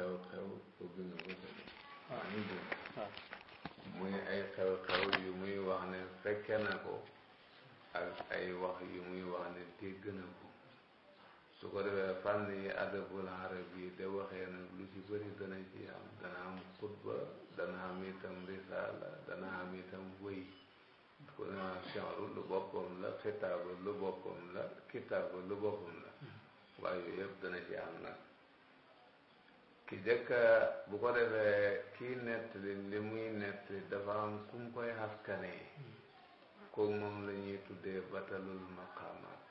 xew-xew bëgg nga ah. ah. ay xew yu muy wax ne fekke na ko ay wax yu muy wax ne dégg na ko su ko defee fànn yi adabul arab yi de waxee nag lu ci bëri dana ci am dana am xutba dana am itam risaala dana am itam wëy ku ne chenru lu boppam la xitaaba lu boppam la kitaaba lu boppam la hmm. waaye yooyu yëpp dana ci am nag ki jëkka bu ko defee kii nettali li muy nettali dafa am kum koy askanee kooku moom la ñuy tuddee batalul maqaamaat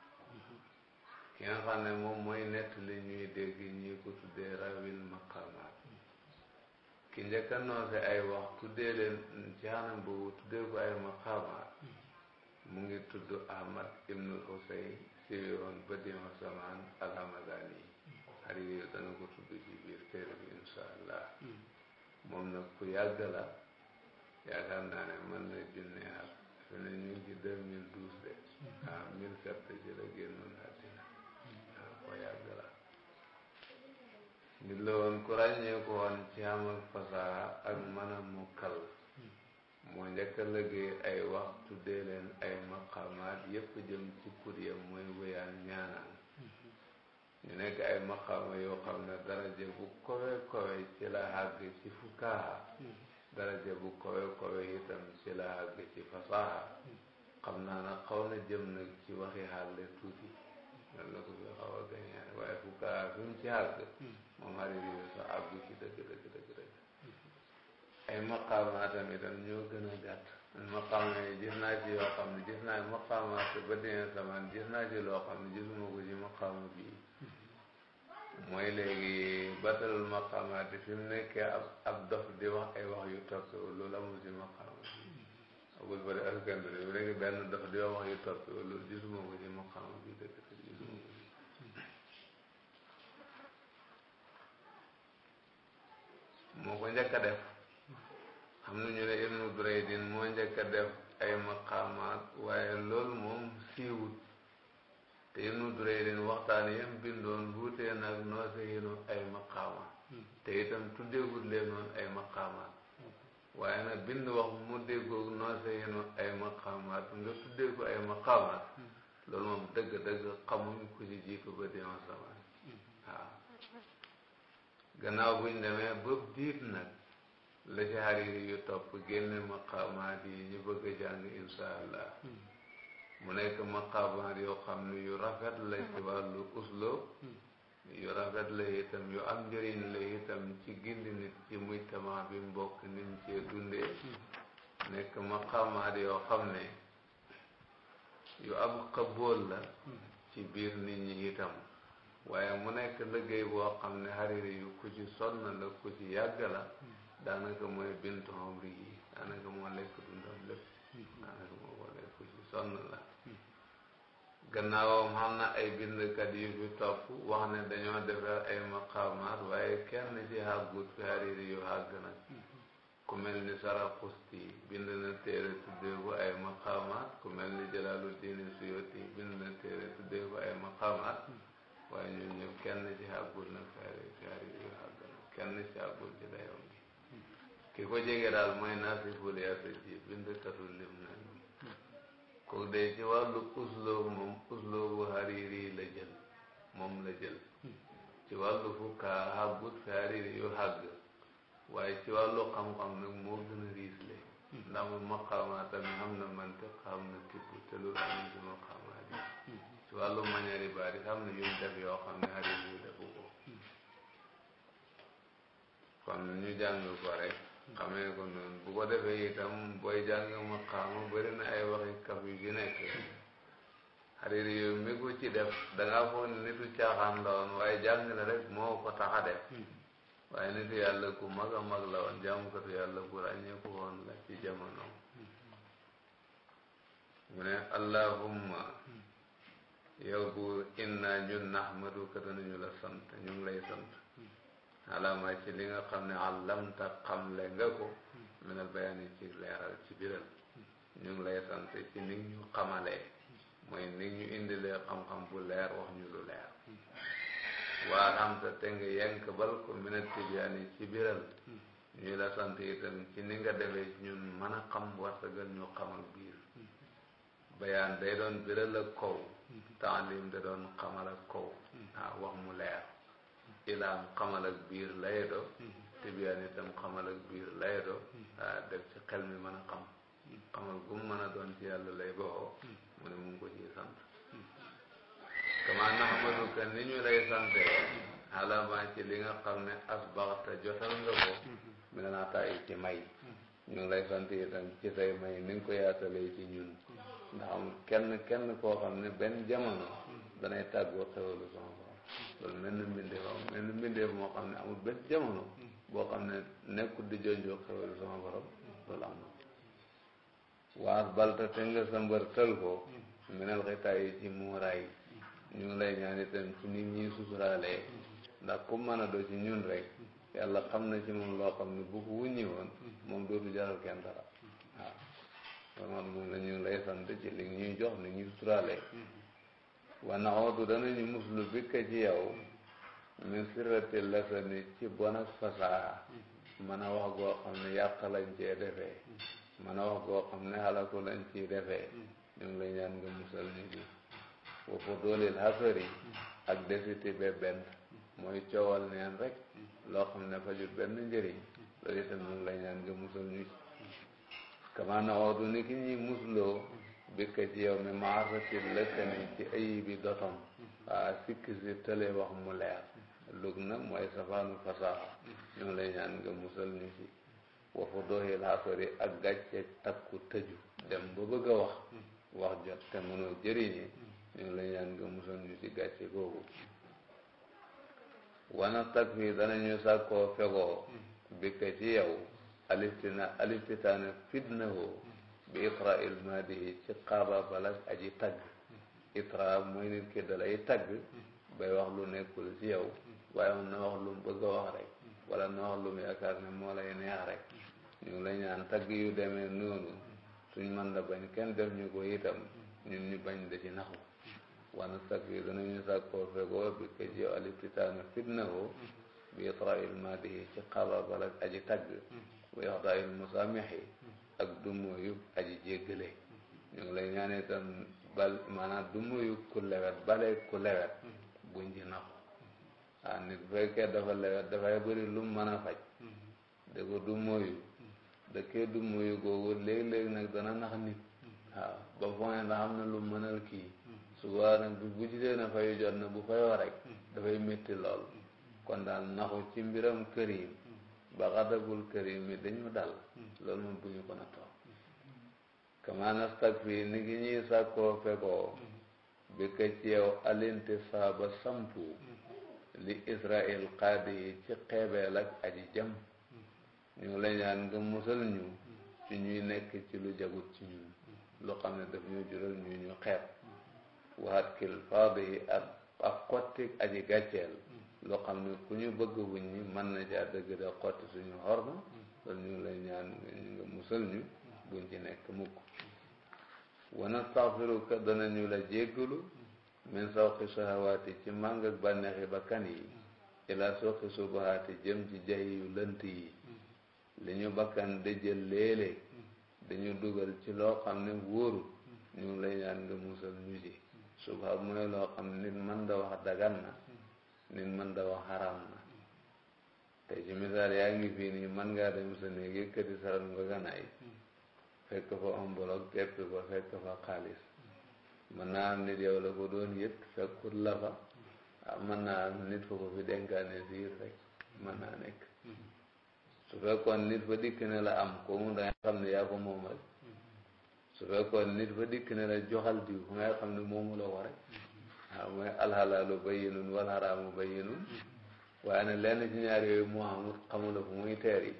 ki nga xam ne moom mooy nettali ñuy dégg ñi ko tuddee rawil maqaamaat ki njëkka noose ay wax tuddee leen ci xanam boobu tuddee ko ay maqaamaat mu ngi tudd Ahmad ibnul Husayn si woon ba dima samaan al-Hamadani xarit yi dana ko tudd ci biir téere bi insha allah moom nag ku yàgg la yaakaar naa ne mën na junne at fi ne ñu ngi ci deux mille douze de ah mille sept ci la génnoon àddina waaw ku yàgg la nit la woon ku ko woon ci am ak fasaha ak mën a mukkal moo njëkk a liggéey ay wax tuddee leen ay maqamaat yépp jëm ci kur mooy wéyaan ñaanaan ñu nekk ay maqaama yoo xam ne daraja bu kowe kowe ci la àgg ci fukkaaha mm-hmm. daraja bu kowe kowe itam ci la àgg ci fasaaha mm-hmm. xam naa na xaw na jëm nag ci waxi xàlle tuuti nan la fi xaw a gañee waaye fukkaaha fi mu ci àgg mm-hmm. moom xari bi sa àgg ci dëgg dëgg dëgg dëgg ay maqaama tamit ñoo gën a gàtt maqaama yi gis naa ci yoo xam ne gis naa maqaamaat ba dina samaan gis naa ci loo xam ne gisuma ko mooy léegi batalul maqaamaat fi mu nekkee ab ab dof di wax ay wax yu toppiwul loolu amul ci maqaama bi abul bari askan bi bu nekk benn dof di moo ko njëkk def am na ñu ne ibnu Duraydin moo njëkk a def ay maqaamaat waaye loolu moom siiwut te ibnu Duraydin waxtaan yam bindoon buutee nag noo sehinu ay maqaamaat hmm. te itam tuddeewut leen noon ay maqaamaat waaye nag bind wax mu déggoo noo sehinu ay maqaamaat nga tuddee ko ay maqaamaat hmm. loolu moom dëgg-dëgg xamuñ ku ci jiitu ba déma samaan hmm. waaw gannaaw buñ demee bëpp diit nag la ci hariri yu topp génne maqaamaat yi ñu bëgg a jàng insha allah hmm. mu nekk maqaamaat yoo xam ne yu rafet la ci hmm. wàllu usloo hmm. yu rafet la itam yu am njëriñ la itam ci gindi nit ci mujtama bi mbokk ni mu cee dundee nekk maqaamaat yoo xam ne yu am xabool la ci biir nit ñi itam waaye mu nekk liggéey boo xam ne hariri yu ku ci sonn la ku ci yàgg la daanaka mooy bintu xomri yi daanaka moo lekk dundam lépp daanaka moo ko lekk ci sonn la gannaawam xam na ay bindkat yu fi topp wax ne dañoo defar ay maqaamaat waaye kenn ci xàggut fi hariri yu xàgg nag ku mel ni Saraqusti bind na téere tuddee ay maqaamaat ku mel ni Jalaaluddin Suyuti bind na téere tuddee ay maqaamaat waaye ñun ñëpp kenn ci xàggut nag fi hariri yu xàgg nag kenn ci xàggut ci dayoom bi ki ko jege daal mooy naafiful yaafe ji bindkatu lim nañ ko dee ci wàllu usloob moom usloobu hariri la jël moom la jël ci wàllu fukkaa xàggut fi hariri yu xàgg waaye ci wàllu xam-xam nag moo gën a riis le ndax mu maqaamaatam xam na mantiq xam na tibb te loolu am ci maqaamaat yi ci wàllu mañari baari xam na yuñ def yoo xam ne hariri yu defu ko kon ñu jàng ko rek xamee ko noonu bu ko defee itam booy jàng maqaama bëri na ay waxi kaf yu ci nekk xarit yow mi ko ci def da ngaa foog ne caaxaan la woon waaye jàng na rek moo ko tax a def hmm. waaye nitu yàlla ku mag a mag la woon jaamukatu yàlla ku ràññeeku woon la ci jamono hmm. mu ne allahumma hmm. yow buur inna ñun nahmaduka danañu la sant ñu lay sant alama ci li nga xam ne àllamta xamle nga ko minal bayaani ci leeral ci biral ñu ngi lay sant ci ni ñu xamale mooy ni ñu indilee xam-xam bu leer wax ñu lu leer waa xam sa te nga yenk bal ko minal tibiyaani ci biral ñuy la sant itam ci ni nga defee ñun mën a xam wartagal ñu xamal biir bayaan day doon biral ak kaw taalim da doon xamal ak kaw wax mu leer ilaam xamal ak biir lay do hmm. tibiyaan itam xamal ak biir lay do hmm. ah, def ci xel mi mën a xam hmm. xamal gu mu mën a doon ci yàlla lay boxoo mu ne mu ko ciy sant kama naxmaduka ni ñu lay sante alama ci li nga xam ne asbaxta jotal nga ko mi ne naa tàyyi ci may ñu ngi lay sant itam ci say may ni nga ko yaatalee ci ñun ndax am kenn kenn koo xam ne benn jamono danay tàggoo xewalu sama loolu mel na mbindeef mel moo xam ne amul benn jamono boo xam ne nekkul di jonjoo xewelu sama borom loolu am na waas balta te nga sa mbër tël ko minal xitaa yi ci muuraay ñu ngi lay ñaan itam ci nit ñi suturaalee ndax ku mën a doo ci ñun rek yàlla xam na ci moom loo xam ne bu ko wuññi woon moom dootu jaral kenn dara waaw kon man moom la ñu ngi lay sant ci li ñuy jox ni ñuy suturaalee wana xoodu danañu muslu bi ka ci yow min sirati lasani ci bon ak fasaha mën mm-hmm. a wax goo xam ne yàq lañ cee defee mën mm-hmm. a wax goo xam ne xalaku lañ ciy defee mm-hmm. ñu ngi lay ñaan nga musal ñu ci wa fudulil hasari ak desiti be benn mooy coowal neen rek loo xam ne fajul benn njëriñ loolu itam ñu ngi lay nga musal ñu ci kama na ni ki ñuy musloo bi ka ci yow mi maasatin lëkkani ci ayibi dotom waa sikki si tële wax mu leer lug na mooy safaanu fasaxa ñu ngi lay ñaan nga musal ñu ci wa fu dooxi ak gàcce takku tëju dem ba bëgg a wax wax jot te mënoo jëriñe ñu ngi lay ñaan nga musal ñu ci gàcce googu wana tag fii danañu sàkkoo fegoo bi ci yow aliftina alifitaane fitna woo bi itra il maadihi ci xaaba balak aji tagg itra mooy nit ki dalay tagg bay wax lu nekkul ci yow waaye moom lu mu bëgg a wala na lu mu yaakaar ne moo lay neex rek ñu ngi la ñaan tagg yu demee noonu suñ mën da bañ kenn def ñu ko itam ñun ñu bañ da ci naxu wana sak yi danañu sàkkoo fegoo bi ka ji alipitaanu fitna ko bi itra il maadihi ci xaaba balak aji tagg bay wax daa il musaamixi ak dummoyu aji jéggale ñu lay ñaan itam bal maanaam dummoyu ku lewet bale ku lewet buñ ci naxu waaw nit fekkee dafa lewet dafay bëri lu mu mën a faj mm-hmm. da ko dummoyu mm-hmm. da kee dummoyu googu léeg-léeg nag dana nax nit waaw mm-hmm. ah, ba foogee ndax am na lu mu mënal kii suba nag bu bu na fayu jot na bu fayoo rek dafay métti lool kon daal naxu ci mbiram kër yi ba xadabul karim yi dañu dal loolu moom bu ñu ko nattoo kamanastak fii ni ngi ñuy sàkkoo fegoo bi ka ci yow sampu li israel xaadi yi ci xeebeel ak aji jam ñu la ñaan nga musal ñu ci ñuy nekk ci lu jagut ci ñun lu xam ne daf ñu jural ñu ñu xeeb waxaat kil faadi yi ak ak xottik aji gàcceel loo xam ne ku ñu bëgg wuñ ñi mën na caa dëgg da xotti suñu xorma loolu ñu ngi lay ñaan nga musal ñu buñ ci nekk mukk wa nastaxfiruka danañu la jéggalu min sawqi sahawaati ci màng ak bànneexi bakkan yi ilaa sawqi jëm ci jax yu lënt yi li ñu bakkan dëjël léeg-léeg dañu dugal ci loo xam ne wóoru ñu ngi lay ñaan nga musal ñu ji subha mooy loo xam nit mën da wax dagan na nit mën da wax xaram na te ci misaal yaa ngi fii nii mën ngaa dem sa néeg yëkkati saran nga ganaay fekk fa enveloppe teppi ko fekk fa xaalis mën naa am nit yow la ko doon yët fekkut la fa ah, mën naa am nit fa ko fi denkaane siir rek mën naa nekk su fekkoon nit fa dikk ne la am ko mu danga xam ne yaa ko moomal su fekkoon nit fa dikk ne la joxal diw fu ngay xam ne moomu ko rek waaw ah, mooy alxalaalu bayyinun waaye nag lenn ci ñaar yooyu moo xamul xamula fu muy teer yi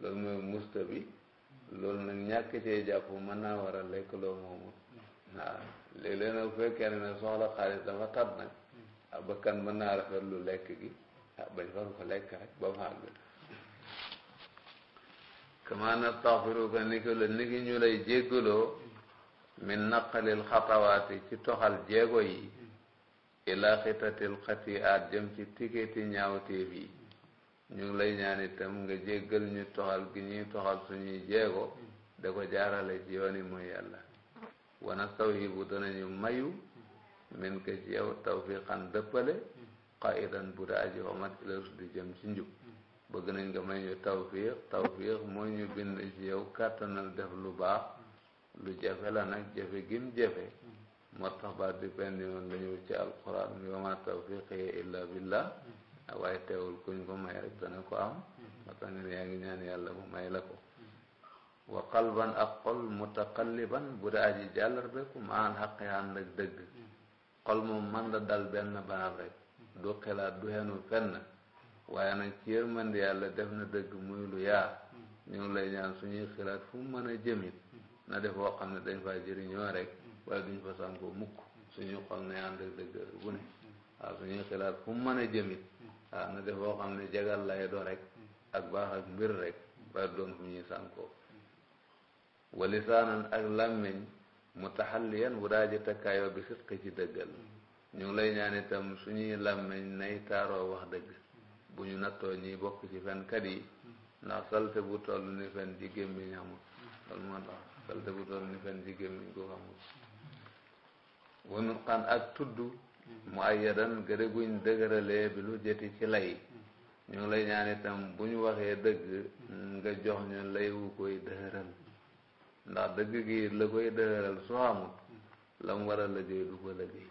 loolu mooy musta bi loolu nag ñàkk cee jàpp mën naa war a lekk loo moomul waaw léeg-léeg nag bu fekkee soxla xaalis dafa tat nag ah bakkan mën naa rafet lu lekk gi ah bañ far ko lekk rek ba mu àgg kama nastaxfiruka ni ko la ni ngi ñu lay jéggaloo min naqalil xatawaati ci toxal jéego yi ilaa xitatil xatiaat jëm ci tiketi ñaawteef yi ñu ngi lay ñaan itam nga jéggal ñu toxal gi ñuy toxal suñuy jeego da ko jaarale ci yi mooy yàlla wana saw yi bu danañu mayu min ci yow tawfiqan dëppale qaidan bu daa aji wamat ilarus di jëm ci njub bëgg nañ nga may ñu tawfiq tawfiq mooy ñu bind ci yow kàttanal def lu baax lu jafe la nag jafe gim jafe moo tax ba dépend yoon la ñëw ci alquran mi wa ma tawfiqi illa billah waaye teewul kuñ ko may rek dana ko am moo tax nga ne yaa ngi ñaan yàlla mu may la ko wa qalban ak xol mutaqalliban bu dee aji jàllar beku maan xaqi ànd ak dëgg xol moom man la dal benn baal rek du xelaat du xenu fenn waaye nag ci yërmande yàlla def na dëgg muy lu yaar ñu ngi lay ñaan suñuy xelaat fu mën a jëmit na def woo xam ne dañ faa jëriñoo rek waaye duñ fa sànkoo mukk suñu xol ne ànd ak dëgg bu ne waaw suñuy xilaat fu mu mën a jëmit waaw na def xam ne jagal lay do rek ak baax ak mbir rek waaye doon fu ñuy sànkoo wa lisaanan ak làmmiñ mu taxalliyan bu daa ji takkaayoo bi sidq ci dëggal ñu ngi lay ñaan itam suñuy làmmiñ nay taaroo wax dëgg bu ñu nattoo ñiy bokk ci fenkat yi ndax salte bu toll ni fen ci gémmiñ amul salte bu toll ni fen ci gémmiñ ko amul wunul xan ak tudd mu ayyadan gëre guñ dëgëralee bi lu jëti ci lay ñu ngi lay ñaan itam bu ñu waxee dëgg nga jox ñu lay koy dëgëral ndax dëgg gi la koy dëgëral soo amut la mu war du ko lëggéey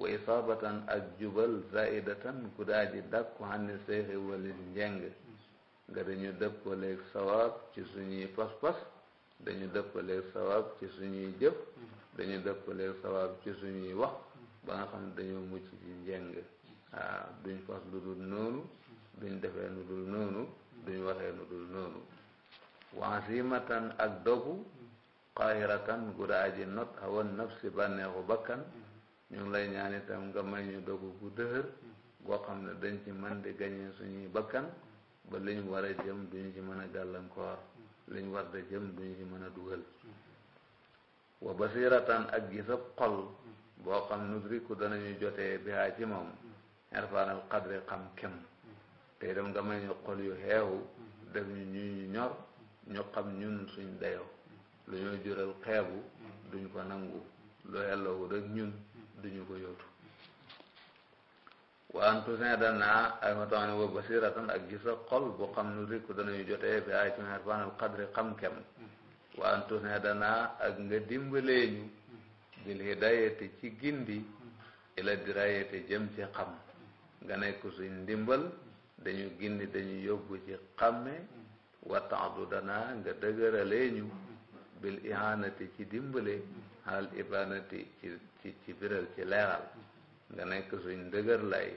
wa isaabatan ak jubal zaidatan ku daa ji dàkku xanni seexi walis njeng nga dañu dëppaleeg sawaab ci suñuy pas-pas dañu dëppaleeg sawaab ci suñuy jëf dañu dëppalee sawaab ci suñuy wax ba nga xam dañoo mucc ci njëng waaw duñ fas lu dul noonu duñ defee lu dul noonu duñ waxee nu dul noonu wansimatan ak dogu qaahiratan guraaji not hawan nafsi bànneexu bakkan ñu ngi lay ñaan itam nga may ñu dogu gu goo xam ne dañ ci mën di gañee suñuy bakkan ba liñ war a jëm duñ ci mën a gàllankoor liñ war da jëm duñ ci mën a dugal wa basiratan ak gisab xol boo xam nudriku danañu jotee bihaa ci moom irfaanal qadri xam kem te itam nga may ñu xol yu xeewu def ñu ñuy ñor ñu xam ñun suñ dayoo lu ñoo jural xeebu duñ ko nangu lu yelloowu rek ñun duñu ko yóotu wa an tousin danaa ay ma tax ne wa basiratan ak gisab xol boo xam nudriku danañu jotee bihaa ci moom irfaanal qadri xam kem wantu ne danaa ak nga dimbalee ñu bil hidayati ci gindi ila dirayati jëm ci xam nga nekk suñ ndimbal dañu gindi dañu yóbbu ci xamme wataadu dana nga dëgëralee ñu bil ihanati ci dimbale xaal ibanati ci ci ci biral ci leeral nga nekk suñ dëgër lay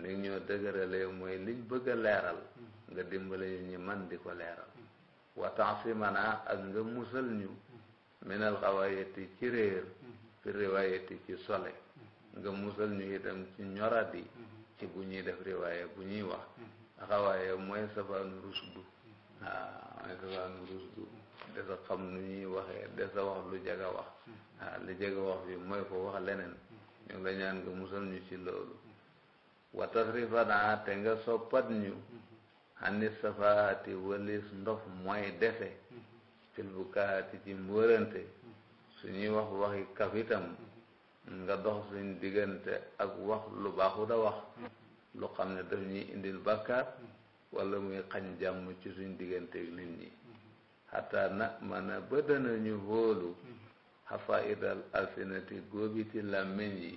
ni ñoo dëgëralee mooy liñ bëgg a leeral nga dimbale ñi man di ko leeral watan si mana ak nga musal ñu minal xawaayati ci réer fi riwaayati ci sole nga musal ñu itam ci yi ci bu ñuy def riwaaya bu ñuy wax xawaaya mooy safaanu rusdu waaw mooy safaanu xam nu ñuy waxee desa wax lu jaga wax waaw lu jaga wax bi mooy ko wax leneen ñu ngi la ñaan nga musal ñu ci loolu watasrifana te nga soppat ñu xanni safaati walis ndof mooy defe mm-hmm. fil bu kaati ci mbërante mm-hmm. suñuy wax waxi kafitam mm-hmm. nga dox suñ diggante ak wax lu baaxut a wax lu xam ne daf ñuy indil bàkkaar wala muy xañ jàmm ci suñ diggante ak nit ñi xataa na mana ba danañu hóolu xafaidal alsinati góobi ci làmmiñ yi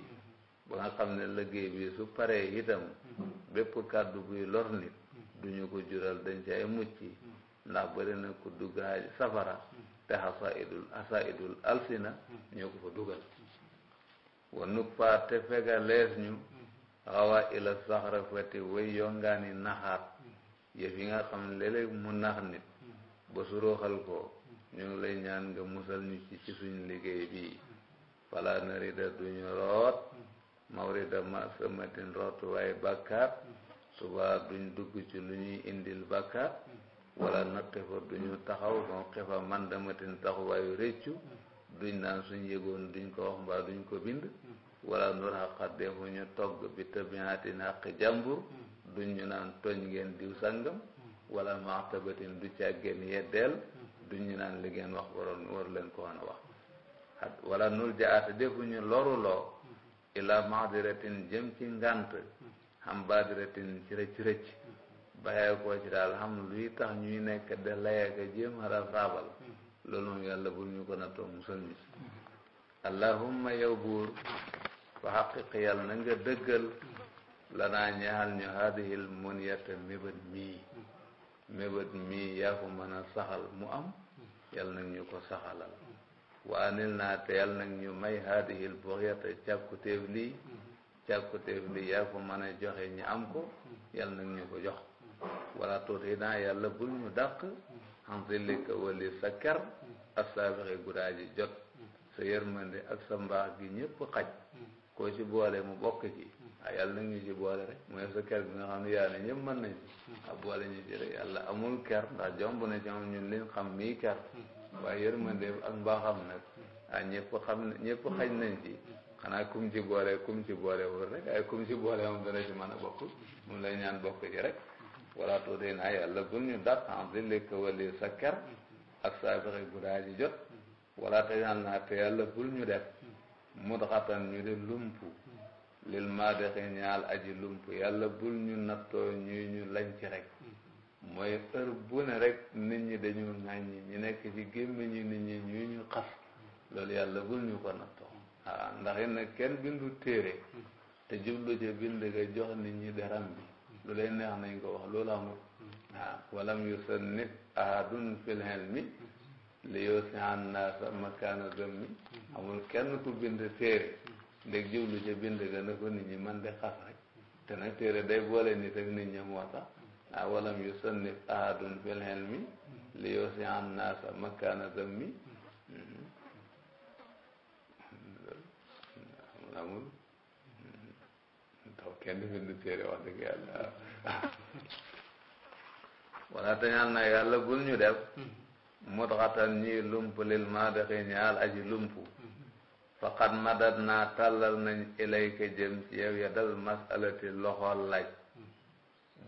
ba nga xam ne liggéey bi su paree itam bépp kàddu buy lor nit duñu ko jural dañ ci ay mucc ndax bëri na ko safara te hasaidul hasaidul alsina ñoo ko fa dugal wa nuk faa te fega ñu xawa ila saxra fati way yongaani naxaat yëf yi nga xam ne léeg-léeg mu nax nit ba suróoxal ko ñu ngi lay ñaan nga musal ñu ci ci liggéey bii fala narida duñu root mawrida ma sëmatin root waaye bàkkaat subaa duñ dugg ci lu ñuy indil bàkkaar wala naqifa duñu taxaw moom xifa mandamatin taxuwaayu réccu duñ naan suñ yëgoon duñ ko wax mbaa duñ ko bind wala nur xaqa defu ñu togg bi tabiatin xaq jàmbur duñ ñu naan tooñ ngeen diw sàngam wala maxtabatin du càggeen yeddeel duñ ñu naan li ngeen wax waroon war leen ko woon a wax wala nur jaata defu ñu loruloo ila maxdiratin jëm ci ngànt xam baadiratin ci rëcc rëcc baxee koo ci daal xam luy tax ñuy nekk de layaka jéem a rasaabal loolu moom yàlla bul ñu ko nattoo musal ñu allahumma yow buur fa xaqiq yàlla na nga dëggal lanaa ñaxal ñu haadihil muniyata mébét mii mébét mii yaa ko mën a saxal mu am yàlla nag ñu ko saxalal waanil naa te yàlla nag ñu may haadihil buxyata càkkutéef lii càlkutéef bi yaa ko mën a joxe ñi am ko yàlla nag ñu ko jox wala tuuti naa yàlla bul ñu dàq xam si li ko wali sa ker ak saa fexe guddaa ji jot sa yërmande ak sa mbaax gi ñëpp xaj koo ci boole mu bokk ci ah yàlla nag ñu ci boole rek mooy sa ker bi nga xam ne yàlla ñëpp mën nañ ah boole ñu ci rek yàlla amul ker ndax jomb na ci am ñun liñ xam mii ker waaye yërmande ak mbaaxam nag ah ñëpp xam ñëpp xaj nañ ci xanaa kum ci boole kum ci boole wër rek ay kum ci boole moom dana ci mën a bokk mu lay ñaan bokk ci rek wala tuuti naa yàlla bul ñu dat en plus les cavaliers sa ker ak saa bëri bu daa ji jot wala te ñaan naa te yàlla bul ñu def mudxatan ñu di lumpu lil maadixi ñaal aji lumpu yàlla bul ñu nattoo ñuy ñu lañ ci rek mooy heure bu rek nit ñi dañu ŋàññi ñu nekk ci gémmiñu nit ñi ñuy ñu xas loolu yàlla bul ñu ko nattoo ah ndax it kenn bindu téere hmm. te jublu ca bind ga jox nit ñi deram bi hmm. lu lay neex nañ ko wax loolu amul hmm. ah walam yusannif ahadun fil ilmi li yusi an naasa makaana dammi amul kenn ku bind téere ndeg jublu ca bind ga na ko nit ñi man de xas rek te nag téere day boole nit ak nit ñi moo tax ah walam yusannif ahadun fil ilmi li yusi an naasa makaana dammi amul ndax kenn bind téere wax dëgg yàlla wala tañaan na yàlla bul ñu def mudxatan ñuy lump lil maadaxi ñaal aji lump faqad madad naa tàllal nañ ilayka jëm ci yow ya dal masalati loxo laaj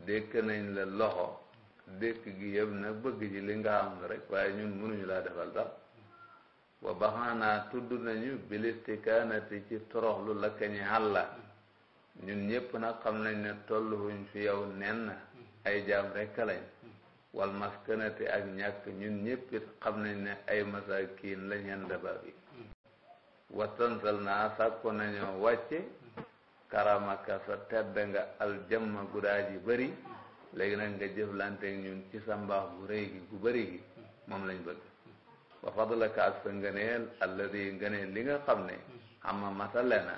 dékk nañ la loxo dékk gi yëpp na bëgg ci li nga am rek waaye ñun mënuñu laa defal dara wa baxanaa tudd nañu bilistikaanati ci toroxlu la kañi xàlla ñun ñépp nag xam nañ ne tolluwuñ fi yow nen ay jaam rekk lañ wal maskanati ak ñàkk ñun ñépp xam nañ ne ay masakiin la ñeen dabab yi watantal naa sàkku nañoo wàcce karamaka sa tedd nga aljamma gudaa ji bëri léegi nag nga jëflante ñun ci sa mbaax gu rëy gi gu bëri gi moom lañu bëgg wa fadlaka ak sa ngëneel alladi ngëneel li nga xam ne amma matale na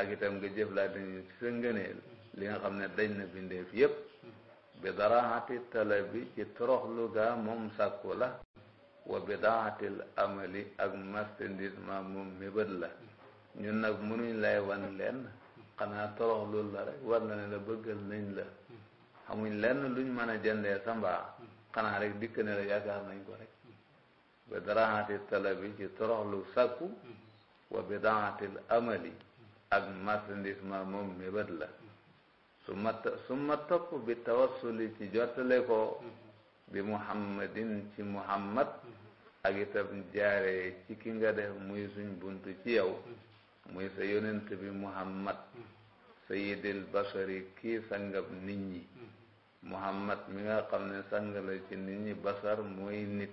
ak itam nga jëflaa dañu ci sa ngëneel li nga xam ne dañ na bindeef yépp bi daraxati talabi ci toroxlu gaa moom sàkku la wa bidaatil amali ak marchandise ma moom mébët la ñun nag mënuñ lay wan lenn xanaa toroxlu la rek war na ne la bëggal nañ la xamuñ lenn luñ mën a jëndee sa mbaax xanaa rek dikk ne la yaakaar nañ ko rek bi daraxati talabi ci toroxlu sakku wa bi daatil amali ak marchandise ma moom mébét la su ma su ma topp bi tawassuli ci jottale ko bi muhammadin ci muhammad ak itam jaaree ci ki nga def muy suñ buntu ci yow muy sa yonent bi muhammad sayidil basari kii sangab nit ñi muhammad mi nga xam ne sang ci nit ñi basar mooy nit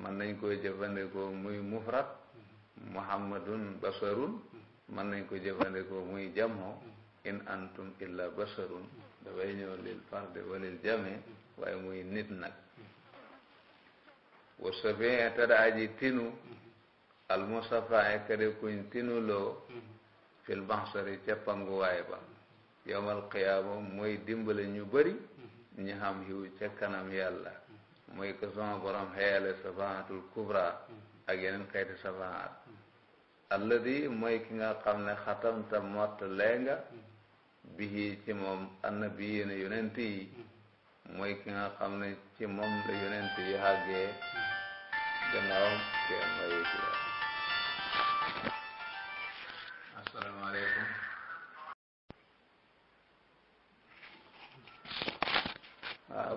mën nañ koo jëfandikoo muy mufrad muhammadun basarun mën nañ ko jëfandikoo muy jamo in antum illa basarun dafay ñëw lil farde walil jame waaye muy nit nag wa safee tada aji tinu al musafa e kade kuñ tinu loo fil baxsari ca panguwaay ba yowmal qiyaama mooy dimbale ñu bari ñi xam xiw ca kanam yàlla muy que sama borom xeyale safaatul kubra ak yeneen xeeti safaat alladi mooy ki nga xam ne xatam ta mott lenga bihi ci moom annabiyin yonent yi mooy ki nga xam ne ci moom la yonent yi àggee gannaawam kenn mayu ci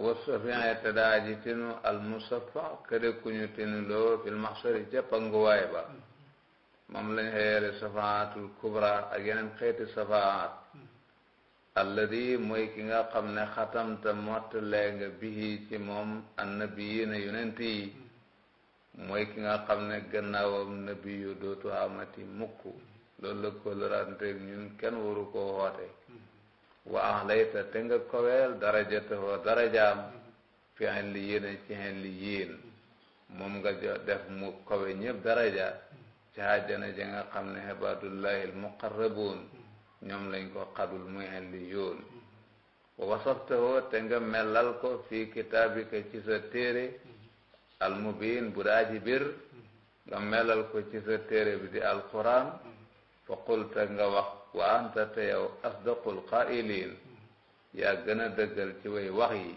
wasu fi ay tëddaa ji tinu almusaffa këre ku ñu tinu loo fil maxsari ca panguwaay ba moom lañ xeere safaatul kubra ak yeneen xeeti safaat alladi mooy ki nga xam ne xatam mottalee nga bihi ci moom annabiyiina yonent yi mooy ki nga xam ne gannaawam nabi yu dootu amati mukk loolu la ko lëranteeg ñun kenn waru koo xoote wa ahlayta te nga koweel darajatahu darajaam fi hen li yéen ci hen li moom nga jo def mu kowe ñëpp daraja ci àjjana ja nga xam ne ibadullahi almuqarrabuun ñoom lañ ko xadul muy hen li yoon wa te nga mellal ko fii kitaabika ci sa téere almubiin bu daa ji nga melal ko ci sa téere bi di alquran fa qulta nga wax wa anta te yow asdaqul qaa'iliin yaa gën a dëggal ci way wax yi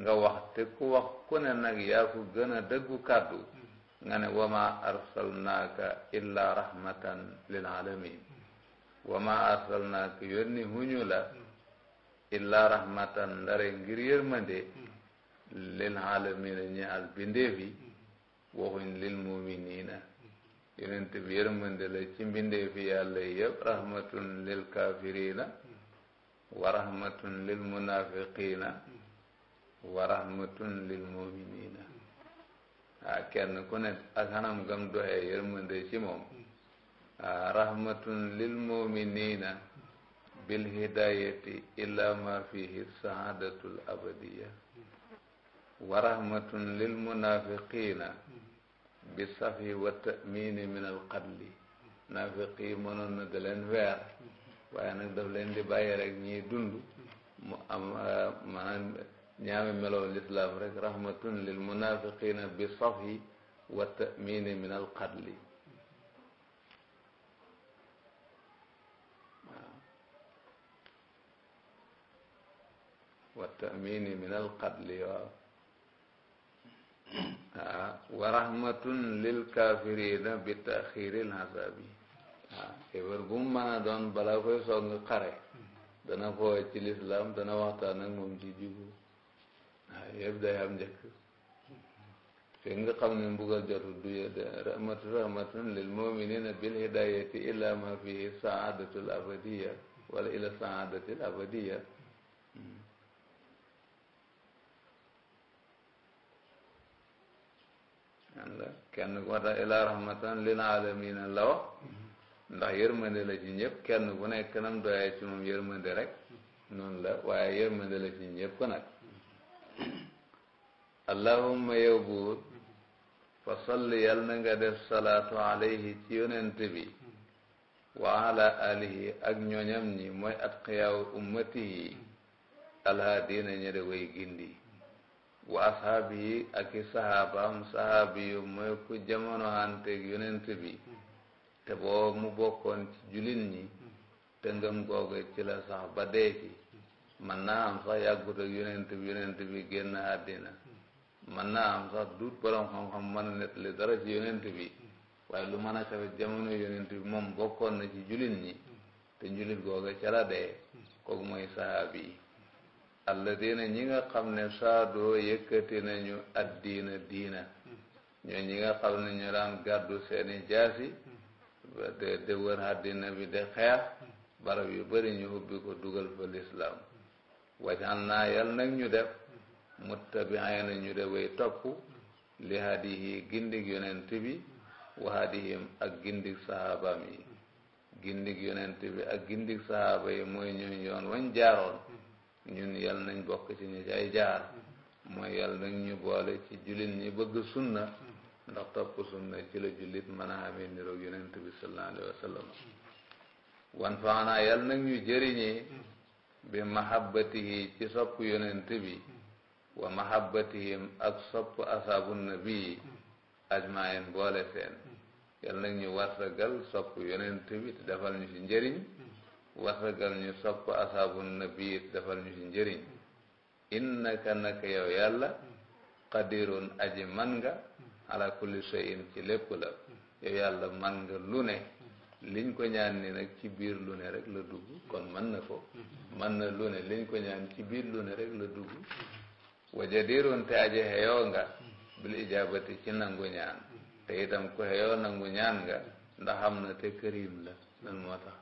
nga wax te ku wax ku ne nag yaa ko gën dëggu kàddu nga ne wama arsalnaaka illa rahmatan lil alamin wama arsalnaaka yónni huñu la illa rahmatan ndare ngir yërmande lil alamin ñi al bindeef yi waxuñ lil muminina yonent bi yërmande la ci mbindee fi yàlla lil kafirina wa lil munafiqina wa lil muminina kenn ku ne gam doxee yërmande ci moom ah rahmatun lil muminina bil hidayati illa ma fihi saadatul abadiya wa lil munafiqina bi safi wa tamini min al qatli naafiq yi mënoon na da leen weer waaye nag daf leen di bàyyi rek ñiy dund mu am ah, maanaam ñaami melow lislaam rek rahmatun lil munafiqina bi safi wa tamini min al qatli wa tamini min al qatli waaw ah wa rahmatun lil kafirina bi taxiril azabi ah xéwal bu doon balaa koy soog nga xare dana ko ci lislaam dana waxtaan ak moom ci jiwu ah yëpp day am njëkk fi nga xam ne mbugal jotul du rahmatu rahmatun lil muminina bil hidayati ila ma fihi saadatul abadiya ila saadatil abadiya hmm. kenn ku ma tax ilaa rahmatan lil alamina la wax ndax yërmande la ci ñëpp kenn ku nekk nam doyee ci moom yërmande rek noonu la waaye yërmande la ci ñëpp nag allahumma yow buur fa salli yal na nga def salaatu alayhi ci yonent bi wa ala alihi ak ñooñam ñi mooy atqiyaawu ummatihi alhaadiina ña de way gindi wa yi ak i sahabaam sahaabi yu mooy ku jamono hanteeg yonent bi te boo mu bokkoon ci julin ñi te ngëm ci la sax ba dee ci man naa am sax yàggut ak yonent bi génn àddina man naa am sax duut borom xam-xam mën a nettali dara ci yonent bi waaye lu mën a xew jamono yonent bi moom bokkoon na ci julin ñi te julin googu ca la dee kooku mooy sahaabi yi alladina ñi nga xam ne saadoo yëkkati nañu addiina diina ñoo ñi nga xam ne ñu daan gàddu seeni jaasi ba de de wër bi de xeex barab yu bari ñu ubbi ko dugal fa lislaam wajal naa yal nag ñu def muttabiay na ñu de way topp li hadihi gindig yonent bi wa hadihim ak gindig sahabaam yi gindig yonent bi ak gindig sahaaba yi mooy ñooñ yoon wañ jaaroon ñun yàlla nañ bokk ci ñu cay jaar mm-hmm. mooy yàlla nañ ñu boole ci jullit ñi bëgg sunna mm-hmm. ndax topp sunna ci la jullit mën a amee niroog yonent bi sallallahu alayhi wa sallam mm-hmm. wan faanaa yàlla nag ñu jëriñee bi mahabbatihi ci sopp yonent bi wa mahabbatihim ak sopp asaabu bi ajmain boole seen yàlla nag ñu warsagal sopp yonent bi defal ñu ci njëriñ warsagal ñu sopp asaabu nabi defal ñu ci njëriñ innaka naka yow yàlla qadirun aji man nga ala kulli shay'in ci lépp la yow yàlla man nga lu ne liñ ko ñaan ni nag ci biir lu rek la dugg kon mën na ko mën na lu liñ ko ñaan ci biir lu rek la dugg wa jadirun te aji xeyoo nga bil ijabati ci nangu ñaan te itam ku xeyoo nangu ñaan nga ndax am na te karim la lan moo tax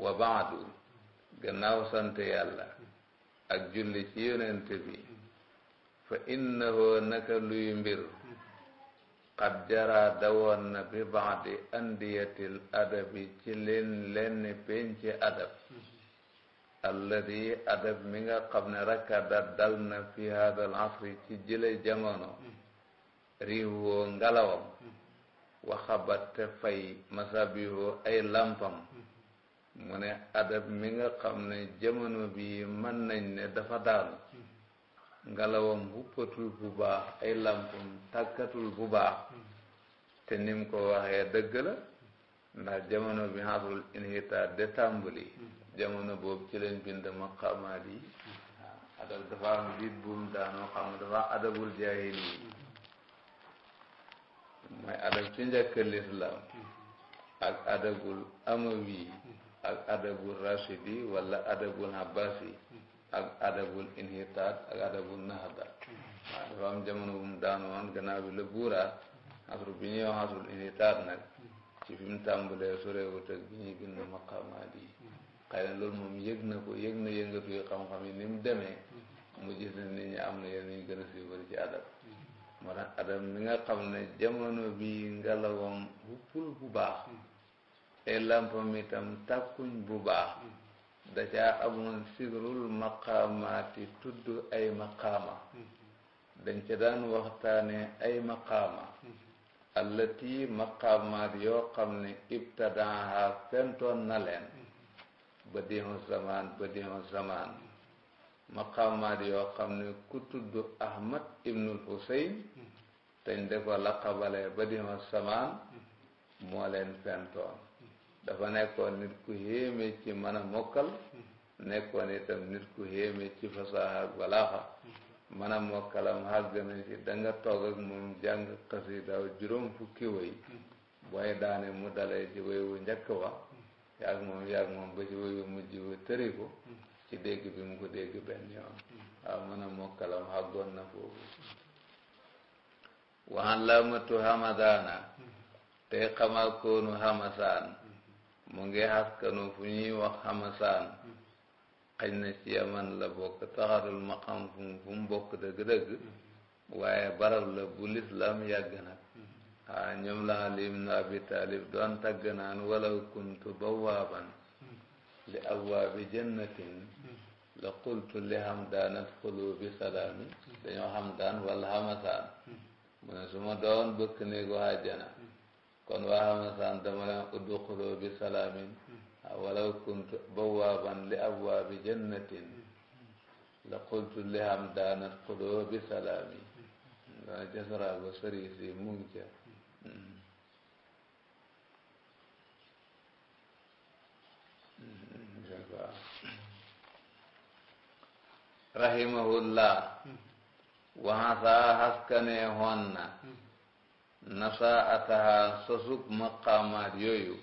wa baadu gannaaw sant yàlla ak julli ci yonent bi fa innahoo naka luy mbir xat jaraa dawoon na bi baadi andiyatil adabi ci leen lenn penci adab alladi adab mi nga xam ne rakkada dal na fi asri ci jële jamono riiwoo ngalawam waxabat te fay masabihoo ay lampam mu ne adab mi nga xam ne jamono bi mën nañ ne dafa daanu ngalawam huppatul bu baax ay lampum tàkkatul bu baax te nim ko waxee dëgg la ndax jamono bi xabrul inhitaar de tàmbali jamono boobu ci leen bind maqamaat yi adab dafa am biit buum daanoo xam dafa adabul jaahil yi mooy adab ci njëkk lislaam ak adabul amawi ak adabul rashidi walla adabul abbasi ak adabul inhitaat ak adabul nahda waaw dafa am jamono bu mu daanu woon bi la buuraat xasru bi ñuy wax xasrul inhitaat nag ci fi mu tàmbalee soreewut ak bi ñuy bind maqamaat yi xëy na loolu moom yëg na ko yëg na yëngatu yi xam-xam yi ni mu demee mu gis ne nit am na yenn ñu gën a siiwal ci adab moo tax adab mi nga xam ne jamono bi ngelawam bu pul bu baax e lampam itam takkuñ bu baax da caa amoon sigrul maqaamaati tudd ay maqama dañ ca daan waxtaane ay maqaama allati maqaamaat yoo xam ne ibtadaaha fentoon na leen badihu zaman badihu zaman maqaamaat yoo xam ne ku tudd ahmad ibnul husayn teñ de ko laqabale badihu zaman moo leen fentoon dafa nekkoon nit ku yéeme ci mën a mokkal nekkoon itam nit ku yéeme ci fasaha ak balaaxa mën a mokkalam xàgg na ci danga toog ak moom jàng xasidaaw juróom fukki way booy daane mu dalee ci way wu njëkk wa yaag moom yaag moom ba ci way wu mujj tëri ko ci dégg bi mu ko dégg benn yoon waaw mën a mokkalam xàggoon na foofu waxaan la matu hamadana te xamaa koonu hamasaan mu ngi askanu fu ñuy wax xamasaan xëy na ci yaman la bokk taxarul ma xam fu mu bokk dëgg-dëgg waaye barab la bu lislaam yàgg nag ah ñoom la Ali ibn Abi Talib doon tagg naan walaw kuntu bawaaban li abwaabi jannatin la qultu li hamdaan adxulu bi salaami dañoo hamdaan wala xamasaan mu ne su ma doon bëkk néegu àjjana kon waa Xamasan dama leen udxuloo bi salaamin walaw kuntu bawaaban li abwaabi jannatin la qultu li hamdaan udxuloo bi salaami dana jasaraa ba sëriñ si mu ngi ca rahimahullah waxasaa xaskanee hoon na nasaataha sosug maqaamaat yooyu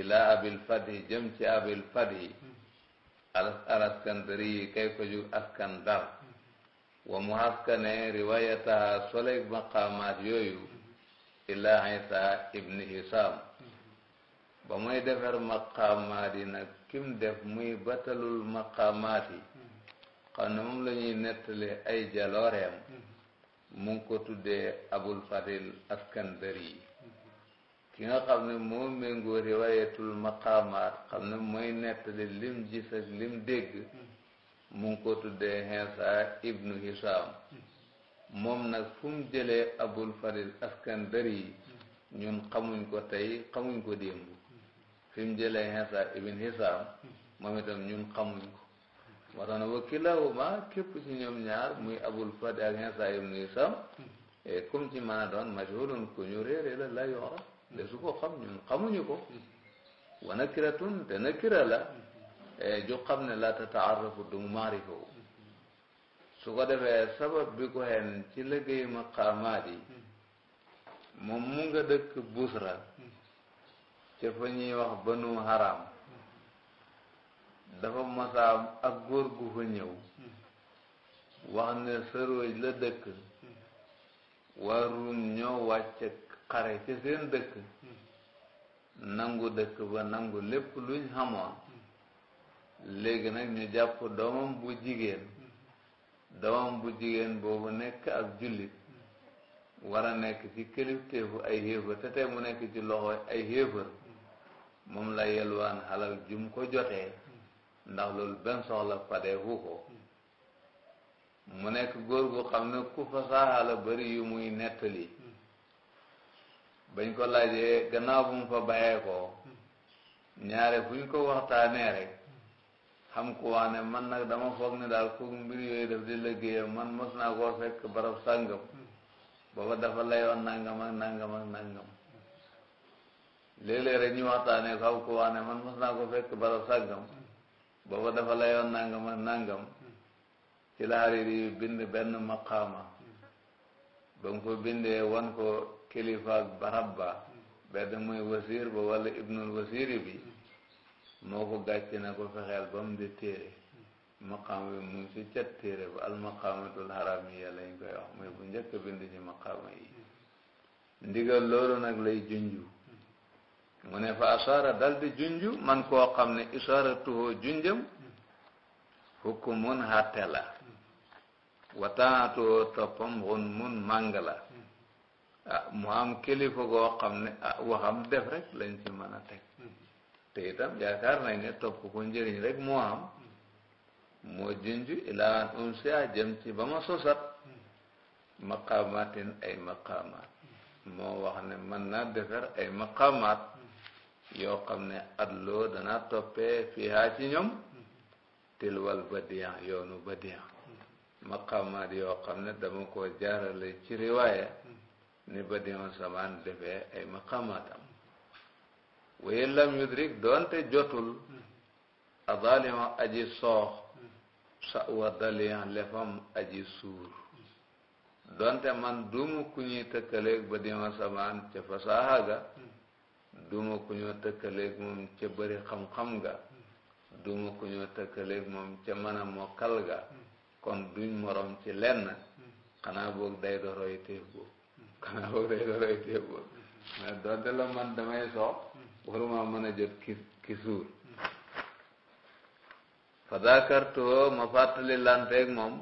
ila abil fadhi jëm ci abil fadhi alas alaskandari yi kay ko jug askandar wa mu haskane riwayataha soleg maqaamaat yooyu ila isa ibni hisam ba muy defar maqaamaat yi nag kim def muy batalul maqaamaat yi xam ne moom la ñuy nettali ay jalooreem mu ngi ko tuddee abul fadil askandari ki nga xam ne moo méngoo riwaayatul maqaamaat xam ne mooy nettali lim gis ak lim dégg mu ko tuddee Hinsa ibnu Hisham moom nag fu mu jëlee abul fadil askandari ñun xamuñ ko tey xamuñ ko démb fi jëlee Hinsa ibnu Hisham moom itam ñun xamuñ ko moo tax ne wakilaahuma képp ci ñoom ñaar muy abul fad ak Insa ibn Hisam comme eh, ci mën doon majhulun ku ñu réere la la yoora eh, de su ko xam ñun xamuñu ko wa nakiratun te nakira la ju xam ne la tataarrafu du mu maarifoo su ko defee sabab biko hen ci liggéey maqaamaat yi moom mu nga dëkk busra ca fa ñuy wax banu haram dafa masaam ak góor gu fa ñëw wax ne sërwëj la dëkk waa ruum ñoo wàcc xare ci seen dëkk nangu dëkk ba nangu lépp luñ xamoon léegi nag ñu jàpp doomam bu jigéen doomam bu jigéen boobu nekk ak jullit war a nekk ci kilifteefu ay xéefar te tey mu nekk ci loxo ay xéefar moom la yelwaan xalal jum ko jotee ndax loolu benn soxla fadeeku ko mu nekk góor gu xam ne ku fasaaxa la bari yu muy nettali bañ ko laajee gannaaw bu mu fa bàyyee ko ñaare fu ñu ko waxtaanee rek xam ku wax ne man nag dama foog ne daal ku mbir yooyu daf di liggéeyam man mos naa koo fekk barab sàngam booba dafa layoon nangam ak nangam ak nangam léeg-léeg rek ñu waxtaanee ko xam ku wax ne man mos naa ko fekk barab sàngam booba dafa layoon nangam ak nangam ci la Hariri yu bind benn maqaama ba nga ko bindee wan ko kilifaak barab ba benn muy wasiir ba wala ibnul wasiiri bi moo ko gàcc na ko fexeel ba mu di téere maqaama bi mu ngi ci cat téere ba al maqaamatul haramiya lañ koy wax muy bu njëkk bind ci maqaama yi ndigal loolu nag lay junju mu ne fa asaara dal di junju man koo xam ne isaara tuhoo junjam hukkumun hàtte la wataatuhoo toppam xun mun màng la ah mu am kilifa goo xam ne ah waxam def rek lañ ci mën a teg te itam yaakaar nañ ne topp ko njëriñ rek moo am moo junju ilaan unsiya jëm ci ba ma sosat maqaamatin ay maqaamaat moo wax ne mën naa defar ay maqaamaat yoo xam ne adloo dana toppee fii haa ci ñoom tilwal badiyan yoonu badiyan maqamaat yoo xam ne dama ko jaarale ci riwaaya ni badiyan samaan defee ay maqamaatam waye lam yudrik doonte jotul adalion aji soox sa wa dalion lefam aji suur doonte man duumu ku ñuy tëkkaleeg badiyan samaan ca fasaaha ga duma ku ñoo tëkkaleeg moom ca bëri xam-xam ga duma ku ñoo tëkkaleeg moom ca mën a mokkal ga kon duñ morom ci lenn xanaa boog day doroy téef boobu xanaa boog doonte la man damay soox waruma mën a jot ki ki suur fa ma fàttali lanteeg moom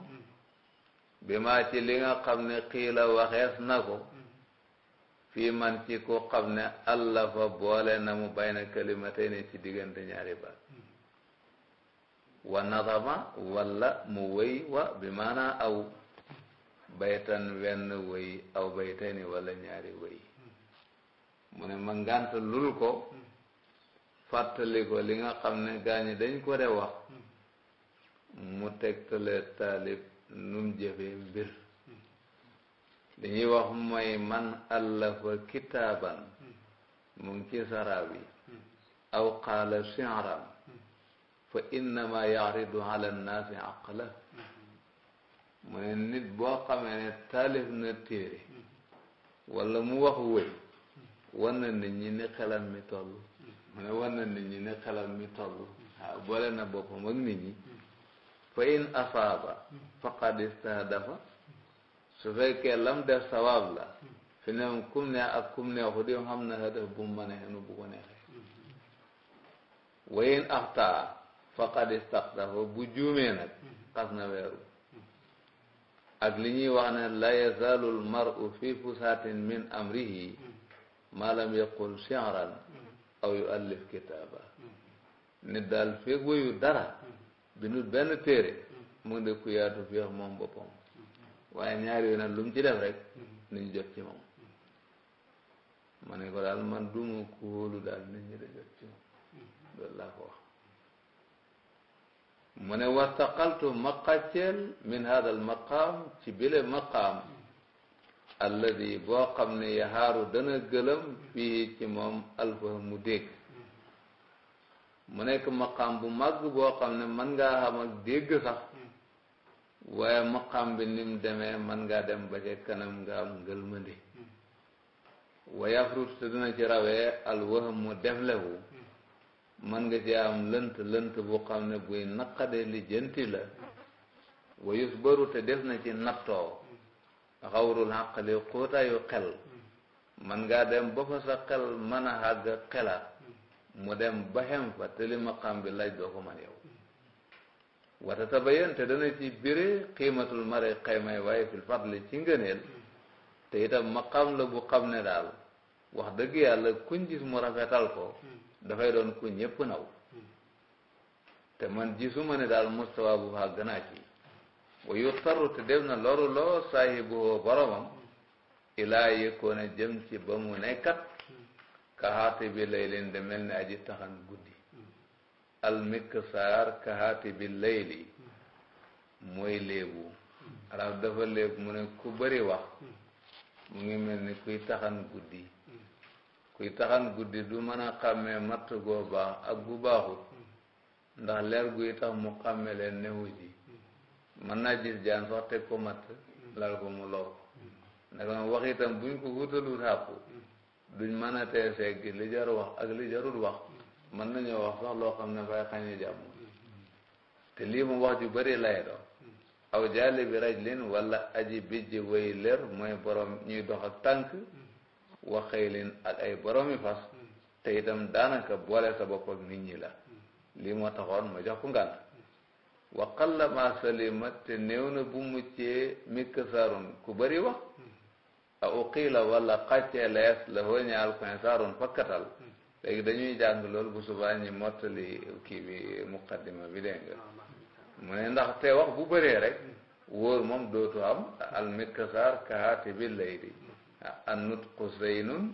bi maa ci li nga xam ne xiila waxees na ko fii man ci ku xam ne allah fa boole na mu bayna kalimatay ne ci diggante ñaari baat wa nazama walla mu wëy wa bi maanaa aw baytan wenn wëy aw baytay ni walla ñaari wëy mu ne ma ngànt lul ko fàttali ko li nga xam ne gaañi dañ ko de wax mu tegtale taalib num jëfee mbir li ñuy wax mooy man allafa kitaaban mu ngi ci sarab yi aw qaala shi'ran fa innama yaridu ala nnaasi aqla mu ne nit boo xamee ne taalif na téere wala mu wax wëy war na nit ñi ni xelam mi toll mu ne war na nit ñi ni xelam mi toll waaw boole na boppam ak nit ñi fa in asaaba faqad istahdafa su fekkee lam def sawaab la fi ne kum ne ak kum neexu di xam na nga def bu mu mënee nu bu ko neexee wayin axtaa faqad bu juumee nag xas na weeru ak li ñuy wax ne la yazaalu almaru fi fusaatin min amrihi ma lam yaqul shi'ran aw yuallif kitaaba nit daal feeg wayu dara binul benn téere mu de ku yaatu fi moom boppam waaye ñaari yu nag lu rek mm-hmm. nañu jot ci moom mm-hmm. ko daal man duma ko wóolu daal nit ñi jot ci moom mm-hmm. loolu laa ko wax mu ne min hada al maqaam ci bile maqaam alladi boo xam ne yaxaaru dana gëlëm fii ci moom alfahamu dégg mu nekk maqaam bu mag boo xam ne mën ngaa xam ak dégg sax waaye maqam bi nim demee man ngaa dem ba ca kanam nga am ngëlmëndi wayafrut te dina ci rawee alwahmu deflewu man nga ci am lënt lënt bu xam ne buy naqade lijjanti la wayus baru te def na ci nattoo xawrul xàqali xóotaayu xel man ngaa dem ba fa sa xel mën a xela mu dem ba xem fa te li maqam bi laaj doo ko man yow wata tabayan te dana ci biri qiimatul mari xaymay waaye fil fadli ci ngëneel te itam maqam la bu xam ne daal wax dëgg yàlla kuñ gis mu rafetal ko dafay doon ku ñépp naw te man gisuma ne daal mustawa bu baax gënaa ci wa yuxtaru te dem na loru loo saahibuhu boromam ilaa yëkkoon jëm ci ba mu nekkat ka bi lay leen de mel ne aji taxan guddi almiksaar ka bi layli mooy léebu arab dafa léeb mu ne ku bëri wax mu ngi mel ni kuy taxan guddi kuy taxan guddi du mën a xàmmee matt goo baax ak gu baaxut ndax leer guy tax mu xàmme leen newu ji mën naa gis jaan sax teg ko matt laal ko mu lor naka noonu wax buñ ko wutalut xàpp duñ mën a tee segg li wax ak li jarul wax mën nañoo wax sax loo xam ne fay xañe jàmm te lii wax ju bëri lay doon aw jaali bi rajlin wala aji bijji way lër mooy borom ñuy dox ak tànk waxaylin ak ay boromi fas te itam daanaka boole sa bopp ak nit ñi la lii moo taxoon ma jox ko ngànt wa qalla ma salima te néew na bu muccee mikkasarun ku bëri wax a uqiila wala xàccee lees la hoo ñaal koy fakkatal léegi dañuy jàng loolu bu subaa ñi mottali kii bi muqaddima bi dégg nga mu ne ndax te wax bu bëree rek wóor moom dootu am almiksaar kahaati bi layli an nutqu zeynun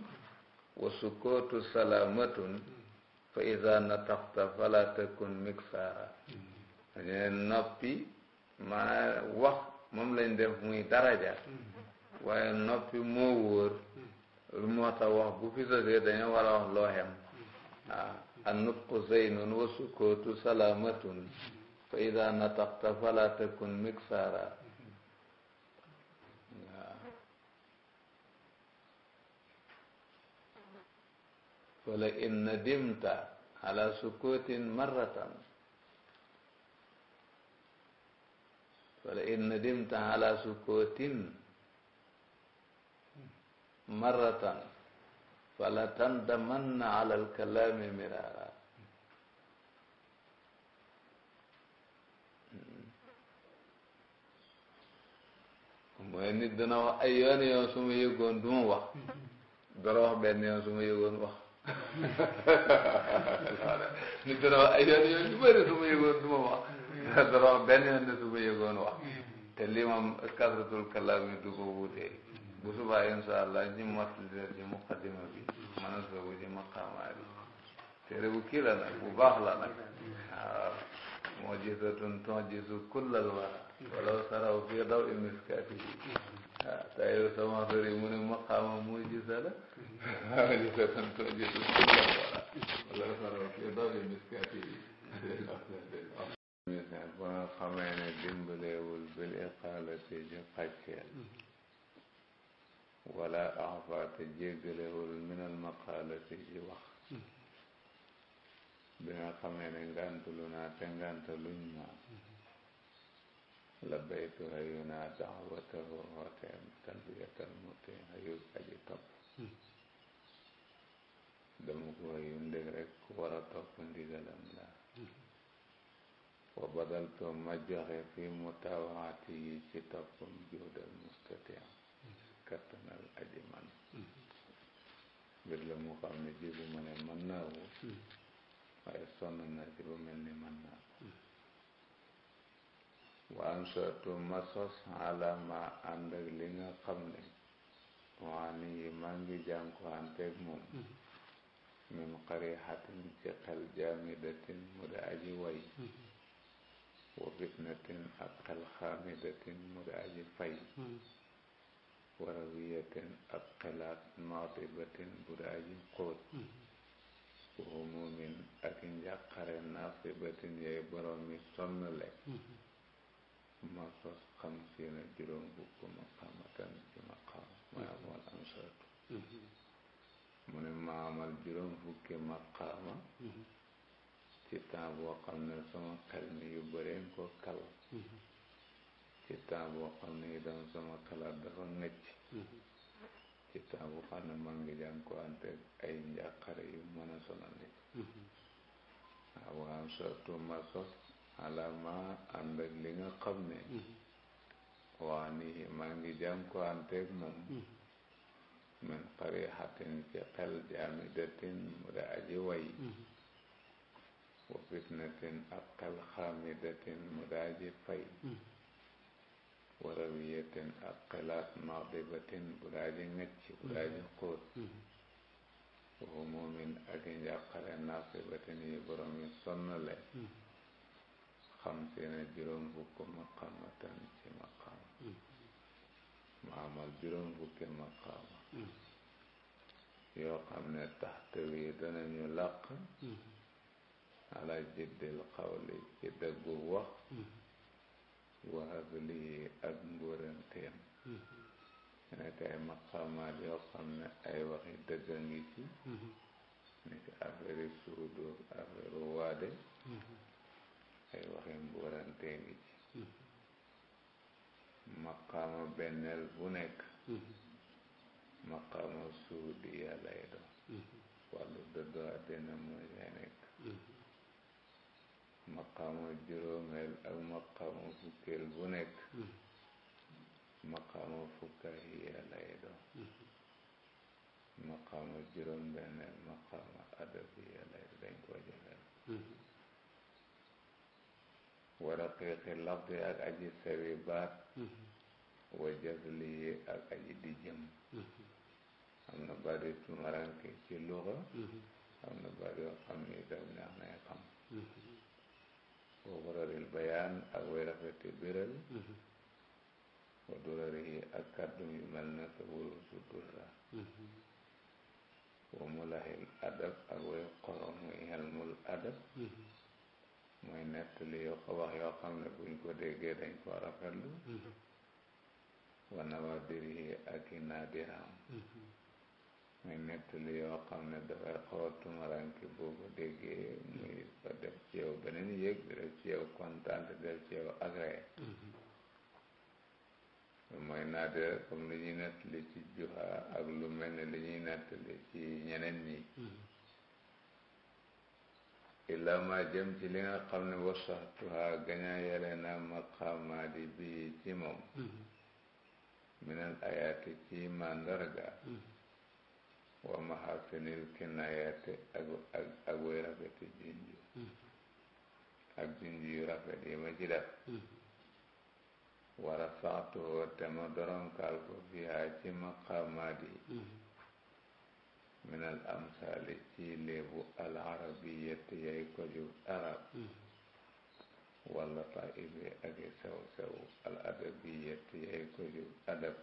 wa sukootu salaamatun fa ida nataqta fala takun miksaara dañu noppi maa wax moom lañ def muy daraja waaye noppi moo wóor lu moo tax wax bu fi sosee dañu war a wax loo xem ah annutqu zaynun wa sukootu salaamatun fa ida nataqta fala takun miksaara wala in nadimta ala sukutin marratan wala in nadimta ala sukutin marratan fala tandamanna ala alkalaami miraara mooy nit dana wax ay yoon yoon su ma yëgoon du ma wax dara yoon su ma yëgoon wax nit dana wax yoon yoon yu bëri su ma yëgoon du yoon ne su ma yëgoon te lii moom kasratul kalaam yi du bu subaa insha allah ñi mottali ci muqaddima bi mën a soobu ci maqaama bi téere bu kii la nag bu baax la nag waaw moo jiitatun ton jiisu kullal wara walaw saraw fii daw i miskaati bi ah tey yow sama sori mu ne maqaama muy gisa la moo jiitatun ton jiisu kullal wara walaw saraw fii daw i miskaati bi bu nga xamee ne dimbalewul bil iqaalati ci xàcceel wala axfaa te jéggalewul minal maqaalati ci wax bi nga xamee ne ngantalu naa te ngantaluñ ma la baytu hayu naa daawatahu wooteem talbiyatal muti hayu wa badalto ma fi mutawaati yi ci toppam kattanal aji man mbir la mu xam ji bu ma ne mën naa ko na ci ba mel ni man naa ko waan sootu ma sos alama ànd ak li nga xam ne waa ni min qarixatin ci xel jaamidatin mu di way wa fitnatin ak xel mu di fay wa rawiyatin ak xelaat naatibatin bu daa ji xóot hmm. wa humumin ak njàqare naatibatin yooyu borom yi sonn lekk hmm. ma sos xam si na juróom fukk maqaama mooy amal am satu hmm. mu ne ma juróom fukki maqaama ci temps ne sama xel mi yu ko kal ci temps boo xam ne dafa ngëcc ci temps boo xam ne maa ngi jànkuwante ay njàqare yu mën a sonal nit waaw waaw surtout sos alama ànd li nga xam ne waa ni maa ngi jànkuwante ak min xari xatin ci xel mu da way wa fitnatin ak xel mu da aji warawiyatin ak xelaat madibatin bu daa ji ngëcc bu daa ji mm-hmm. xóot mm-hmm. humumin ak i njàqare naqibatin yi borom yi sonn le mm-hmm. xam si na juróom fukki maqamatan ci maqama ma amal juróom fukki maqama yoo xam ne taxtawi danañu làq ala jiddil xawli ci dëggu wax waxab lii ak ngóoranteem nekk ay maqaamaat yoo xam ne ay waxi dëgg a ngi ci nekk affaire suudur affaire waade ay waxi ngóorante ngi ci maqaama benneel bu nekk maqaama suudiya lay doon wàllu dëddoo àddina mooy lay nekk maqaamu juróomeel ak maqaamu fukkeel bu nekk hmm. maqaamu fukkahiya lay doon hmm. maqaamu juróom benneel maqaamu adabiya lay doon dañ koo jafeel hmm. wa daqiiqi lafdi ak aji sewi baat wa jazliyi ak aji dijjëm am na baat yu tumaranke ci luxa am na baat yoo xam ni daf neex nay xam Mhm. wa wararil bayaan ak way rafeti biral wa durarihi ak kàddu yu mel ne sa wóoru su durra mhm. wa mulahil adab ak way xorom muy helmul adab mooy mhm. nettali yoo ko wax xam ne buñ ko déggee dañ ko rafetlu wa nawaadirihi ak i naadiram muy nettali yoo xam ne dafay xaw a tumaranke déggee muy fa def ci yow beneen yëg def ci yow kontaan te def ci yow agréé mooy naatee comme li ñuy nettali ci juha ak lu mel ni li ñuy nettali ci ñeneen ñi illa ma jëm ci li nga xam ne wasaxtuha gañaa yele naa maqaamaadi bi ci moom minal ayaati ci mandarga wa mahasinil kinayati ak ak ak way rafeti junju mm-hmm. ak junju yu rafet yi ma mm-hmm. ci def wara saxtu te ma doronkaal ko fiyaa ci maqaamaat mm-hmm. yi minal amsaali ci léebu al arabiyati yay ko ju arab wala taibi ak al adabiyati yay ko ju adab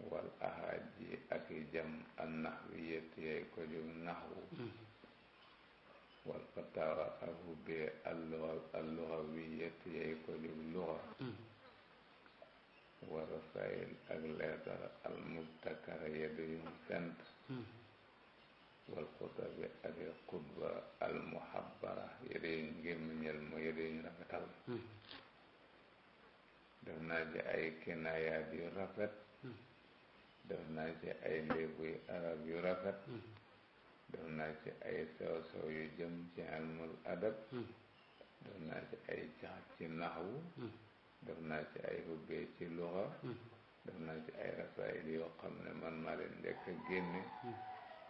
wal ahaj yi ak i jam an naxwiyati yay ko jum naxwu hmm. wal fatawa ak ubbee alluxawiyati yay ko jum luxa hmm. wa rasail ak leetar al mubtakara yadu yum sant hmm. wal xutabi ak i xutba al muhabbara yadu yuñ gémmiñal mu yadu yuñ rafetal def naa ji ay kinaayaat yu rafet def naa ci ay ndéguy arab yu rafet def naa ci ay sew sew yu jëm ci almul adab def naa ci ay cax ci naxwu def naa ci ay hubbee ci luxa def naa ci ay rasaayil yoo xam ne man maa leen njëkk a génne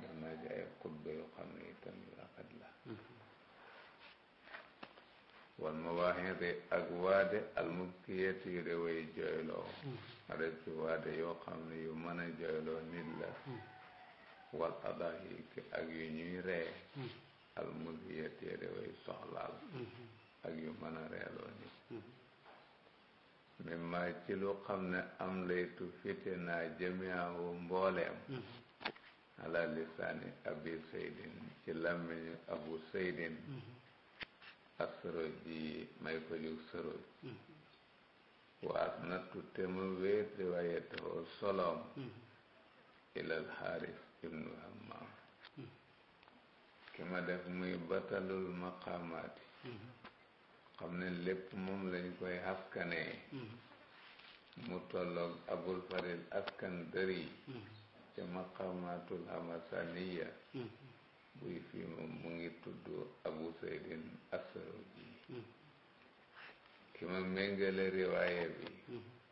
def naa ci ay xutba yoo xam ne itam yu rafet la wal mawaaxidi ak waade almubkiyati yu de way jooyloo mm-hmm. adab ci waade yoo xam ne yu mën a jooyloo nit la mm-hmm. wal adahiki ak yu ñuy ree mm-hmm. almudhiyati yu de way soxlaal ak yu mën a reeloo nit mimma ci lu xam ne am laytu fite naa jamiahu mbooleem ala lisaani abi saydin ci làmmiñu abu saydin ak soroj ji may ko jug soroj hmm. waas nattu te ma wéet riwaayatoo solom hmm. ilal xaaris ibnu hammaam hmm. ki ma def muy batalul maqaamaati xam ne lépp moom lañ koy askanee mu tolloog abul faril askan dëri ca maqaamaatul hamasaniya buy fii moom mu ngi tudd abu saydin assaroji hmm. ki ma méngale riwaaya bi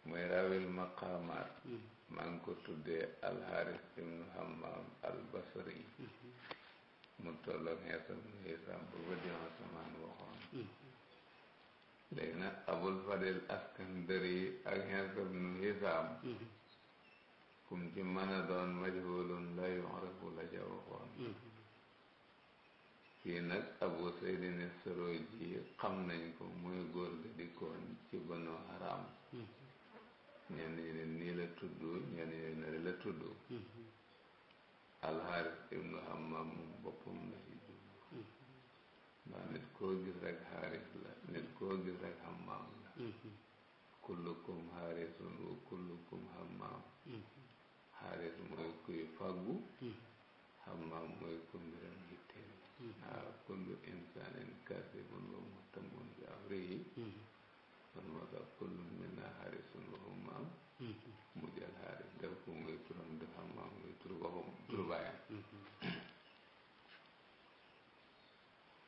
muy hmm. rawil maqaamaat hmm. maa ngi ko tuddee alxaaris ibnu hammaam albasri mu tolloog xeesam xeesam bu ba di Usmaan waxoon léegi nag abul fadil askandari ak xeesam nu xeesam kum ci mën doon majhulun la yuxrafu la ca waxoon kii nag abu saydin saroji xam nañ ko muy góor ga dikkoon ci banu haram hmm. ñenn ñi ne la tudd ñenn ñi ne la tudd hmm. alxaaris ibnu hammam moom boppam la ci jub hmm. ndax nit koo gis rek xaaris la nit koo gis rek hammam kullukum xaarisun wa kullukum hammam xaaris mooy kuy faggu hammam mooy ku ah kullu insanin kasibun wa muhtamun bi amrihi man moo tax kullu minna harisun wa hummaam mu jël haris def ko muy turam def hammaam muy turu boppam turu baayam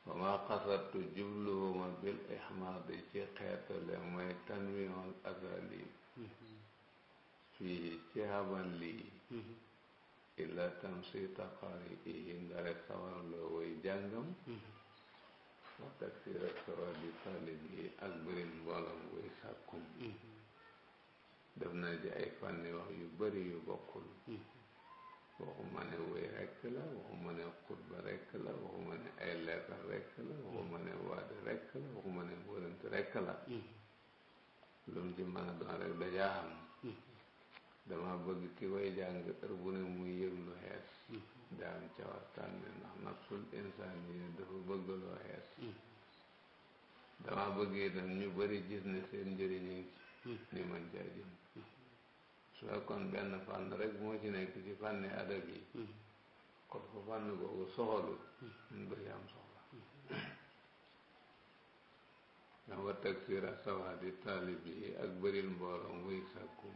wa ma qasattu jubluhuma bil ihmaadi ci xeetale mooy tanwiihul azali fii ci haban lii illa tamsita qari'ihi nga rek sawar loo woy jàngam mm-hmm. wa taksira sawadi talibihi ak bërin mboolam woy sàkkum mm-hmm. def na ji ay fànni wax yu bëri yu bokkul mm-hmm. waxuma ne woy rekk la waxuma ne ay leetar rekk la waxuma ne waade rekk la waxuma ne mbërënt rekk la lu mu ci mën a doon rek dajaa dama bëgg ki koy jàng heure bu ne muy yëg lu xees mm-hmm. daan ca waxtaan ne ndax nafsul insaan yi dafa bëgg loo xees mm-hmm. dama bëgg itam ñu bari gis ne seen njëriñ ngi mm-hmm. ni man caa jëm su benn fànn rek moo ci nekk ci fànni adab yi kon ko fànn googu soxalu ñun bari am soxla dama taksira sawaadi taalib yi ak bëril mbooloo muy sàkkum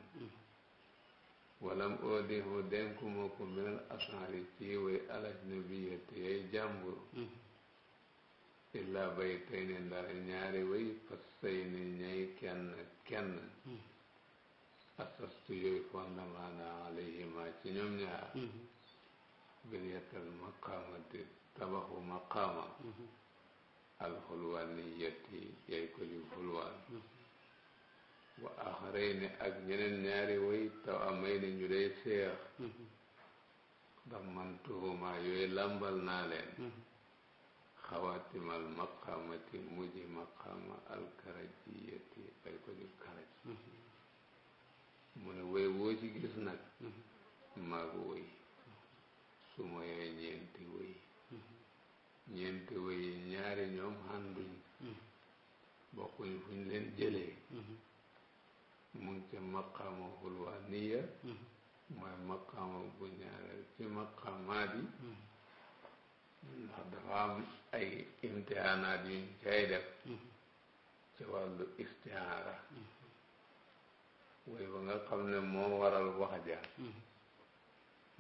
walam oodihu denkuma ko minal asanri ci way alajnabiya te yay jàmbur hmm. illa bay tey ne ndara ñaari way fas say ne ñay kenn kenn hmm. asastu yooyu fondamaana alayhima ci ñoom ñaar hmm. biniyatal maqaamati tabaxu maqaama alxulwaniyati yay ko ju xulwaan wa axarayni ak ñeneen ñaari way taw amayni ñu day seex dammantuhuma yooyu làmbal naa leen mm-hmm. xawaatimal maqaamati mujji maqaama alkarajiyati ay ko ñu karaj mm-hmm. mu ne way woo ci gis nag mm-hmm. maag way su ma ñeenti way ñeenti way ñaari ñoom xànduñ bokkuñ fuñ leen jëlee mu ngi ci maqaama hulwaaniya mooy maqaama bu ñaareel ci maqaamaat yi ndax dafa am ay imtihaanaat yuñ cay def ci wàllu istihaara woy ba nga xam ne moo waral wax ja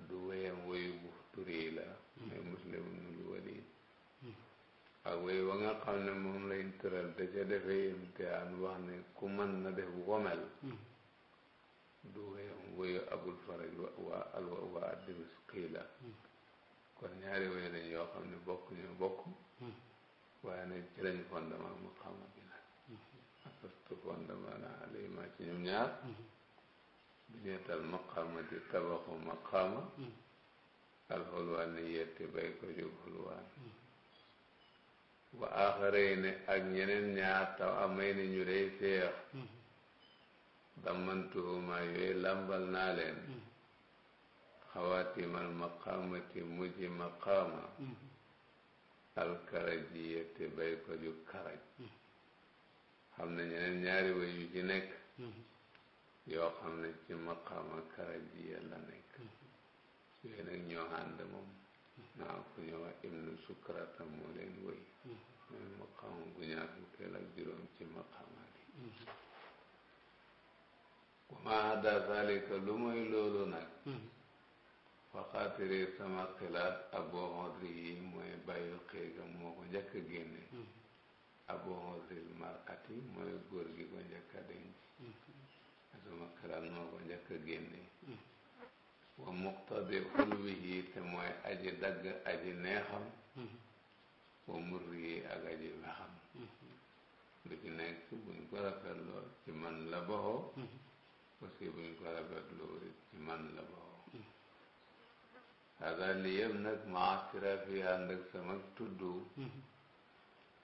du wéyam woyu bu turi la mais muslim nulu walid ak wéy wa nga xam ne moom lay tëral da ca defee imtihaan wax ne ku mën na def bu du wéyam wéyu abul faraj wa alwa wa addimis xiila hmm. kon ñaari wéy lañ yoo xam ne bokk ñu bokk hmm. waaye nag ci lañ fondement mu xama bi la asastu hmm. fondement la alima ci ñaar bi ñeetal maqaama di tabaxu maqaama alxulwaan ni yetti bay ko jub xulwaan wa axarey ne ak ñeneen ñaar taw amay ne ñu dey féex mm-hmm. damantuhuma yooyu làmbal naa leen mm-hmm. xawaatimal maqaamati mujji maqaama mm-hmm. alkarajiyate bay ko ju karaj xam ne ñeneen ñaari way yu ci nekk yoo xam ne ci maqaama karajiya la nekk yooyu nag ñoo ànd moom naa ku ñëw a ibnu sukrata moo leen wëy mooy mm-hmm. maqaamu bu ñaar fukkeel ak juróom ci maqaamaat yi ku mm-hmm. ma ada zalika lu mooy loolu nag mm-hmm. waxaatiri sama xilaat abo xodri yi mooy bàyyi xéegam moo ko njëkk a abo xodri marati mooy góor gi ko njëkk a denc sama xilaat moo ko njëkk wa muqtadi xulwihi te mooy aji dagg aji neexam wa murri ak aji mexam lu ci nekk buñ ko rafetloo ci man la baxoo parce que buñ ko rafetloo ci man la baxoo hada li yëpp nag maasira fi ànd ak sama tuddu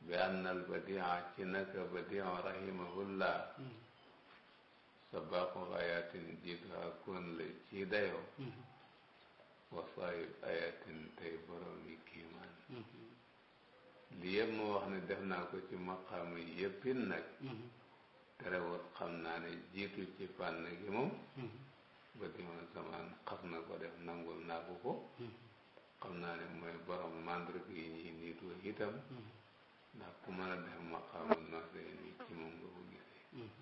bi annal badi'a ci naka badi'a rahimahullah sabaakum ayatin jiiduha kon la ci dayo wasaayib ayatin tey borom yi kiimaan li yëpp ma wax ne def naa ko ci maqaama yëppin nag terewul xam naa ne jiitu ci fànn gi moom ba dimoon samaan xam na ko def nangul naa ko ko xam naa ne mooy borom màndarga yi ñuy niitoo itam ndax ku mën a def maqaama noose ni ci moom nga ko gisee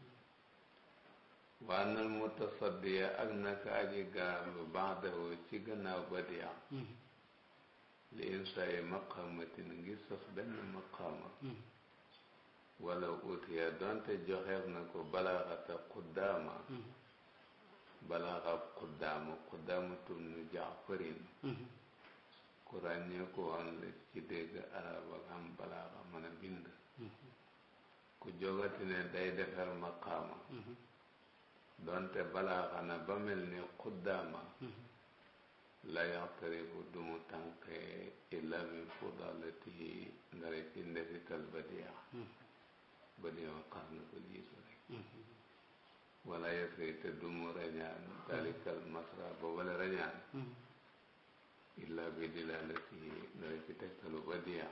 waa nal mutasaddiya ak naka aji gaaru baxdahu ci gannaaw badiya hmm. li insaay maqamatin ngir sos benn maqama hmm. wala utiya donte joxeef na ko balaxata quddaama hmm. balaxab quddaama quddaama tum nu ku ràññee ko la ci dégg arab ak am balaxa mën ku jogati day defar maqama donte balaa xana ba mel ni xuddaama mhm. la yaxtaribu du mu tànqee illa min fudalatihi ndare ci ndefital badiya mhm. badiya xas na ko jiitu rek mhm. wala yasri te du mu rañaan dalikal masra ba wala rañaan illa bi dilalatihi ndare ci tegtalu badiya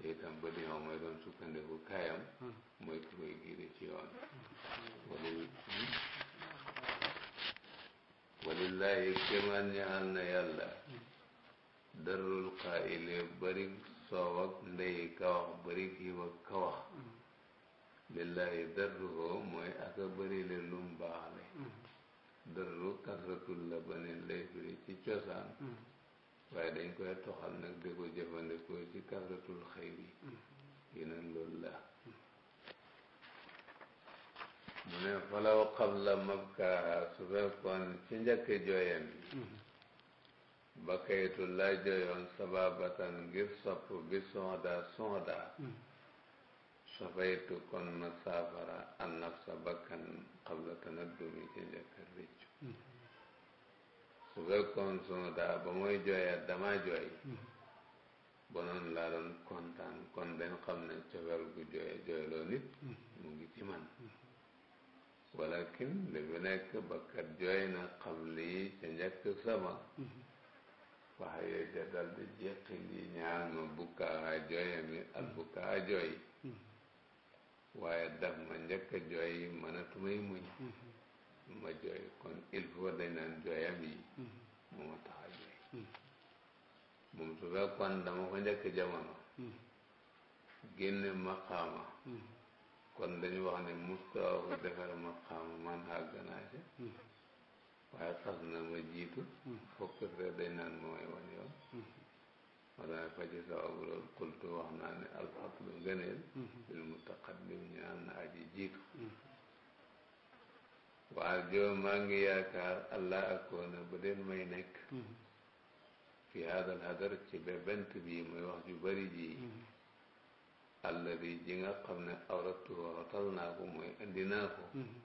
te itam ba li moom mooy doon sukkandiku kaayam mooy koy giiri ci yoon walil walillahi kéemaan ñaxal na yàlla darul xaayile barig soow ak ndey kawax barig yiw ak kawax lillahi darruhu mooy aka bërile lum baaxle darru kasratul la banin lay firi ci cosaan waaye dañ koy toxal nag di ko jëfandikoo ci kasratul xëy bi mm-hmm. yi nag loolu la mu ne falaw qabla mabkaa su fekkoon ci njëkk jooyam mm-hmm. bi ba kayitu laa jooyoon sababatan ngir sopp bi sonda sonda mm-hmm. safaytu kon ma saafara an nafsa bakkan qabla tanaddumi ci njëkk rëccu su fekkoon sunu daa ba mooy jooyaat damaa jooy ba noonu laa doon kontaan kon dañ xam ne cofeel gu jooy jooyloo nit mu ngi ci man walakin li fi nekk bakkat jooy na xam lii ca njëkk sama waxa yooyu da dal di jeqi li ñaar ma bukkaa jooya mi ak bukkaa jooy waaye daf ma njëkk a jooy mënatumay muñ ma jooy kon il faut dañ naan jooyam hmm. yi moo tax a jooy moom su fekkoon dama ko njëkk hmm. jamono génne maqaama kon dañu wax ne mustawa ko defar maqaama man xàgg naa ci waaye xas na ma jiitu fokk rek dañ naan ma ma daan fa ci sababu loolu kultu wax naa ne alfadlu ngëneel bil mutaqaddim ñaan na aji jiitu waa joo maa ngi yaakaar allah akoona ba den may nekk mm-hmm. fi hadal hadar ci bebent bi muy wax ju bari ji mm-hmm. alladi ji nga xam ne awratu rootal naa ko mooy andi naa ko mm-hmm.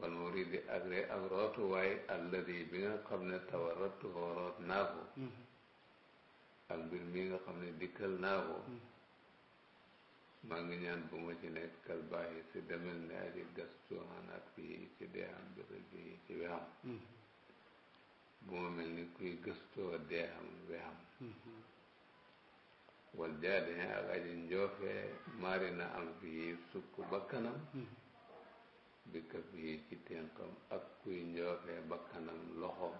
wal muridi ak re ak rootu waaye alladi bi nga xam ne tawaratu root naa ko ak mbir mi nga xam ne dikkal naa ko maa ngi ñaan bu ma ci nekk kal baaxi si demel ne aji gastu xanaat bi ci dee xam bi rëbbi ci wexam hmm. bu ma mel ni kuy gëstoo dee xam wexam hmm. wal jaade ak aji njoofe maari na am bi sukk bakkanam hmm. bi ka bi ci ténqam ak kuy njoofe bakkanam loxo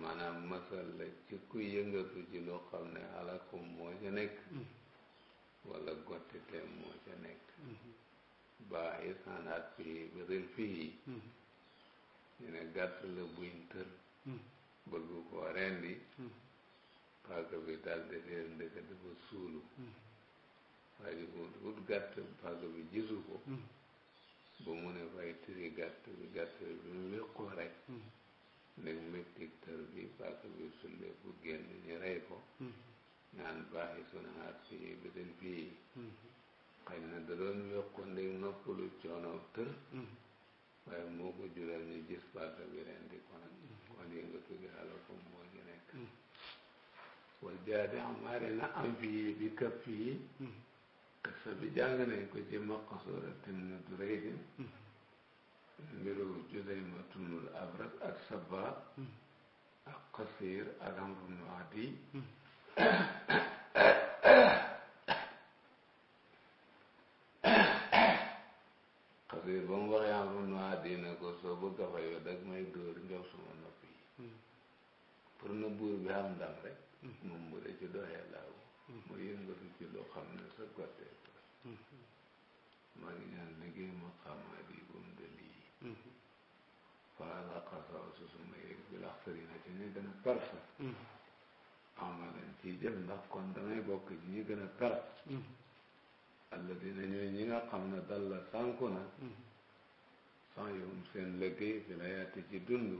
maanaam masal la ci kuy yëngatu ci loo xam ne xalakum moo ci nekk wala gotti teem moo ca nekk mm-hmm. baa isaanaat fii bi xil fii mm-hmm. ñu ne gàtt la buñ tër mm-hmm. bëgg koo rendi paaka bi daal di réer ndeke dafa suulu waa ji wut gàtt paaka bi gisu ko ba mu ne fay tëri gàtt bi gàtt bi bi mu wéqoo rek ndeg méttik tër bi paaka bi sulleeku génn ñu rey ko naan baaxi sunu xaar fii bitin fii xëy na da doon yokk ndig noppalu coonoo tër waaye moo ko jural ñu gis paaka bi ren di kon kon yëngatu gi xala ko moo ñu nekk wal jaade amaare na am fii bi kap fii kasa bi jàng nañ ko ci maqasura timna dureydin mbiru judayma tunul abrat ak saba ak xasir ak amrun waadi xas yi ba mu waxee am lu nu àddina ko soo bëgg a fay dag may dóor njow suma nopp yi pour na buur bi am ndam rek hmm. moom mu de ci doxee laaw mu yëngatu ci loo xam ne sa gottee ko hmm. maa ngi ñaan liggéey ma xamaat yi bu mu dënd yi hmm. faala xasaw su suma yëg bi lax sëriñ na ci ñu gën a parfait xam nga dañ ndax kon damay bokk ci ñi gën a perte. alladina ñooy ñi nga xam ne dal la sànku na. sans yowum seen liggéey fi la yaati ci dund.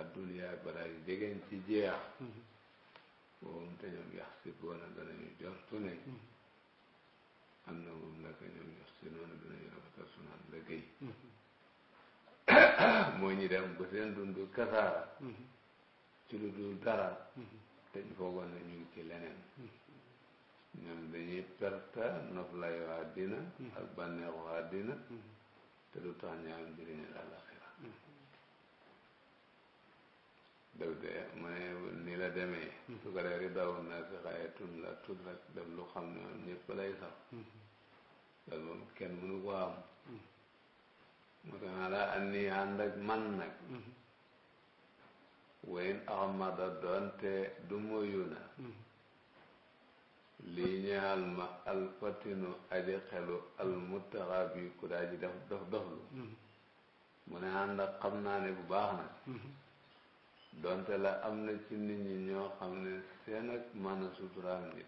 adduniyaa balaa yu jegeen ci jeex. woom te ñoom yax si boona danañu jortu ne. am na moom la ko ñoom yax si noonu danañu rafetal sunu liggéey. moo ñi dem bu seen dund kasaara. ci lu dul dara te ñu foogoon ne ñu ngi ci leneen ñoom dañuy perte noflayu àddina ak bànneexu àddina te du tax ñu am njëriñu àllaaxira dëg mu ne nii la demee su ko dee ridawu naa si xaye tun la tun rek def lu xam ne moom lay sax loolu moom kenn mënu ko am mu tax naa la ànd ak man nag weyn ahmada doonte du moyu na hmm. lii ñaal ma alfatinu aji xelu almutaxabi ku daa ji def dof doflu hmm. mu ne ànd xam naa ne bu baax na hmm. doonte la am na ci nit ñi ñoo xam ne seen ak maana suturaam nit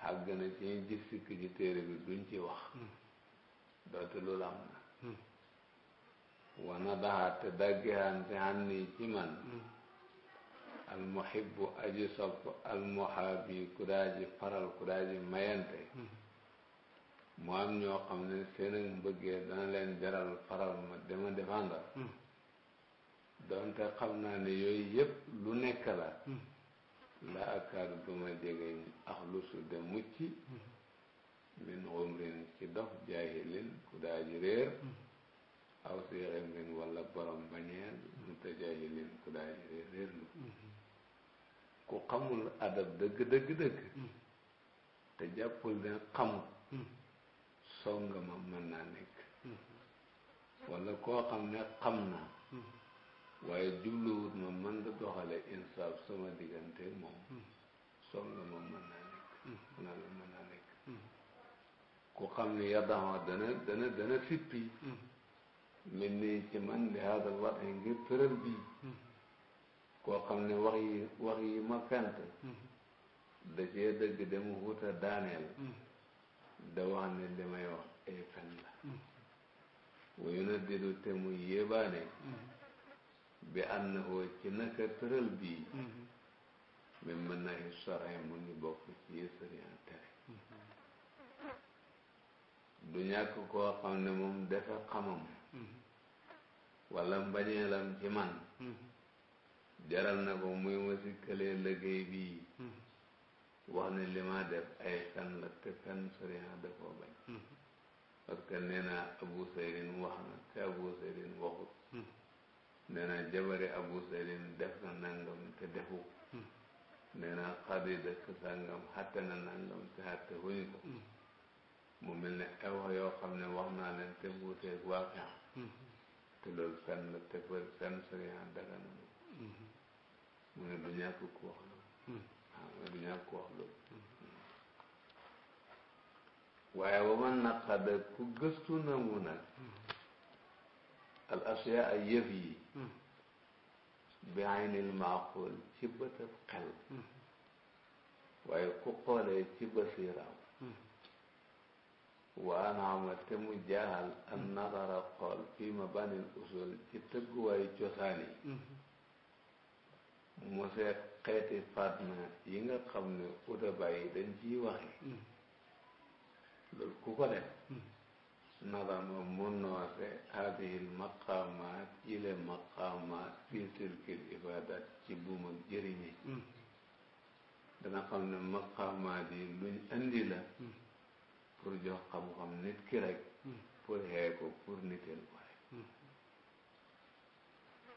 xàgg na ci ñu gis sikk ji téere bi duñ ci wax doonte loolu am na wana daha te daggi hante han ni ci man al muhibbu aji sopp al muhabi kudaaji faral kudaaji mayante mu ñoo xam ne seen ak mbëggee dana leen jaral faral ma dema doonte xam naa ne yooyu yëpp lu nekk la la akaadu duma jege axlusu de mucci min umrin ci dof jaahilin kudaaji réer aw fi remrin walla borom bañeel mutajahilin ku daay réerlu ku xamul adab dëgg dëgg dëgg te jàppul ne xamul songa ma mën naa nekk walla koo xam ne xam na waaye jubluwut ma mën da doxale insaaf sama diggante moom songa ma mën naa nekk ku xam ne yaddaxoo dana dana dana fippi mel ni ci man li haadal wax yi ngir tëral bii koo xam ne wax yi wax yi ma fent da cee dëgg dama wuta daaneel da wax ne li may wax ay fen la wayu na didu te muy yébaane bi ànd na woo ci naka tëral bii même mën naa yi sore mu ngi bokk ci yësarian tere du ñàkk koo xam ne moom defe xamam Mm-hmm. wala mbañeelam ci man mm-hmm. jaral na ko muy ma sikkalee bii mm-hmm. wax ne li ma def ay fen la te fen soriya dafoo bañ parce que nee abu saydin wax na te abu saydin waxut nee naa abu saydin def na nangam te defu nee naa xadi dëkk sàngam xatte na nangam te xatte wuñ ko mu mel ne ay wax yoo xam ne wax naa leen te buuteeg waa Mm-hmm. te loolu fen mm-hmm. mm-hmm. ah, la te bër fen sariya dagan na mu ne du ñàkk ku wax loolu waaw mu ne du ñàkk ku wax loolu waaye ba ma naqada ku gëstu nangu nag al asiya ay yëf yi bi aynil maaqul ci bëtëb xel waaye ku xoolee ci basiraam waa anaamat te mu jaaxal an nadara xool fii ma banil usul ci tëgguwaayu cosaan yi mu seet xeeti fànn yi nga xam ne udabaay yi dañ ciy waxe loolu ku ko def nadama mun noose haadihil maqaamaat ile maqaamaat fii tilkil ibadat ci buum ak jëriñi dana xam ne maqaamaat yi luñ andi la pour jox xam-xam nit ki rek hmm. pour xee ko pour niteel ko rek hmm.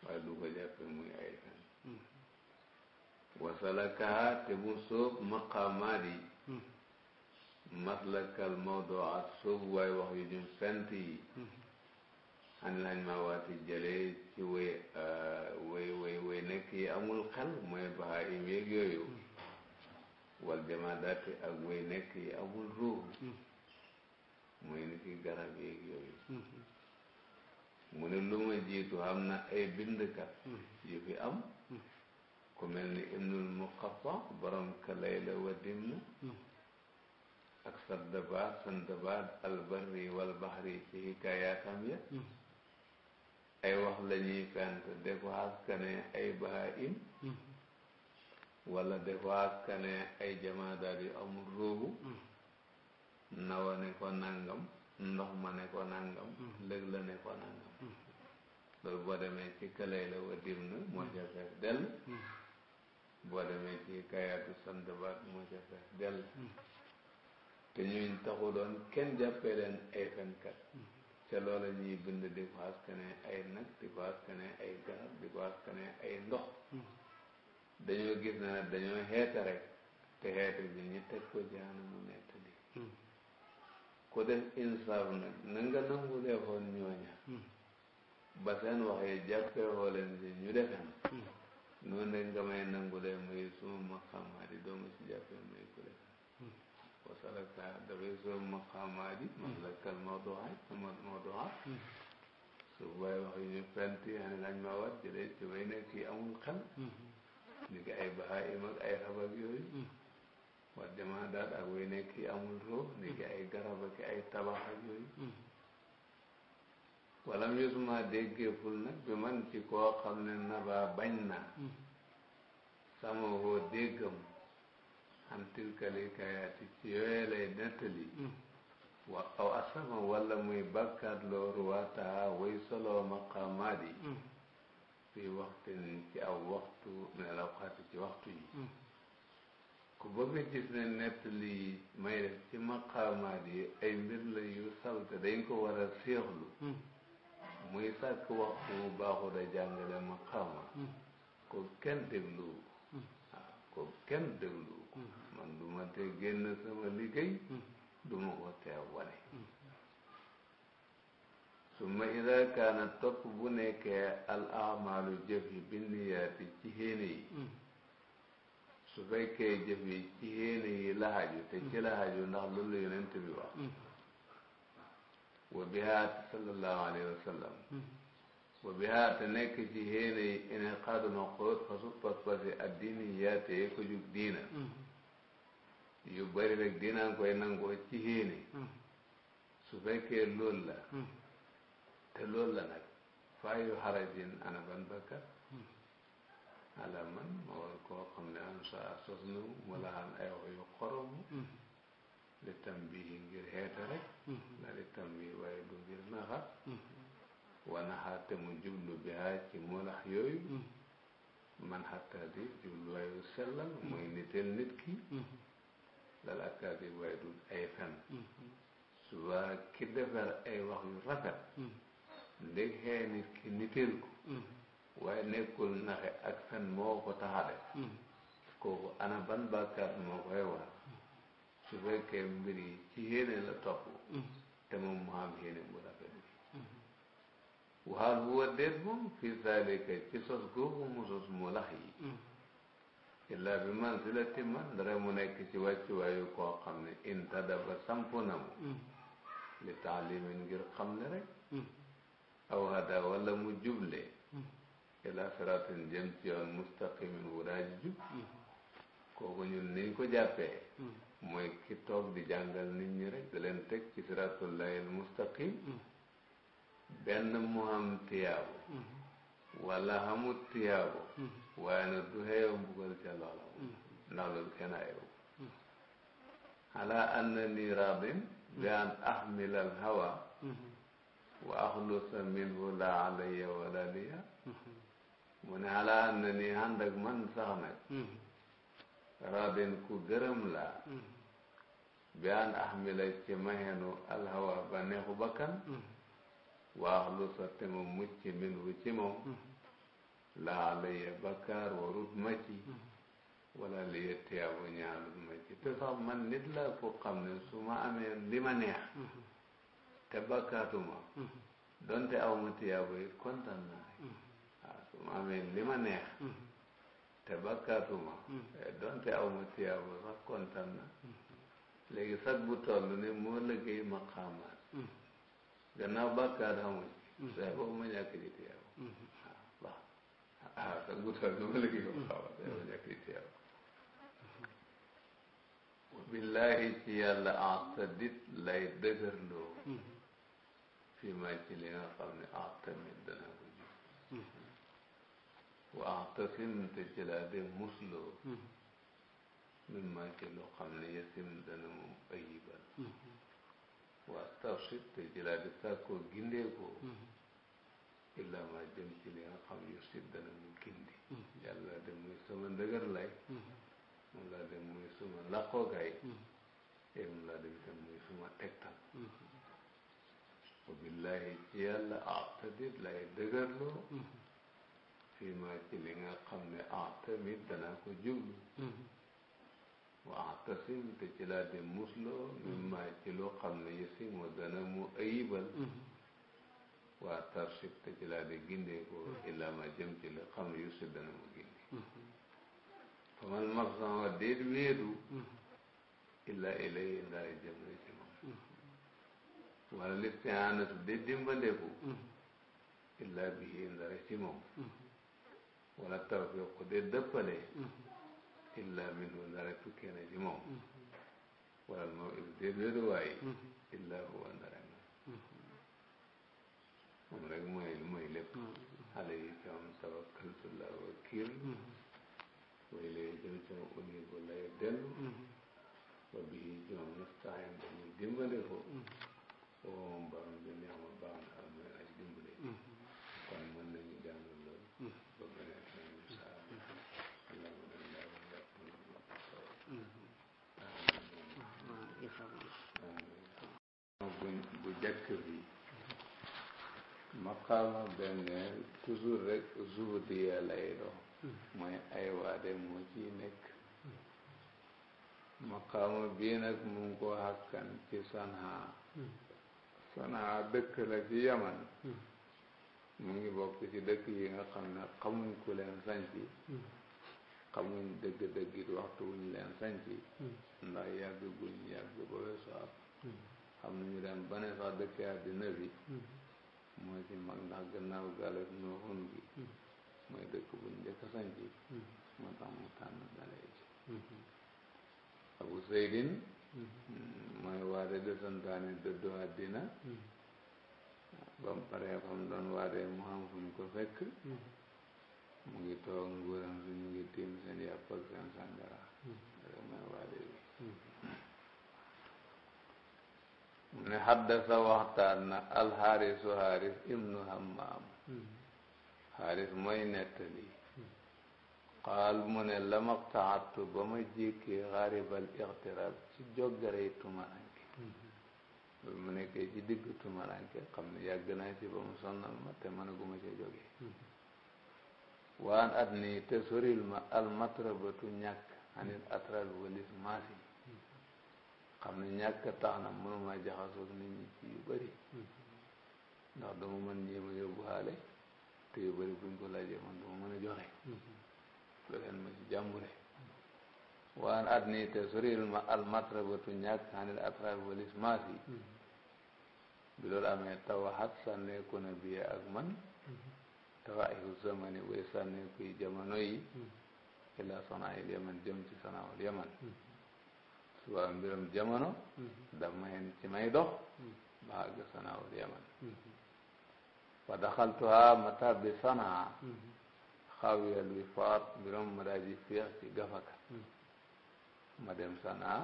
waaye du ko hmm. soob wax yu jum fent yi xan lañ ma waati jëlee ci way euh, way way way nekk yi amul xel mooy baxa im yéeg yooyu wal jamaadaati ak way nekk yi amul ruux muy ni ki garab yeeg yooyu mm-hmm. mu ne lu ma jiitu xam na ay bindkat mm-hmm. yu fi am mm-hmm. ku mel ni ibnul muqaffa borom ka layla wa dimna ak saddabaat sandabaat albarri wal baxri ci hikaayaatam ya ay wax la ñuy de ko haskane ay bahaim wala de ko haskane ay jamaadaat yu amul ruubu nawa ne ko nangam ndox ma ne ko nangam lëg la ne ko nangam loolu boo demee ci këlay la wa na moo ca fees dell boo demee ci kayaatu sant baat moo ca fees dell te ñuñ taxu doon kenn jàppee leen ay fenkat ca loola ñuy bind di ko askane ay nag di ko askane ay garab di ko askane ay ndox dañoo gis ne nag dañoo xeete rek te xeete bi ñu teg ko jaana mu nett di Hmm. Hmm. ku def insaaf nag na nga nangule xool ñooña ba seen wax yi jàppee xooleen ñu defem noonu ne nga may nangule muy suma maqaamaadi doomu si jàppee muy ku defem wasalaka dafay suma maqaamaadi masalakal mawduwaay amal mawduwaay su amul xel hmm. ni ki ay bahaa im ay xabak yooyu wat jamaa daal ak way nekk yi amul ruux ni ki ay garab ak ay tabax ak yooyu mm-hmm. walla mu yusuma déggeeful nag bi man ci koo xam ne nabaa bañ na mm-hmm. sama mm-hmm. walla muy bakkat loo ruwaataa way soloo maqaamaat yi fii waxtin ci aw waxtu ne la waxaati ci waxtu yi ku bëgg a gis ne nettali yi may def ci maqaamaat yi ay mbir la yu salte dañ ko war a seexlu hmm. muy sàkk waxtu bu baaxu da jàngale maqaama hmm. ko kenn déglu waaw hmm. ah, ko kenn déglu man du te génn sama liggéey du ko tee wane su ma ida topp bu nekkee al amalu jëf yi binniyaati ci xéene yi su fekkee jëf yi ci yéene yi la haju te ci la haju ndax loolu la yonent bi wax mm-hmm. wa bihaat sallallahu alayhi wa sallam mm-hmm. wa bihaat nekk ci yéene yi mm-hmm. bari rek diinaa koy nangoo ci loolu la te loolu la nag faa yu xarajin ana ban bakkat alaman ma war koo xam ne saa sos na wala am ay wax yu xorom mm-hmm. li tam bii ngir rek mm-hmm. la li tam bii du ngir naxa mm-hmm. wana xaate mu jublu bi haa ci molax yooyu man xatta di jubluwaayu sellal mooy niteel nit ki lal akkaat yi du ay fen suba ki defar ay wax yu rafet ndég xee nit waaye nekkul naxe ak fen moo ko tax a hmm. ana ban bàkkaar moo koy war su fekkee mbir ci yéene la topp hmm. te moom mu am yéene bu rafet bi hmm. waxaal huwa déet moom fii zalika ci sos googu mu sos mu lax illa bi manzilati man dara mu nekk ci wàccuwaayu koo xam ne intadaba samp na mu li taalimin ngir xam ne rek aw hada wala mu juble ilaa siraatin jëm ci yoon mustaqimin wu daa ji jub kooku ñun niñ ko jàppee mooy ki toog di jàngal nit ñi rek da leen teg ci mustaqim benn mu am tiyaabu wala xamut tiyaabu waaye nag du xeew mbugal ca loola ndax loolu kenn ayewu alaa anna ni raadin bi an ahmilal hawa wa axlusa minhu laa alayya wala liya mu ne alaa na ni ànd ak man sax nag hmm. raadin ku gërëm laa hmm. bi an ahmila ci mahenu alhawa ba neexu bakkan hmm. waax lu sotte ma mucc min hu ci moom laa laya bakkaar warut ma ci wala liya tiyaabu ñaalut ma ci te sax man nit laa ko xam ne su ma amee li ma neex te bakkaatuma donte aw ma tiyaabu it kontaan naa ma amee li ma neex mm-hmm. te bakkaatuma mm-hmm. eh, donte aw ma tiyaaba sax kontaan na mm-hmm. léegi sax bu toll ni moo lëggéey maqaamaat bakkaat amuñ saa boobu ma ñàkk ji tiyaaba ah, waaw ah sax bu toll ni ma lëggéey maqaamaat saa ma ñàkk ji tiyaaba billahi ci yàlla atadit fi ma ci li nga xam ne atamit dana waa tasim te ci laa de musloo min maa ci loo xam ne yasim dana waa tafsit te ci laa de illaa maa jëm ci li nga xam yu mu gindi yàlla de muy lay moom laa de muy sama làqookaay te moom laa de itam muy sama tegtal wa billahi ci yàlla ah tadit fii ma ci li nga xam ne aatamit danaa ko jublu mm-hmm. wa aatasim te ci laa di musloo mm-hmm. min ma ci loo xam ne yësi mu dana mu ayibal mm-hmm. waa tarshib te ci laa di gindee ko illaa ma jëm ci la xam ne yusi dana mu gindi fa man maxsan wa déet wéedu illaa ilay ndaa jëm na ci moom wala listianatu déet dimbandeku illaa bihi ndara ci moom wala tawfiqu de dëppale mm-hmm. illa minhu ndara tukkee na ci moom mm-hmm. wala moo il de wéeruwaay mm-hmm. illa huwa ndara moom rek mooy mooy lépp xale yi ci am tawakkaltula wakiil way lay jëm ci moom unibu lay dellu wa bii jëm nastaxin dañuy dimbale ko wa moom borom bi neex jëkk bi maqaama benneel toujours rek zuhdiya lay doon mooy ay waade moo ci nekk maqaama bii nag mu ngi ko hakkan ci sanhaa sanhaa dëkk la ci yaman mu ngi bokk ci dëkk yi nga xam ne xamuñ ku leen sanci xamuñ dëgg-dëggit waxtu wuñ leen sanci ndax yàgg guñ yàgg ba weesu xam nañu dem ba ne fa dëkkee àddina bi mm-hmm. mooy ci mag ndax gannaaw galag nooxun gi mm-hmm. mooy dëkk bu njëkk sanc mm-hmm. moo tax mu tànn dalee ji abu seydin mooy waade de santaane dëddu àddina ba mu paree fam waade mu xam fu ko fekk mu ngi toog nguuram su ñu ngi tiim seen yàpp ak seen mooy waade bi ne haddasa waxtaan na alxaarisu xaaris ibnu hammaam xaaris mooy nettali qaal mu ne lamaqtaxattu ba ma jékkee xaaribal ixtiraab ci joggarey tumaranke loolu mu nekkee ci digg tumaranke xam ne yàgg ci ba mu sonnal ma te mën aguma ca jógee waan at nii te soril ma almatrabatu ñàkk anil atral walis maasi xam ne ñàkk tax na mënuma jaxasoog nit ñi ci yu bëri mm-hmm. ndax dama mën ñii ma yóbbu xaale te yu bëri buñ ko laajee man a joxe mm-hmm. lu ma ci jàmbure waan at te soril ma almatrabatu ñàkk xanil atrabi walis maas yi mm-hmm. bi loolu amee tawa xat sànneeku na biye ak man tawa ihu zamani way sànneekuy jamono yi illa sanaa il yaman jëm ci sanaawul waa mbirum jamono damayen ci may dox ba àgg sanaawul yaman wa daxaltuha ma tàbbi sanaa xawiyal wifaat mbirum ma daal di ci gafaka ma dem sanaa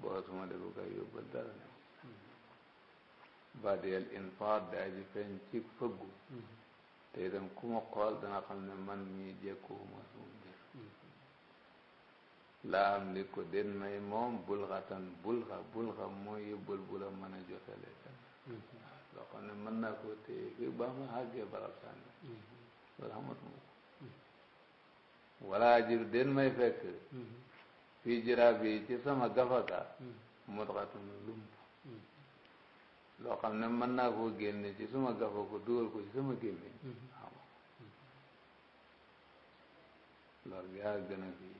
boo suma de bugga yóbbal dara ne badiyal infaat daal di feeñ ci fëggu te ku ma dana xam ne man mii jekkuwuma suma laa am li ko den may moom bulxatan bulxa bulxa mooy yëbbal bu la mën a jotale kan mm-hmm. loo xam ne mën naa koo téye mm-hmm. mm-hmm. fii ba ma xàggee barab sànni loolu xamat xam ne mën naa koo génne ci sama gafaka dugal ko ci sama gémmiñ loolu yaa gën a fii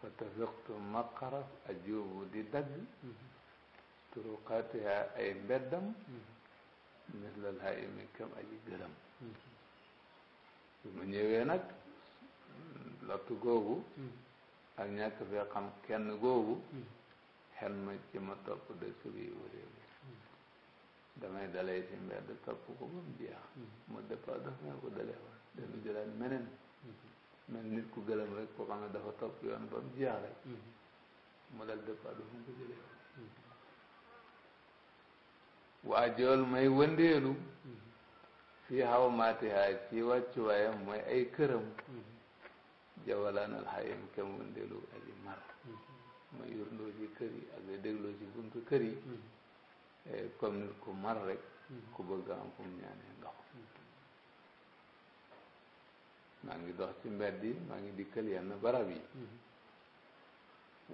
fa ma maqaras a jóobu di dagg turuqaatiha ay mbeddam mislal haimi kam aji gërëm su ma ñëwee nag lottu googu ak ñàkk fee xam kenn googu xel ma ci ma topp de sugi wurée damay dalay si mbedd topp ko ba mu jeex mu daf may ko dalee woon dañu jëlaat mel nit ku gëlëm rek ko xam ne dafa topp yoon ba mu jeex rek mm-hmm. mu dal dëppaat mu ko jëlee mm-hmm. waa jool may wëndeelu mm-hmm. fii xaw maatiha ci wàccuwaayam mooy ay këram jawalaanal xayam kem wëndeelu aji mar ma yurndoo ci kër yi ak dégloo buntu kër yi eh, nit ku mar rek ku bëgg am fu ñaanee ndox maa ngi dox ci mbedd yi maa ngi dikkal yenn barab yi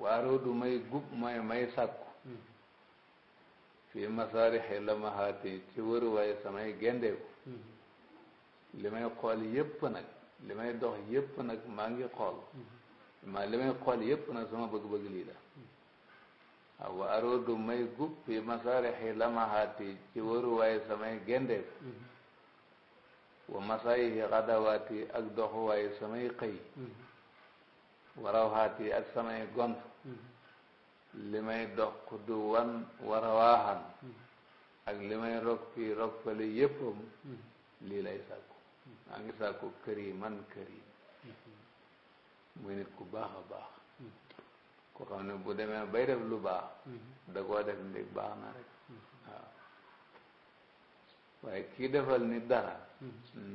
waaroo du may gub mooy may sàkku fii masaarixi la ma xaati ci wëruwaay samay gendeeku li may xool yépp nag li may dox yépp nag maa ngi xool maa li may xool yépp nag sama bëgg-bëgg lii la waaw waaroo du may gub fii masaarixi la ma xaati ci wëruwaay samay gendeeku wa masaayi xadawaati ak doxuwaay samay xëy warawxaati ak samay gont li may dox du wan warawaaxan ak li may rog fii rog fale yéppam lii lay sàkku maa ngi sàkku këri man këri muy nit ku baax a baax ko xam ne bu demee bay def lu baax da koo def ndig baax na rek waaye kii defal ni dara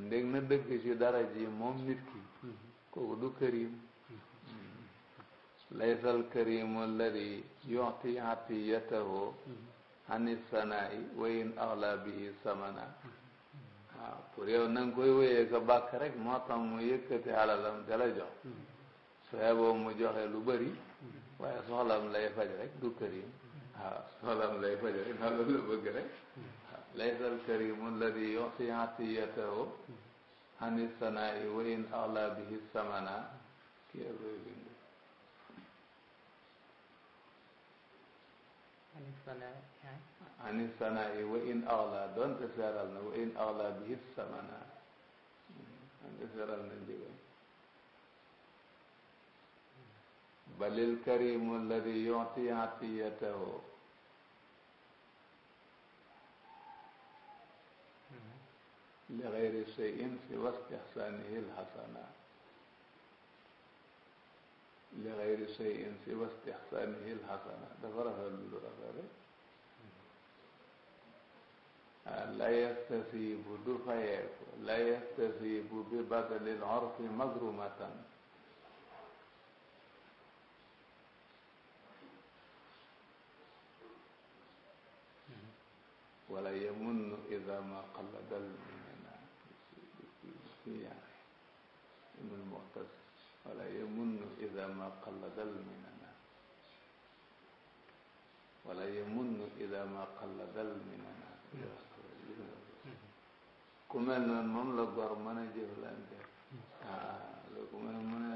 ndég na dëgg ci dara ji moom nit ki kooku du karim laysal karimu hmm. alladi yuti atiyatahu ani sanaa'i wa in axla bihi samana waaw pour yow na koy wéyee ka bàkk rek moo tax mu yëkkati alalam da jox su xeboo mu joxe lu bëri waaye soxlam lay faj rek du karim hmm. waaw soxlam lay faj rek na la bëgg rek laysa alkarimu alladi yuxti atiyatahu ani sanaa'i wa in axla bihi samana kii ak koy bind ani sanaa'i wa in axla doonte seeral na wa in axla bihi samana doonte seeral na njëgam balil karimu alladi yuxti atiyatahu li xayri cheyin fi wastixsaanihi lxasana li xayri cheyin fi wastixsaanihi lxasana dafa rafet lu rafet rek la yastasibu du fayeeku la yastasibu bi badalil orfi magrumatan wala yamunnu ida ma qalladal الصياح ابن المعتصم ولا يمن إذا ما قل دل مننا ولا يمن إذا ما قل دل مننا ku mel noonu moom la góor mën a jëflante waaw ku mel mu ne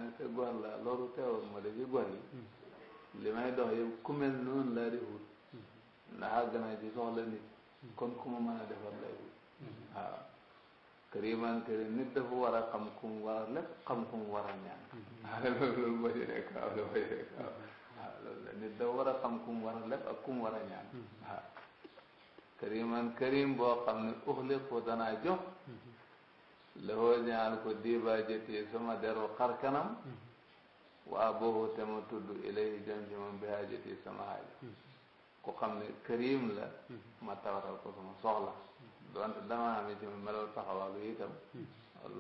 la dox yëpp di wut ndax àgg naa ci soxla nit kon ku ma mën a defar lay këriman kërim nit dafa war a xam ku mu war a lépp xam ku mu war a ñaan loolu moo ci nekk waaw loolu moo ci nekk waaw loolu la nit dafa war a xam ku mu war a lépp ak ku mu war a ñaan waaw këriman kërim boo xam ne uxli ko danaa jox lëxoo ñaan ko diibaa jëti sama deru xar kanam waa boobu te ma tudd ilay jëm ci moom bi haa jëti sama aajo ku xam ne kërim la ma tawatal ko sama soxla doonte damaa am ci melal taxawaalu itam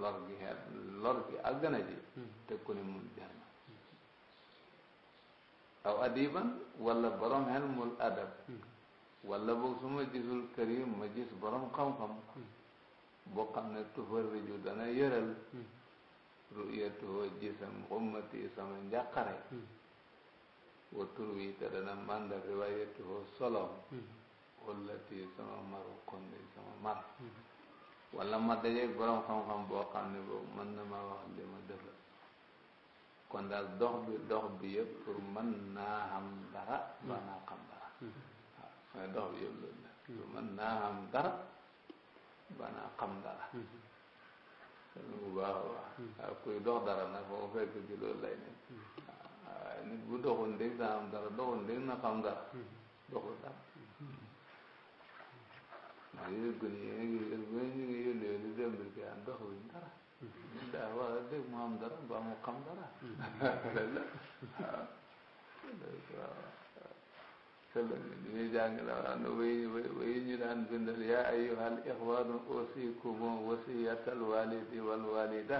lor gi xeet lor gi àgg na te ku mun jar aw adiban wala borom xel mul adab wala boog su ma gisul karim ma borom xam-xam boo xam ne tufarriju dana yëral ru'yatuhu gisam xummati sama njàqare wa tur wi te dana màndarriwaayatuhu solom xullati sama maru sama mar wala ma dajeeg borom xam-xam boo xam ne boobu mën na ma wax li ma def kon daal dox bi dox bi yëpp pour mën naa xam dara ba hmm. xam dara hmm. waaw mooy dox bi yëpp loolu la hmm. mën naa xam dara ba xam dara loolu bu baax a baax waaw kuy dox dara nag xam dara doxul ndég na xam dara doxul dara ndax yéen gone yi ngeen gis rek bu ngeen ñu ngi yónni yónni dem bi kii am doxuñ dara daa war a dégg mu am dara mbaa mu xam dara loolu la waaw sabal ni ñuy jàng la waa no way way ñu daan bindal yaa ayyuhal ixwaanu usiikumu wasiyatal walidi wal walida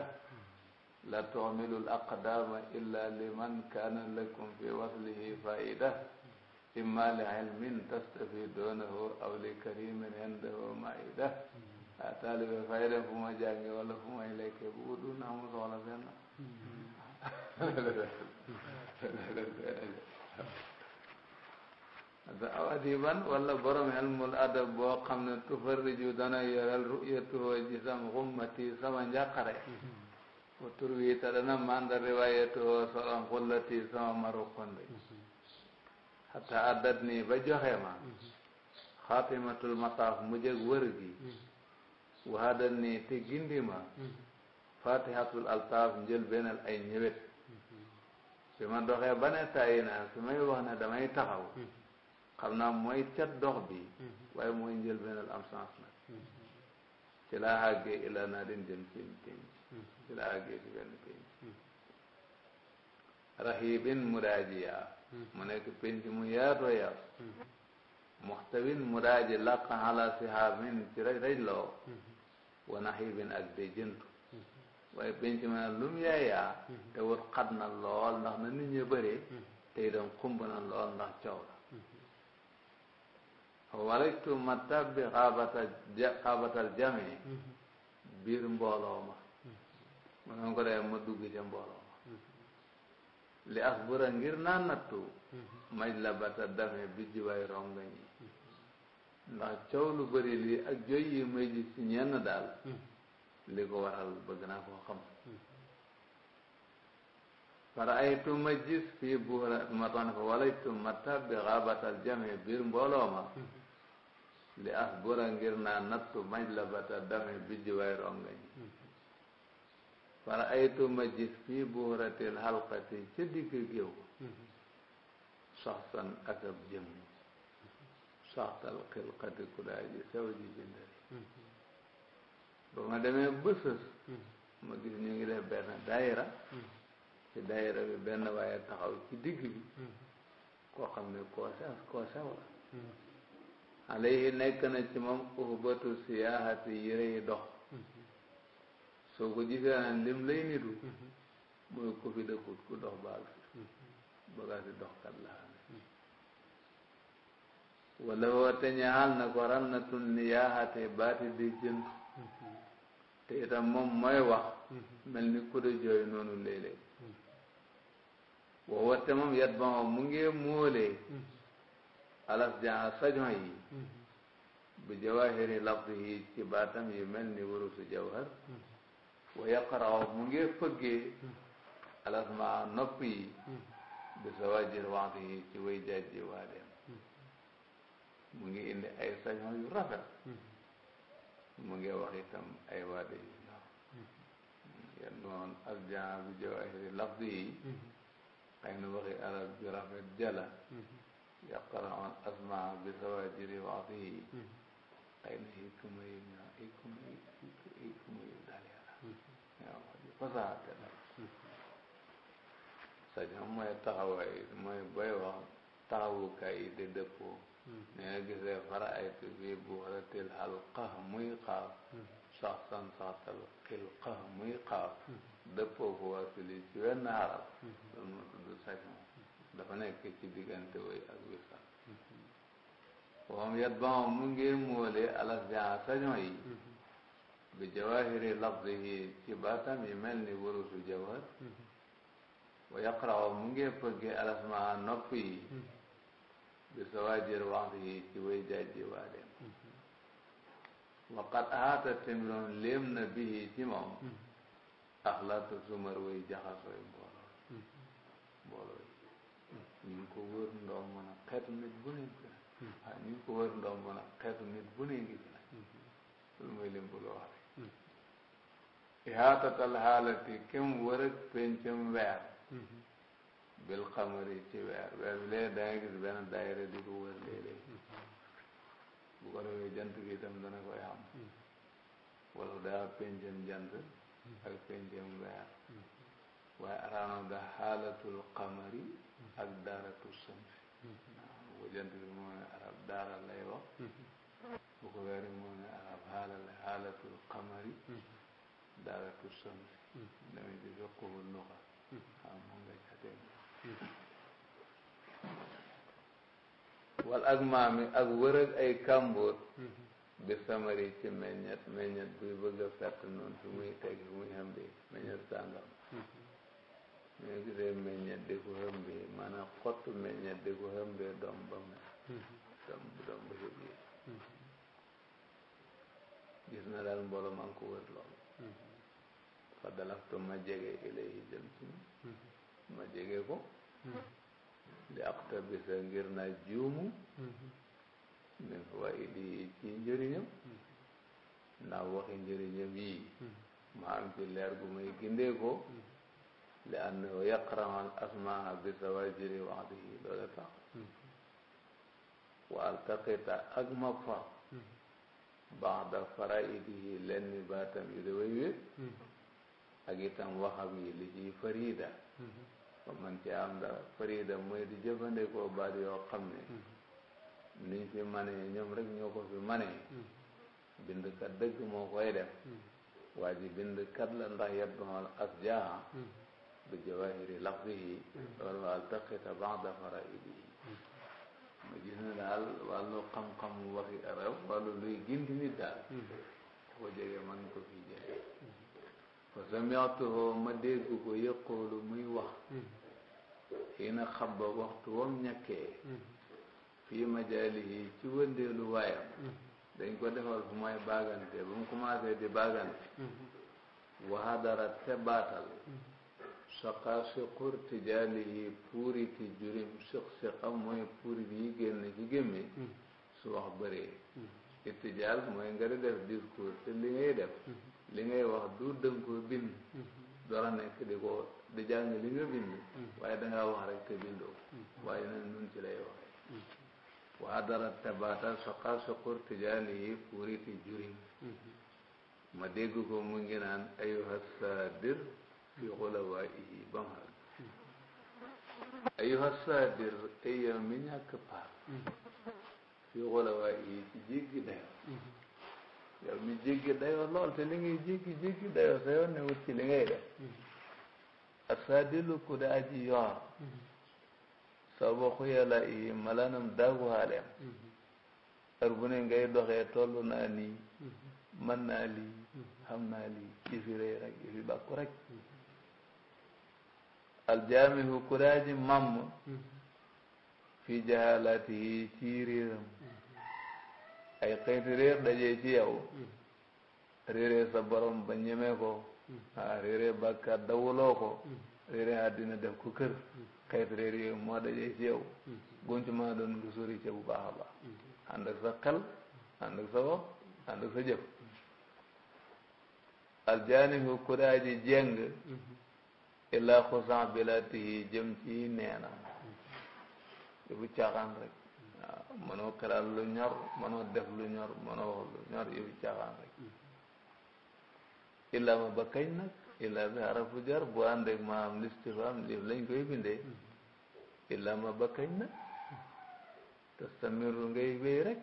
la tuxmilul aqdaama illa liman kaana lakum fi waslihi faida imma li ilmin tastafiduunahu aw li karimin indahu maida a taalibe fay def fu ma jàngi wala fu may lekke bu ko dun amul soxla fenn aw adiban wala borom ilmul adab boo xam ne tufarriju dana yoral ruyatuhu gisam xummati sama njàqare wa turwi ta dana mandar riwayatuhu solam xullati sama maru konde xataa àddat nii ba joxe ma xaatimatul masaaf mu jëg wër gi waxaadat nii te gindi ma fatihatul altaaf njël benal ay ñëwét bi ma doxee ba ne tàyyi naa su may wax ne damay taxaw xam naa mooy cat dox bi waaye mooy njël benal am sens nag ci laa xàggee ilaa naa din jëm seen pénc ci laa xàggee ci benn mu nekk penc mu yaato yaatu muxtawin mu daaji làq ala sihaamin ci raj raj loo wa naxibin ak déjëntu waaye penc ma nag lu mu yaayaa te wut lool ndax na nit ñi bëree te itam lool ndax coow la warajtu ma tabbi xaabatal jami biir mbooloo ma ma noonu ko ma dugg ca mbooloo li axbura ngir naa nattu mm-hmm. maj la bata dame bi jiwaay rongañ yi ndax coow lu bari lii ak joy yi may ji si daal mm-hmm. li ko waral bëgg naa koo xam mm-hmm. fara ay tu ma fii buura ma toon fa walaytu ma tabbi xaabatal jame biir mbooloo ma li axbura ngir naa nattu maj la bata dame bi jiwaay rongañ fara aytu ma gis fii buuratil xalqati ca digg géew soxtan ak ab jëm soxtal xilqati ku daa ji sew ji jëndari ba ma demee bësës ma gis ñu ngi def benn daayira ci daayira bi benn waaye taxaw ci digg bi koo xam ne koo sew koo sew la alayhi nekk na ci moom uhbatu siyaahati yërey dox soo ko gisee naan lim lay nitu mhm. mooy ku fi dëkkut ku dox baal fi mhm. bagaasi doxkat la xame wala woote ñaxal na ko ran na tun ni yaaxate baati di jënd mhm. te itam moom mooy wax mel ni ku de noonu léeg-léeg wa woote moom yat ba moom mu ngee móolee alas jaa sajon yi bi jawahiri lafdi yi ci baatam yu mel ni wurusu jawhar wa yaqraw mu ngi fëggee alasma nopp yi bi sawajir waxtu yi ci way jajji waa dem mu ngi indi ay sañoo yu rafet mu ngi wax itam ay waade yu naaw yan noon aljan bi jawahiri lafdi yi xëy na waxi arab bi rafet jala yaqrawoon asma bi sawajiri waxtu yi xëy na hikma yi ñaaw hikma yi fasaxate nag sañoon mooy taxawaay mooy booy wax taxawukaay yi di dëppoo ni nga gisee fara ay tu fii buxratil xal xax muy xaaf sax san saxtal xil xax muy xaaf dëppoo ko wasili ci wenn xaraf loolu moo tudd sañoon dafa nekk ci diggante way ak wisal moom yet ba moom mu ngir móolee alas jaan sañoon yi bi jawahiri lafzihi ci baatam yi mel ni wurusu jawhar wa yaqra'u mu ngi pëgge alasmaa nopp bi sawaajir waxtihi ci way jajji waadeem wa qad ahaata timron léem na ci moom axlaatu sumar way jaxasooy mbooloo mbooloo yi ñu ngi ko wër ndoo mën a xeetu nit bu ne ngi ko wër ndoo mën a xeetu nit bu ne ngi loolu mooy lim bu la wax ihatatal xaalati kem wër ak pencam weer mhm. bil xamari ci weer weer bi léegi da nga gis benn daayira di ko wër léeg-léeg mhm. bu ko defee jant bi itam dana koy xam mhm. wala daa pencam jant ak pencam weer waaye araano da xaalatul xamari ak daaratu samsi bu jant bi moo ne arab daara lay wax bu ko weeri moo ne arab xaalatul xamari daaratu sami nawi di fiqhu luga xam moom nga ca dégg wal ak maami ak wërëg ay kàmboor bi hmm. samari ci meññet meññet buy bëgg fett noonu fi muy teg fi muy xam bi sàngam ñu hmm. ngi gisee meññet di ko xam bi maanaam xottu meññet di ko xam doom ba mu hmm. doom ba ci biir gis na daal mbooloo maa ko wër lool fa dalaftu ma jege ilayhi jëm mm-hmm. ci ma jege ko mm-hmm. li aqtabisa ngir na juumu mm-hmm. min fawaidi ci njëriñam naa waxi njëriñam yi ma am ci leer gu may gindee ko li annahu yaqramal asmaa bi sawajiri waxdihi loola tax wa altaqita ak ma fa baax da faraidihi lenn baatam yu daway wéet ak itam waxam yi li ciy farida mm-hmm. ba man ci am dara farida mooy di jëfandikoo baat yoo xam ne mm-hmm. niñ fi manee ñoom rek ñoo ko fi manee mm-hmm. bindkat dëgg moo koy def waa ji bindkat la ndax yaddumal as jaa bi jawahiri lafzihi loolu waal taqita ba'da faraidihi ma gis ne daal wàllu xam-xam waxi arab wàllu luy gindi nit daal ko jege man ko fi jëlee wa samiatuhu ma dégg ko yëqoolu muy wax xiina xabba waxtu wam ñàkkee fii majaalihi ci wëndeelu waayam dañ ko defal fu may baagante ba mu commencé di baagante waxadara te baatal saqa siqur tijaalihi puuriti jurim siq-siqam mooy puurit yi génn ci gémmi su wax bëree ittijaal mooy nga di def discours te li ngay def li ngay wax du dëng ko bind mhm. dara nekk di ko di jàng li nga mhm. waaye dangaa wax rek te bindoo mhm. waaye nag nun ci waa dara tabaata soqa soqur tijaani yi kuuriti jurim ma dégg ko mu ngi naan ayuha saadir fi xulawaayihi ba mu xag ayuha saadir ay yow mi ñàkk paar fi xulawaayihi ci jéggi dayo yow mi jéggi dayoo lool te li ngay jéggi jéggi dayoo sa yoon ne wut ci li ngay def ak saa ku de aji yoor soo ba xuyala i malaanam daagu xaaleem ar bu ne ngay doxee tollu naa nii mën naa lii xam naa lii yëfi rëy rek yëfi bàkku rek aljaamihu ku de aji fi jahalaatihi ci réeram ay xeeti réer dajee ci yow hmm. réeree sa borom ba ñemee ko hmm. ah réeree bàkkaar dawuloo ko hmm. réeree àddina def ku kër xeeti réer yooyu moo dajee ci yow gunc maa doon lu sori bu baax a baax ànd ak sa xel ànd sa wax ànd sa jëf aljaanihu kuraaji jeng illaa xusan bilatihi jëm ci neena yu bu rek waaw mënoo xelal lu ñor mënoo def lu ñor mënoo lu ñor yu caaxaan rek illa ma ba nag illa bi harafu bu ànd maam listifam lif lañ koy bindee illa ma ba nag te samiru ngay wéy rek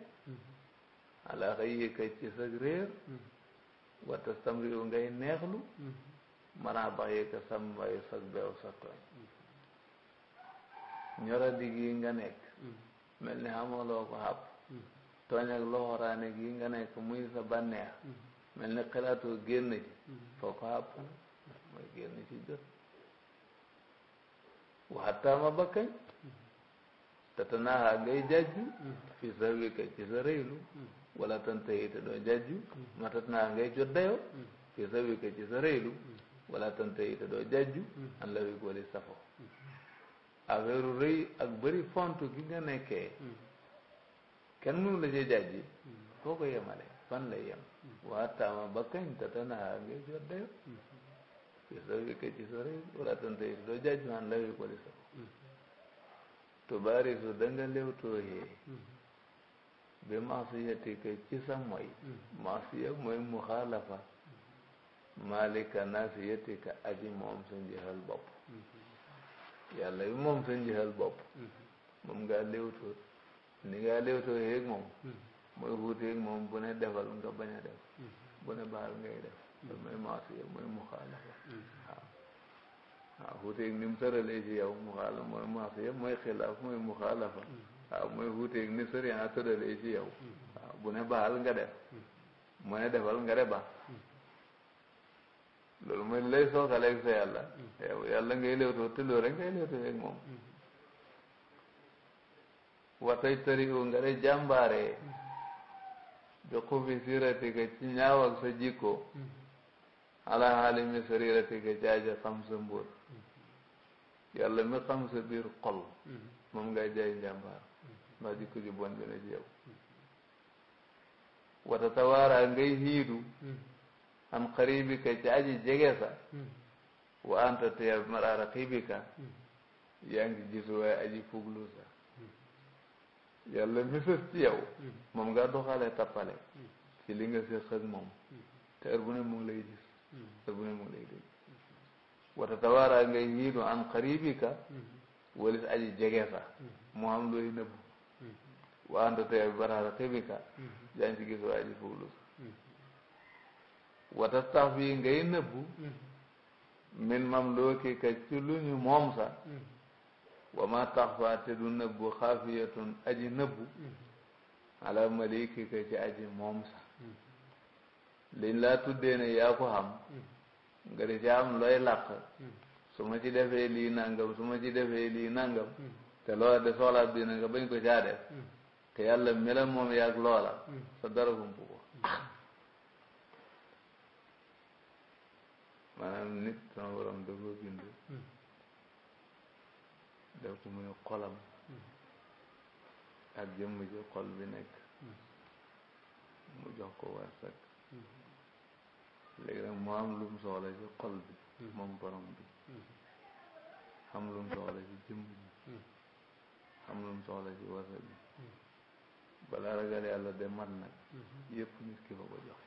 ala xëyika ci sa réer wa te samriu ngay neexlu manaa baxyi ka sambay sag beew sa tooñ ñoradi gi nga nekk mel ni xamoo loo ko xab mm-hmm. tooñ ak loxoraane gi nga nekk muy sa bànneex mm-hmm. mel ni xalaatoo génn ci mm-hmm. foo ko xab mooy génn ci jot waxtaama ba kañ tatanaaha ngay jàjju fi sa ci sa rëylu wala tantahi te doo jàjju ma tatanaaha ngay jot dayo fi sa ci sa rëylu wala tantahi te doo jàjju an la wik wali safo a u rëy ak fontu gi nga nekkee hmm. kenn mënu la ci jàjji hmm. foo ko yemale fan la yem hmm. waa taama ba kañ te tanaha nga jot dayo ci sa wi ka ci sa wala tante yi doo jàjji man la wi ko li sax tubaari su danga lew tooyee bi maasiyati ka ci sa moy maasiya mooy muxaalafa maalika naasiyati ka aji moom sa njëxal bopp yàlla moom sa njëxal bopp mm-hmm. moom ngaa léewtoo ni ngaa léewtoo yéeg moom mm-hmm. mooy xuuteeg moom bu defal nga bañ a def mm-hmm. bu ne baal ngay def mooy maasiya mooy muxaalafa waaw waaw xuuteeg ni mu tëralee ci yow muxaalafa mooy maasiya mooy xilaaf mooy muxaalafa waaw mooy xuuteeg ni sëriñ a tëralee ci yow waaw bu ne nga def mu defal nga de baax loolu mooy lay soxaleeg sa yàlla yàlla ngay léewtoo te loolu rek ngay léewtoo ak moom watay tari u nga de jàmbaare joxu bi siratika ci ñaaw ak sa jikko ala xaalimi sariratika ci aja xam sa mbóot yàlla mi xam sa biir xol moom ngay jaay njàmbaar ndax jikko ji bon dina ci yow wata ngay hiidu am xaribika ci aji jege sa wa anta te yow mara raqibika yaa ngi gis waaye aji fuglu sa mi sës ci yow moom nga doxale tappale ci li nga séq ak moom te heure bu ne mu ngi lay gis heure bu ne mu ngi wata tawaara ngay hiinu an xaribika walis aji jege sa moo looy nëbbu wa anta te yow mara raqibika yaa ngi gis aji fuglu wata tax bi ngay nëbbu mm-hmm. min mam loo ki ci lu ñu moom mm-hmm. sax wa ma tax faa te du nëbbu xaafiyatun aji nëbbu mm-hmm. ala maliki ka ci aji moom sax liñ laa tuddee ne yaa ko xam nga ci am looy làq su ma ci defee lii nangam su ma ci defee lii nangam te loola de soxla dina nga bañ ko caa def te yàlla melam moom yaag loola sa dara humpu ko maanaam nit sama borom da ko bind hmm. def ko muy xolam hmm. ak jëm ji xol bi nekk hmm. mu jox ko wërsëg léegi nag mu am lu mu soxla ci xol bi moom borom bi xam lu mu soxla ci jëmm ji xam lu soxla ci wërsëg bi balaa ragal yàlla de mat nag yëpp nit ki ko ko jox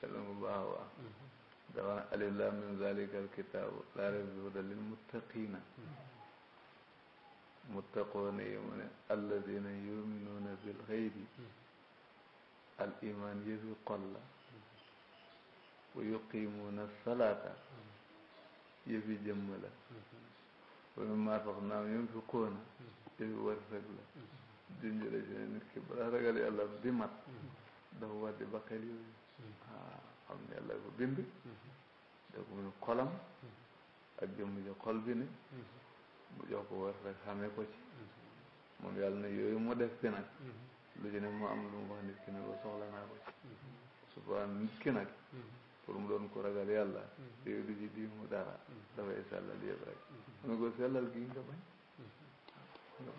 xelal bu baax a baax dawaa alif laam min zalika alkitaabu laa rayba fiihi hudan lil muttaqiina muttaqoona yi mu ne alladina yuminuuna bil xaybi al iman yëfi xol la wa yuqimuuna salaata yëfi jëmm la wa mimmaa razaqnaahum yunfiquuna yëfi wërsëg la junjële ci ne nit ki balaa ragal yàlla di mat dafa war di ba xel yooyu waaw xam ne ko bind da ko muy ak jëmm ji xol bi ne mu jox war rek xamee ci moom yàlla ne yooyu mu def ki nag lu ci mu am lu mu wax nit ne ko soxla naa ko ci subaan nit nag pour mu doon ko ragal yàlla yooyu du ci di mu dara dafay sellal yëpp rek mu ne ko sellal gi nga bañ nga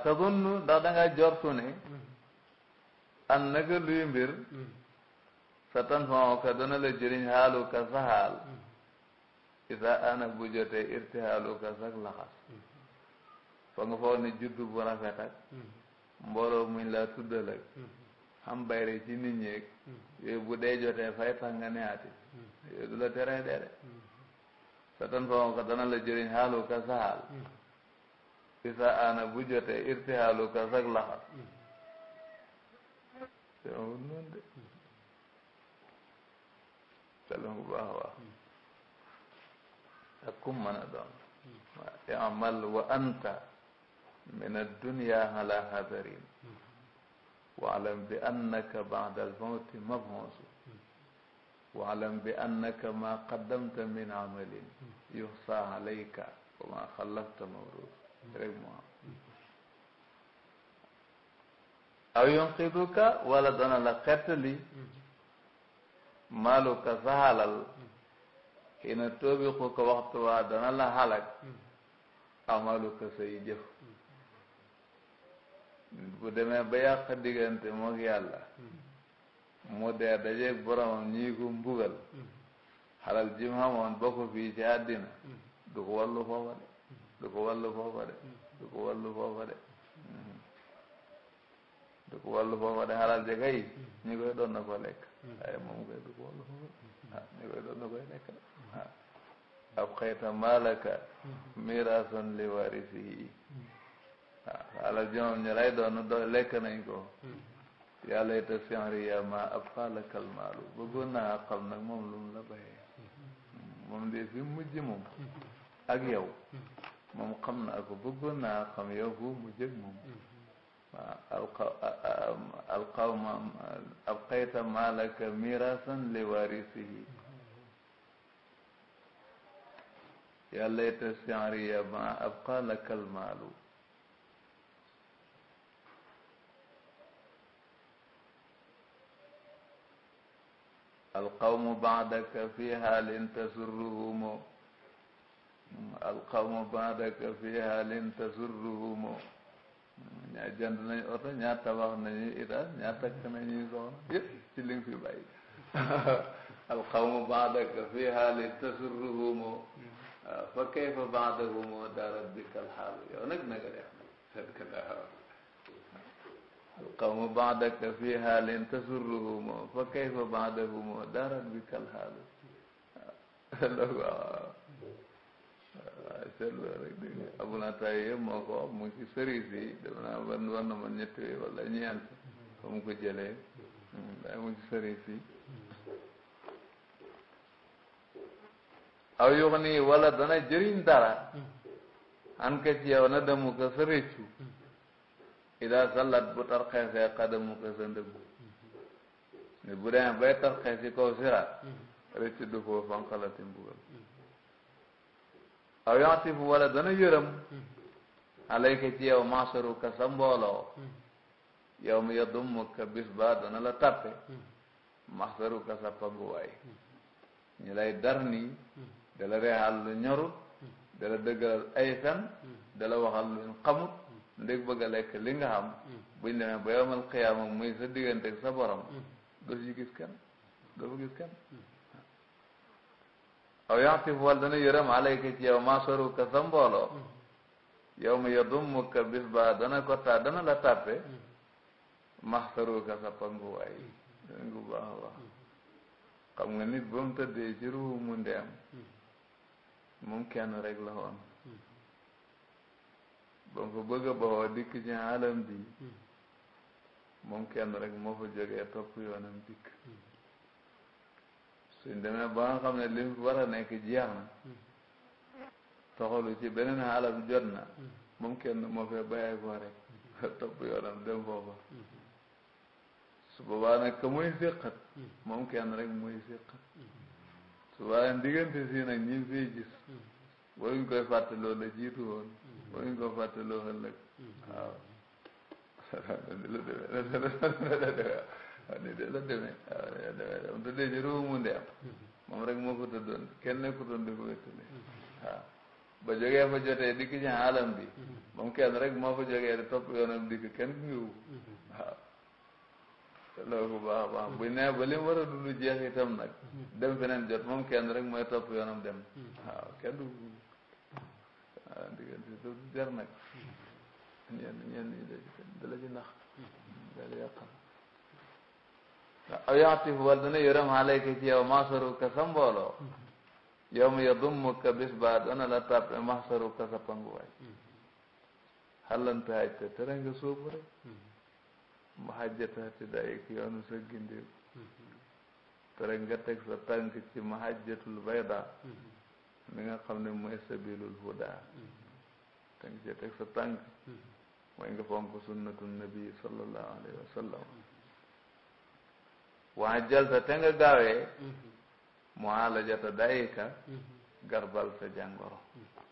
bañ ndax da ngaa jortu ne an naka luy mbir sa mm. tan fon ka dana la jëriñ xaalu ka sa xaal mm. isa ana bu jotee irtihaalu ka sak laxas mm. fa nga foog ne juddu bu rafet ak muñ laa tuddal ak xam bayre ci nit ñeeg yooyu bu dee jotee fay tax nga neyaati yooyu du la teree dere sa tan fon ka dana la jëriñ xaalu ka sa xaal isa ana bu jotee irtihaalu ka sak laxas te amul noonu de xelum bu baax a baax ak kum mën a doon i'mal wa anta min ad-dunya ala hadarin wa'lam bi annaka ba'da al-mawti mab'uusun wa'lam bi annaka ma qaddamta min amalin yuhsaa alayka wa ma xallafta mawruusun rek mu am aw yunqiduka wala dana la xettali mm-hmm. maaluka sa halal mm-hmm. xiina toobiku ko waxtu waa dana la halak mm-hmm. amaluka say jëf bu demee ba yàq diggante mook yàlla mu dee dajeeg boromam ñii ko mbugal xalal jim xamoon ba ko fii ci àddina du ko wallu foofa de du ko wallu foofa de du ko wallu foofa de du ko wàllu foofa de xalaal kay ñi hmm. koy doon na ko lekk hmm. waaye moom kay du ko wàllu foofa hmm. ah ñi koy doon na koy lekk ah ab xayta maalaka mirason li warisihi ah xalal ji moom ñi lay doon do lekk nañ ko yàlla ita sienriya ma ab xaalakal maalu bëggoon naa xam nag moom lu mu la moom de fi mujj moom ak yow moom xam naa ko bëggoon naa xam yow fu mujj ak moom alqawma abqayta maalaka mirasan li warisihi ya layta shi'riya ma abqa laka almaalu alqawmu ba'daka fi haalin tasurruhum alqawmu ba'daka fi haalin tasurruhum ñaa jënd nañu oto ñaa tabax nañu itaas ñaa takk nañu soxna yëpp ci li nga fi bàyyi fi haali tasurruhumu fa kayfa baadahumu daara bika alxaalu yow nag na nga def alqawmu baadaka fi haalin tasurruhumu fa kayfa baadahumu daara bika alxaalu waaw waaw seetlu rek dégg nga abulataay yëpp moo ko mu ci sëriñ si def naa war war na man ñetti weer wala ñeent fa mu ko jëlee waaye mu ci si aw yoo nii wala dana jëriñ dara an ka ci yow na demu ko sa rëccu ida sallat bu tarxeesee xadamu ko sa ndëggu ne bu demee bay tarxeesi kaw siraat rëccu du ko fanqalati mbugal aw yaatifu wala dana yërëm alayka ci yow maasaru ka sa mbooloo yow mi yadummu ka bis ba dana la tappe maasaru ka sa panguwaay ñu lay nii dala reexal lu ñorut dala dëggalal ay fen dala waxal luñ xamut ndég bëgg a lekk li nga xam buñ demee ba yowmal qiyaama muy sa diggante ak sa borom doo ci gis kenn doo fa aw yatif wal dana yërëm alayka ci yow maasaru ka sa mbooloo yow mi yadummu ka ba dana ko ta dana la tàppe maasaru ka sa panguwaay ngu baax a baax xam nga nit ba mu tëddee ci ruuhu mu ndeem moom kenn rek la woon ba mu fa bëgg a baxoo dikk ci alam bi moom rek moo fa jógee topp yoonam dikk suñ demee ba nga ne li war a nekk jeex na ci beneen xaalam jot na moom kenn moo fee bàyyee ko rek topp yoonam dem foofa su boobaa ka muy séqat moom kenn rek muy séqat su boobaa nag diggante si nag ñi fiy gis waruñ koy fàttaloo la jiitu woon waruñ koy fàttaloo ëllëg waaw waaw nii de la demee waaw nii la demee moom mu ndeem moom rek moo ko tuddoon kenn nekkutoon di ko wettali waaw ba jógee fa jotee dikk ci alam bi moom kenn rek moo fa jógee di topp yoonam dikk kenn ngiwu waaw loolu bu baax a baax bu nee ba li mu jeex itam nag dem feneen jot moom kenn rek mooy top yoonam dem waaw kenn du jar nag ñenn ñenn ñi da la nax da la aw yatif wal dana yërëm alayka ci yow maasaruka sa mbooloo yow mu yadummuka bis ba dana la tàppe maasaruka sa panguwaay xallante haj te tere nga suubu rek mu hajjata ti day ki sa gindeeku tere nga teg sa tànk ci mahajjatul bayda mi nga xam ne mooy sabilul huda te nga teg sa tànk mooy nga fonk sunnatu nabi sallallahu alayhi wa sallam waa jël te nga gaawee mu alajata day ka garbal sa jàngoro mm-hmm.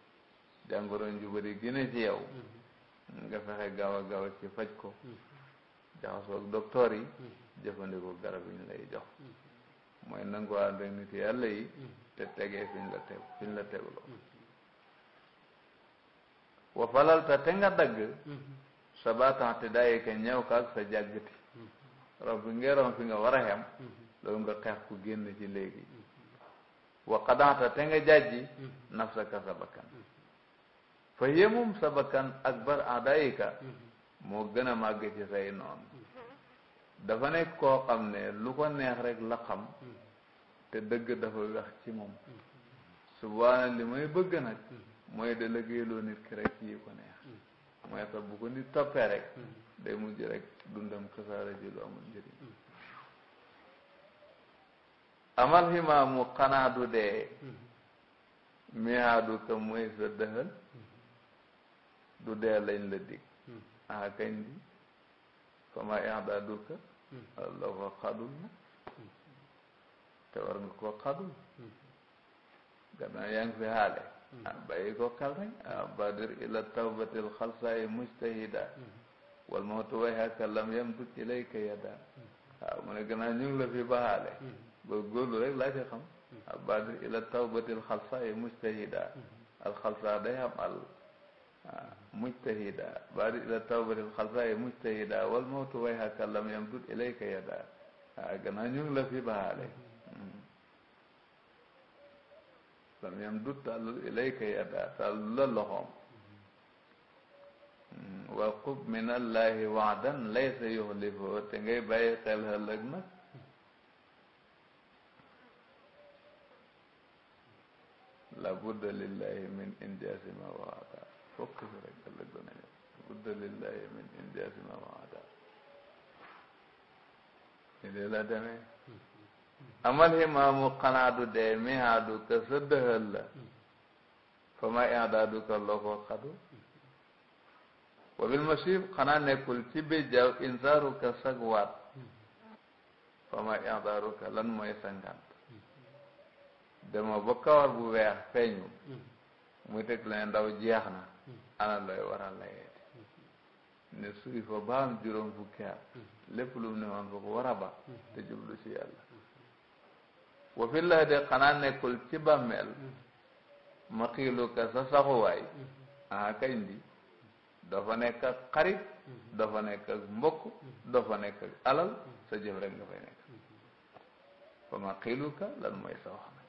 jàngoro njubari gine ci yow mm-hmm. nga fexe gaaw a ci faj ko mm-hmm. jaxasoo ak yi jëfandikoo garab yi ñu lay jox mooy nangu ak nit yàlla yi te tegee fi ñu la teg fi la tegloo wa falal ta te nga dagg sa baatan ñëw ka ak sa jàggati rob bi ngeeroom fi nga war a xem loolu nga xeex ku génn ci léegi wa te nga jàjji nafsaka sa bakkan fa yemum sa ak akbar moo gën a màgg ci say noonu dafa nekk koo xam ne lu ko neex rek la xam te dëgg dafa wex ci moom subaana li may bëgg nag mooy da liggéeyloo nit ki rek yi ko neex mooy tax bu ko nit toppee rek day mujj rek dundam kasaara ji lu amul njëriñ amal ximaamu xanaa mm-hmm. mm-hmm. du dee miaadu ka mooy sa dëxal du dee lañ la dig aha kañ di fama i'daadu ka la ko xadul te war nga ko xadul gannaaw yaa ngi fi xaale ah bàyyi ko xel rek ah badir ila tawbatil xalsaayi e mujtahida mm-hmm. wal mawtu way haka lam yamdud ilayka yada waaw mu hmm. hmm. ila tawbatil xalsa yi mujtahida hmm. al xalsa day al ah, mujtahida badir ila tawbatil xalsa yi mujtahida wal mawtu way haka lam yamdud ilayka yada waaw gannaaw ñu la fi baxaale lam yamdud tàllul ilayka yada tàllul la loxoom waqub min allahi waadan laysa yuxlifoo te ngay bàyyi xel ëllëg nag la budda min injaasi ma waada fokk si rek ëllëg dana ñëw la budda min injaasi ma waada ni de la demee amal himaamu xanaa du dee mihaadu ka sa dëhël la fa ma i'daaduka loo ko xadu wa bil masib xanaa nekkul ci béjjaaw inzaaruka sag waat fa ma inzaaruka lan mooy sangant dama ba kawar bu weex feeñu muy teg la ndaw jeex na ana looy waral layeeti ne suy fa ba am juróom fukki lépp lu mu ne fa ko war a ba te jublu ci yàlla wa fi de xanaa nekkul ci bàmmeel ma xiilu sa saxuwaay aha kañ di dafa nekk ak xarit mm-hmm. dafa nekk ak mbokk mm-hmm. dafa nekk ak alal mm-hmm. sa jëf rek nga fay nekk fa ma xiiluka lan mooy sa wax na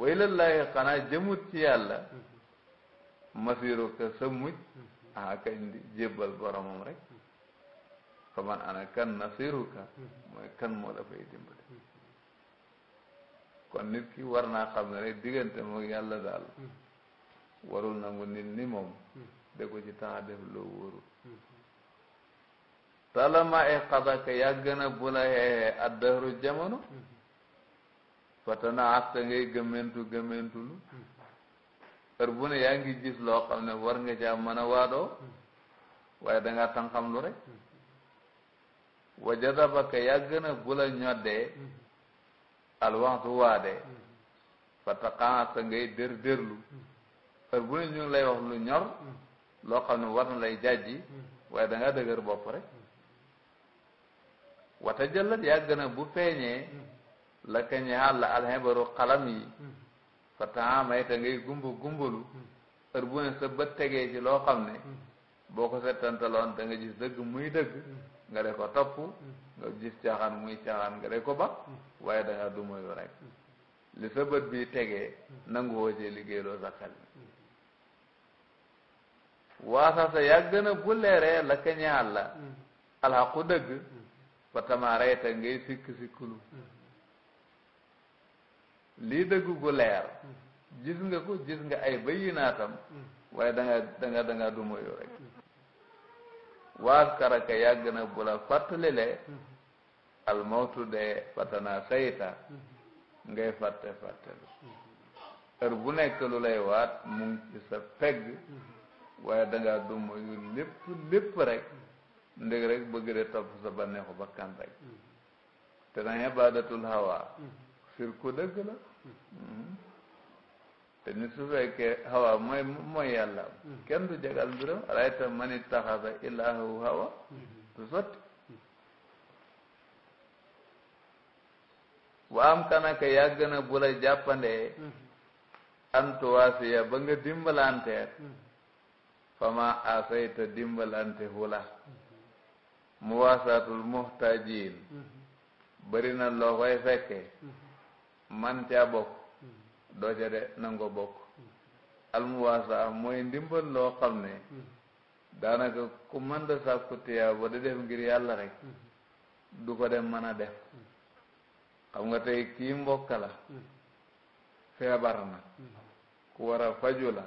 waylallaahi xanaa jëmut ci yàlla masiruka sa mujj ah kañ di jébbal boromam rek fa man ana kan nasiruka mooy kan moo la fay dimbale kon nit ki war naa xam ne rek diggante moog yàlla daal warul nangu nit ni moom hmm. de ko ci temps def loo wóoru hmm. talama e xadaka yàgg na bu la xeexee addahru jamono hmm. fatana asta ngay gëmmentu gëmmentulu heure bu yaa ngi gis loo xam ne war nga caa mën a waadoo waaye danga nga tànqam lu rek wajadabaka yàgg na bu la ñoddee alwaxtu waadee fataqaasta ngay dër dërlu heure bu ñu ngi lay wax lu ñor mm. loo xam ne war na lay jàjji mm. waaye da ngaa dëgër bopp rek mm. wata jëllat yàgg na bu feeñee la ka ñaal la xalam yi fa temps te ngay gumba gumbalu heure bu ne sa bët tegee ci loo xam ne boo ko settantaloon da nga gis dëgg muy dëgg nga de ko topp nga gis caaxaan muy caaxaan nga de ko ba waaye da ngaa dumayu rek li sa bët bi tegee nangu woo ci liggéey loo sa xel waasasa yàgg na bu leeree la ka ñaal la alxaqu dëgg ba tamaarayta ngay sikk sikkulu lii dëggu gu leer gis nga ko gis nga ay bayinaatam waaye da nga da nga da nga dumoyu rek waas karaka yàgg na bu la fàttalilee almawtu dee fatana sayta ngay fàtte fàttelu heure bu nekk lu lay waat mu ci sa pegg waaye dangaa dum moyu lépp lépp rek ndég rek bëgg de topp sa bànneexu bakkan rek te na ibadatul hawa sir ku dëgg la te ni su fekkee hawa mooy mooy yàlla kenn du jagal mbiram rayta man ittaxada ilaahu hawa du sotti wa am kanaka yàgg na bu la jàppandee mm-hmm. antuwaasiya ba nga dimbalanteer mm-hmm. fama asayta dimbalante hula muwaasatul muhtajiin bëri na loo koy fekke man caa bokk doo ca de nango bokk almuwaasa mooy ndimbal loo xam ne daanaka ku mën da sàkku tiyaaba di def ngir yàlla rek du ko dem mën a def xam nga tey kii mbokk la feebar na ku war a faju la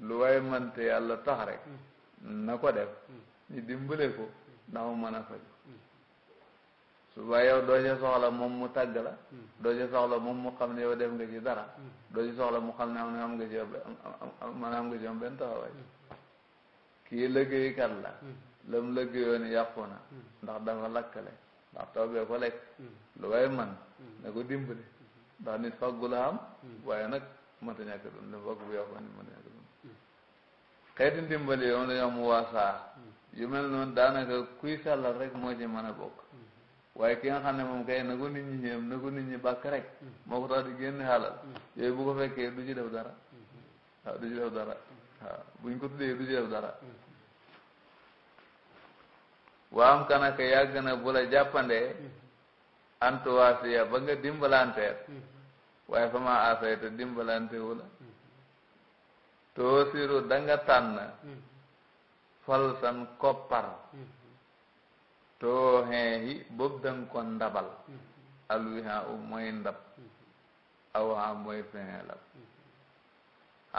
lu waay mënte yàlla tax rek hmm. na ko def hmm. ñu dimbale ko hmm. ndax mu mën a faju suba yow doo ci soxla moom mu tàgg la doo ci soxla moom mu xam ne yow def nga ci dara doo ci soxla mu xam ne am na nga ci maanaam nga ci am benn taxawaay kii liggéeykat la la mu liggéeyoon yàqu na ndax dafa lakkale ndax taw bee ko lekk lu waay man na ko dimbale ndax nit faggu am waaye nag mënta ñàkk doon lu faggu bu yàqu nit mënta ñàkk xeeti ndimbal yoon la mu waasaa yu mel noonu daanaka kuy sellal rek moo ci mën a bokk waaye ki nga xam ne moom kay na ko nit ñi yéem na ko nit ñi bàkk rek moo ko tax di génn xaalal yooyu bu ko fekkee du ci def dara waaw du ci def dara waaw waa am kanaka yàgg na bu la jàppandee antuwaasiya ba nga dimbalanteer waaye fa maa aasay te dimbalante la toosiru danga tànn hmm. falsan koppar hmm. tooxee hi boobu danga ko ndabal hmm. alwiha u mooy ndab awaha mooy fenelab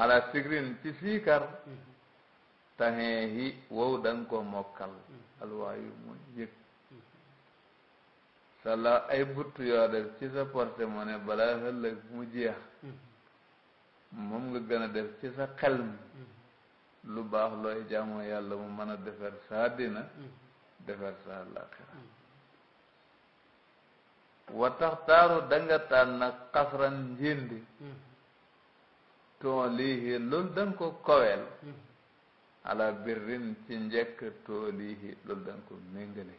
ala sigrin ci siikar taxee hi wow danga ko mokkal alwaayu mooy yëg sala ay butt yoo def ci sa porte-monnaie balaa ëllëg mu jeex moom nga gën a def ci sa xel mi mm-hmm. lu baax looy jaamoo yàlla mu mën a defar sa àddina mm-hmm. defar sa àllaaxira mm-hmm. wa taaru danga tànn nag xasran njindi tool yi loolu danga ko koweel ala ci njëkk tool yi loolu danga ko méngale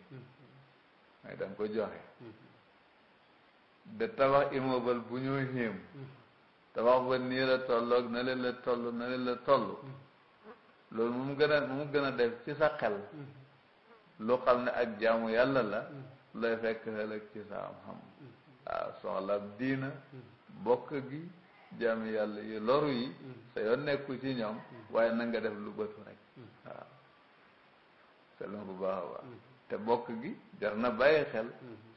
mooy danga ko joxe de tabax immeuble bu ñoo xéem te wax ba nii la tolloog na leen la toll na la toll loolu mu gën a mu gën a def ci sa xel lu xam ne ak jaamu yàlla la lay fekk xelëg ci sa am-xam waaw soxla diina bokk gi jaami yàlla yi loru yi sa yoon nekku ci ñoom waaye na nga def lu bëtu rek waaw selon bu baax baax te bokk gi jar na bàyyi xel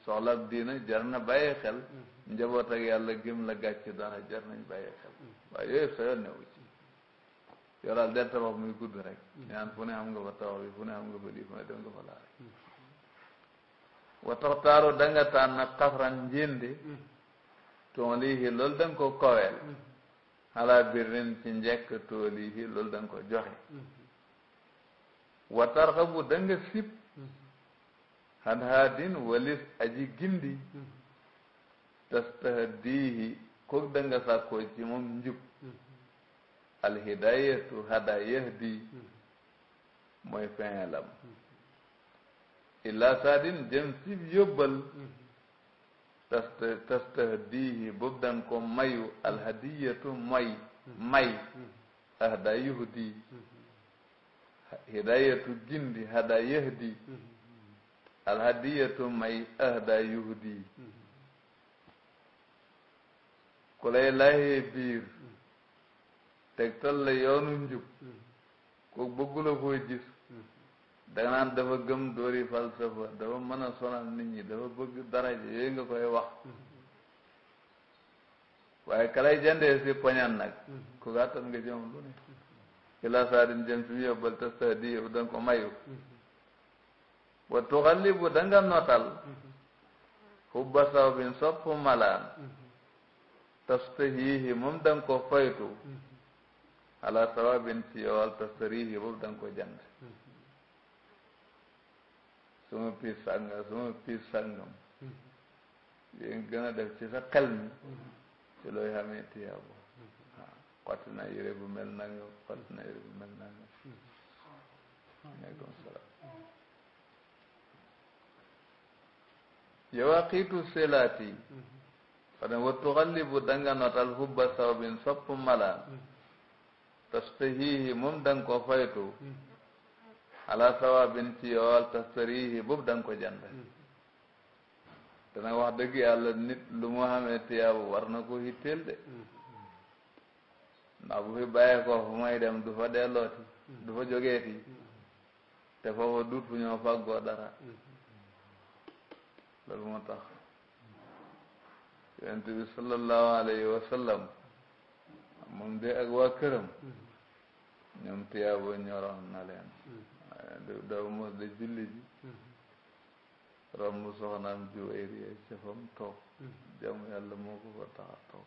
soxla diina jar na bàyyi xel njaboot ak yàlla gëm la gàcce dara jar nañ bàyyi xel waaye yooyu sa yoon newu ci yow daal del tabax muy gudd rek ñaan fu ne nga fa tabax bi fu ne am nga fa lii fu ne nga fa laa rek wa taxtaaru da nga tànn nag xafran njindi toon liihi loolu da ko koweel xalaa birrin ci njekk too liihi loolu da ko joxe wa tarxabu da nga sib mm-hmm. had haadin walis aji gindi tastahdihi kook da nga sàkkoo ci moom njub mm-hmm. alhidayatu hada yahdi mooy fi'lam mm-hmm. illa sadin jëm si yóbbal mm-hmm. tast tastahdihi boobu da nga ko mayu alhadiyatu may may hada yuhdi hidayatu gindi hada yahdi alhadiyatu may hada yuhdi ku lay layee biir tegtal la yoonu njub ko bëggula koo gis danga naan dafa gëm dóori falsafa dafa mën a sonal nit ñi dafa bëgg daraja yooyu nga koy wax waaye ka lay jëndee si poñan nag ku gàttan nga jëm lu ne ila saadin jëm fi mu yóbbal te sa di ko mayu wa tuxallibu danga notal xubba saw bin sopp malaan tastarihi moom da koo ko faytu ala sawabin ci yool tastarihi moom da koo ko jënd suma piis sàngam suma piis sàngam yi gën a def ci sa xel ci looy xamee tiyaabo xotti na yére bu mel nangam xotti na yére bu mel nangam aleykum salaam yawaqitu selaati wane wa bu danga notal hubba sawbin sopp mala tastahihi moom danga ko faytu ala sawabin ci yool tastarihi boobu danga ko jënd te nag wax dëgg yàlla nit lu mu xamee tiyaabu war na ko hitteel de ndax bu fi bàyyee ko fu may dem du fa dellooti du fa jógeeti te foofa duut fu ñoo faggoo dara loolu moo tax yonent bi sallallahu alayhi wa sallam moom de ak waa këram ñoom tiyaabo ñoroon na leen daw mos de julli ji romb soxnaam Juwayriya ca fam toog jàmm yàlla moo ko fa taxa toog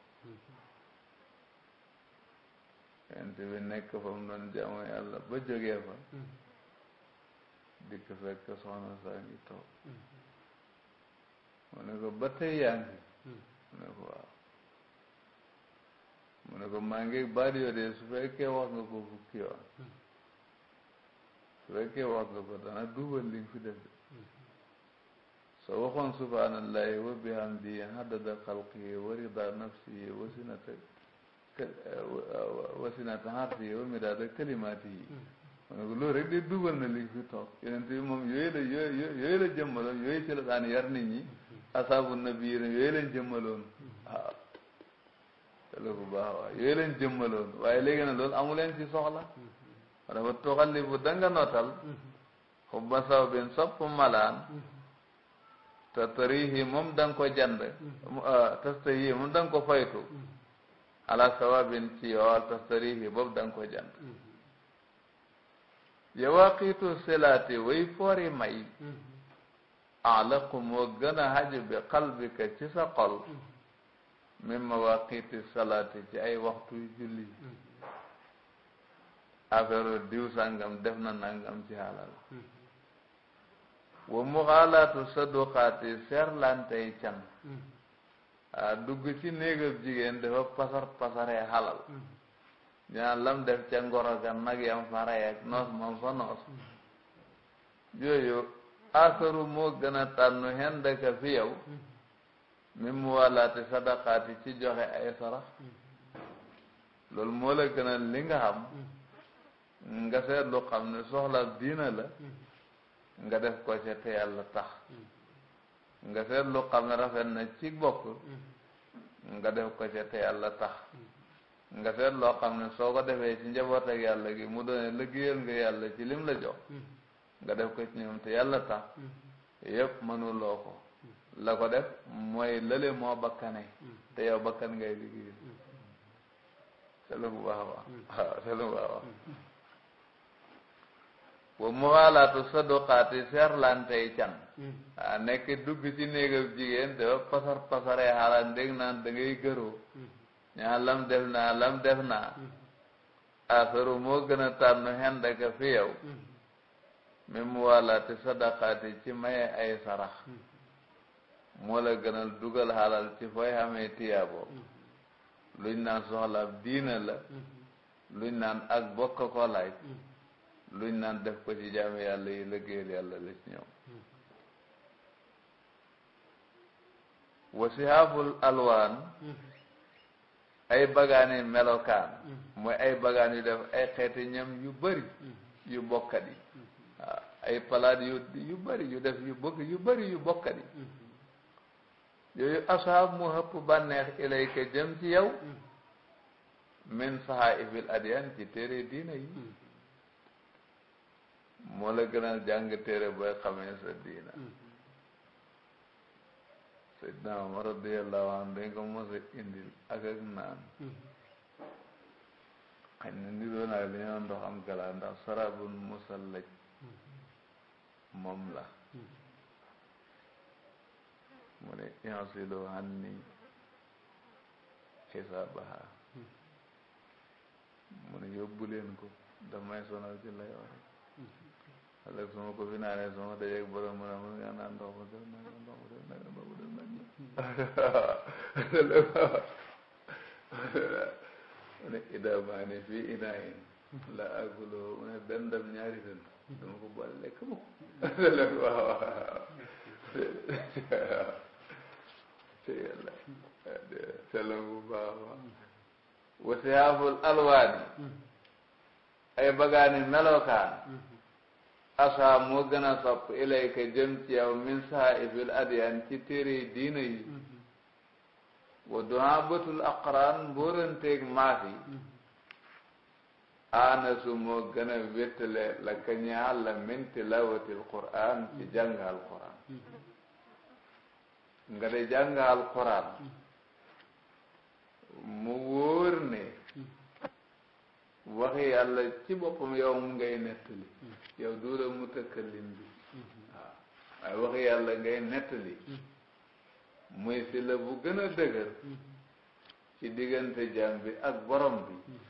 yonent bi nekk fa doon jàmm yàlla ba jógee dikk fekk soxna saa toog mu ne ko ba tey mu ne ko waaw mu ne ko maa ngi baal yoo de su fekkee wax nga ko fukki yoon su fekkee wax nga ko dana duubal li nga fi def soo waxoon subhaanallahi wa bihamdihi haddada xalqihi wa rida nafsihi wa sinata wa sinata hmm. mu ne ko loolu rek de duubal na li fi toog yonent bi moom yooyu la yooyu la jëmmaloon yooyu ci daan yar nit ñi asaabu nabi yooyu lañ jëmmaloon waaw tele bu baax waaw yooyu lañ jëmmaloon waaye léegi nag loolu amu leen ci soxla dafa tuxalli bu danga notal xubba saw bin sopp malaan te moom danga ko jand ah, tastarihi moom danga ko faytu ala sawabin ci yool tastarihi boobu danga ko jand yawaqitu silaati way foori may alaqu moo gën a xaju bi qalbika ci sa xol min salaat salaati ci ay waxtu julli affaire diw sàngam def na nangam ci xalal wa muxaalaatu saduqaati seerlantey can a dugg ci néegab jigéen dafa pasar pasaree xalal ñaan lam def ca ngoro ga nag yam fa rey ak noos moom fa noos yooyu aasaru moo gën a tànnu hendaka fi yow min muwalaati sadaqaati ci joxe ay sarax loolu moo la gën a li nga xam nga seet lu xam ne soxla diina la nga def ko ca te yàlla tax nga seet lu xam ne na ci bokk nga ko ca te yàlla tax nga seet loo xam ne soo ko defee ci njaboot ak yàlla gi mu doone liggéeyal nga yàlla ci lim la jox nga def ko ci ñoom te yàlla tax mm-hmm. yépp mënuloo ko mm-hmm. la ko def mooy lële moo bakkane mm-hmm. te yow bakkan ngay liggéey selu bu baax baax bu baax a baax wa seerlantey can waa nekk dugg ci néegam jigéen dafa pasar pasaree xaaral ndég naan da gëroo ñaa lam def naa lam def naa asaru moo gën a tànnu xend ak fi yow min muwaalaati sadaqaati ci maye ay sarax moo la gënal dugal xalal ci fooy amee tiyaabo luñ naan soxla diina la luñ naan ak bokk ko laaj luñ naan def ko ci jaami yàlla yi liggéeyal yàlla la ci ñoom wasihaaful alwaan ay bagaani melokaan mooy ay bagaan yu def ay xeeti ñam yu bëri yu bokkat yi ay palaat yu yu bëri yu def yu bëgg yu bëri yu bokkani mm-hmm. yooyu asaab mu hëpp bànneex ilayka jëm ci yow mm-hmm. min sahaifil adyan ci téere diina yi mm-hmm. moo la gënal jàng téere booy xamee sa diina Seydina Omar radiyallahu anhu dañ ko mos a indil ak ak naan xañ na ni doon ak li ñoo ndox am gala ndax sarabun musallaj moom la mu ne insilu hanni xisaabaha mu ne yóbbu leen ko daf may sonal ci lay wax ëllëg su ma ko fi naanee su ma dajeeg borom mu ne mun nga naan ndox mu def nag ndox mu def nag ndox mu def nag mu ne idaa maani fii inaayin la akulu mu ne benn dam ñaari dënn dama ko boole lekk mu loolu waaw bu baax ay bagaani melokaan asaa moo gën a sopp ilayka jëm ci yow min saa'ibil adiyaan ci téere diina yi wa du'aabatul aqraan mbóoranteeg maas yi aanasu moo gën a wéttale la ka ñaal la min tilawati alquran ci jàng alquran nga de jàng alquran mu wóor ne waxi yàlla ci boppam yow mu ngay nettali yow duula mu tëkkalim bi waaw waaye waxi yàlla ngay nettali muy si la bu gën a dëgër ci diggante jaam bi ak borom bi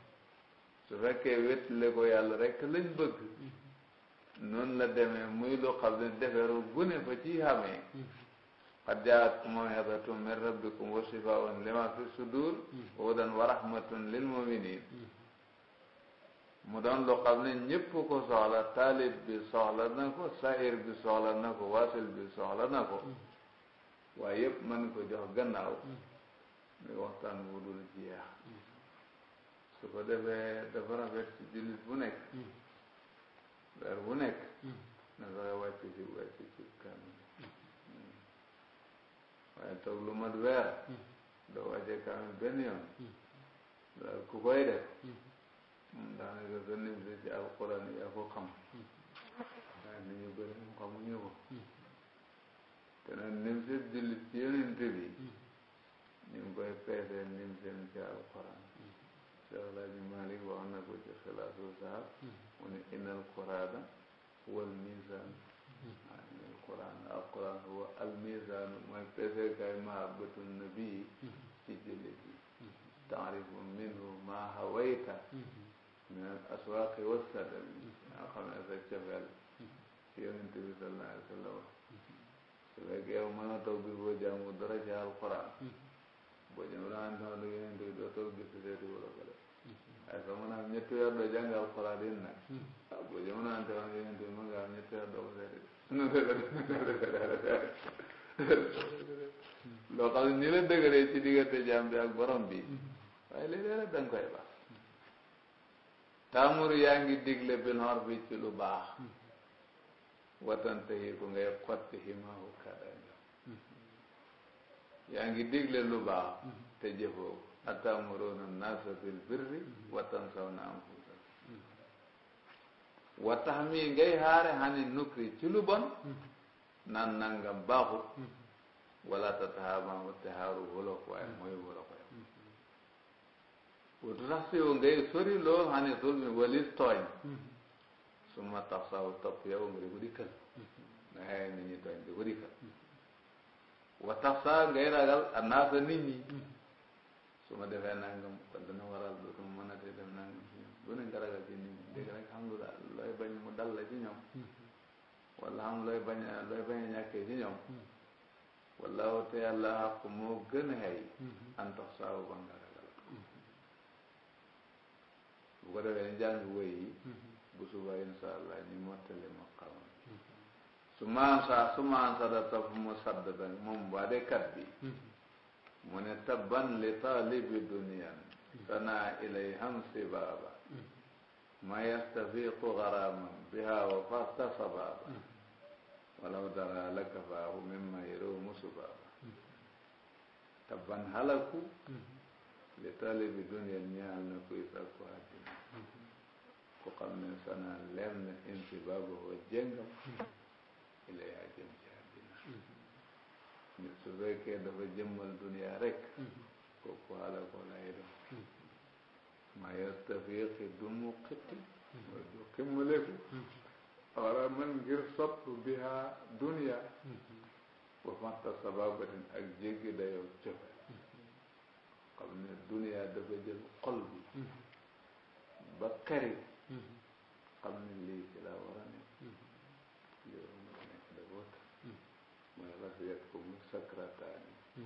su fekkee ko yàlla rekk lañ bëgg noonu la demee muy lu xam ne deferu gune fa ci xamee qad jaat mawhidatun min rabbikum wa shifaun lima fi sudur wa hudan wa rahmatun lil muminin mu doon lu xam ne ñépp ko soxla taalib bi soxla na ko sahir bi soxla na ko wasil bi soxla na ko waaye yépp mën ko jox gannaaw muy waxtaan wu dul jeex su ko defee dafa rafet ci jullit bu nekk weer bu nekk na fexe wàcc ci wàcc ci kaamil waaye toog lu mat weer doo wàcce kaamil benn yoon daal ku koy def daanaka sa nim si ci alquran yaa ko xam waaye ni ñu bëri mu xamuñu ko te nim si jullit ci yonente bi ñu koy peesee Alaaji Maalik wax na ko ci xilaasu zahab mu ne innal quraana huwa al mizaan waaw innal quraana al quraan huwa al mizaan mooy peseekaay mahabbatu nabi ci jullit yi taarifu minhu maa hawayta min al aswaaqi wassadami yaa xamee sa cofeel ci yonente bi sallallahu alayhi wa sallam su fekkee yow mën a toog bi boo jàngu dara ci al quraan boo ñëw ne sama liggéey bi doo toog gis nga seeti wala ne sama liggéey bi mën ngaa ñetti weer doo hmm. ah, hmm. ni la dëgëree ci diggante jaam bi ak borom bi hmm. waaye léeg-léeg rek koy baax taamur yaa ngi digle bil xor bi ci lu baax watante yi ku ngay xotti ximaahu kada yaa ngi digle lu baax te jëfoo atamuruna nasa bil birri wa tansawna anfusakum wa tax mii ngay xaare xani nukri ci lu bon naan nangam baaxut wala tatahaamahu tahaaru wolof waaye mooy wolof wutu tax si yow ngay sori lool xam ne sul mi walis tooñ su ma tax saw topp yow nga di ko dikkal nga xëye nit ñi tooñ di ko dikkal wa tax saa ngay ragal a nit ñi su ma defee nangam kon dana waral dootuma mën a tee def nangam ci ñoom lu nga ragal ci nit ñi dégg rek xam lu looy bañ mu dal la ci ñoom wala xam looy bañ a looy bañ a ñàkkee ci ñoom wallaahu te yàlla xaq moo gën a xëy an tax saa ba nga ragal bu ko defee ni jàng wéy yi bu subaa insha allah ñu mottali ma su maansa su maansa da topp musaddadan moom waadekat bi mu ne tabban li taalibi duniyan sana ilayham sibaaba ma yastafiqu garaman biha wa farta sababa walaw dara lakafaahu mimma yarumu subaaba tabban halaku li taalibi duniyan ñaal na kuy sàkku àddina ku xam ne sana lem na insibaaba wa jëngam ilaa jëm ci àddina nit su fekkee dafa jëmmal duniya rek kooku ala ko lay doon ma yastafiqi du mu xitti mooy du ximmaleku wala man ngir sopp biha duniya ba fanta sababatin ak jéggi dayoo cofe xam ne duniya dafa jël xol bi ba xeri xam ne lii ci la waran sakrataani hmm.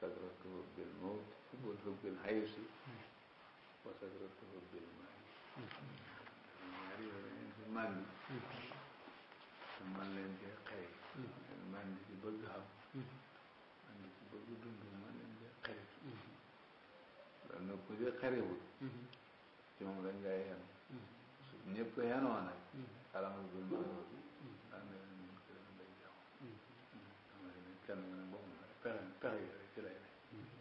sakratuhu bil mawt xubbuhu bil haysi wa hmm. sakratuhu bil maali ñaari yooyu si man te man leen dee xëy man di ci bëgg xam man di ci bëgg dund man leen dee xëy loolu nag ku dee xëriwul ci moom lañ ngay yenu su ñëpp yenoon nag alamu bil maali pexe yooyu ci lay ne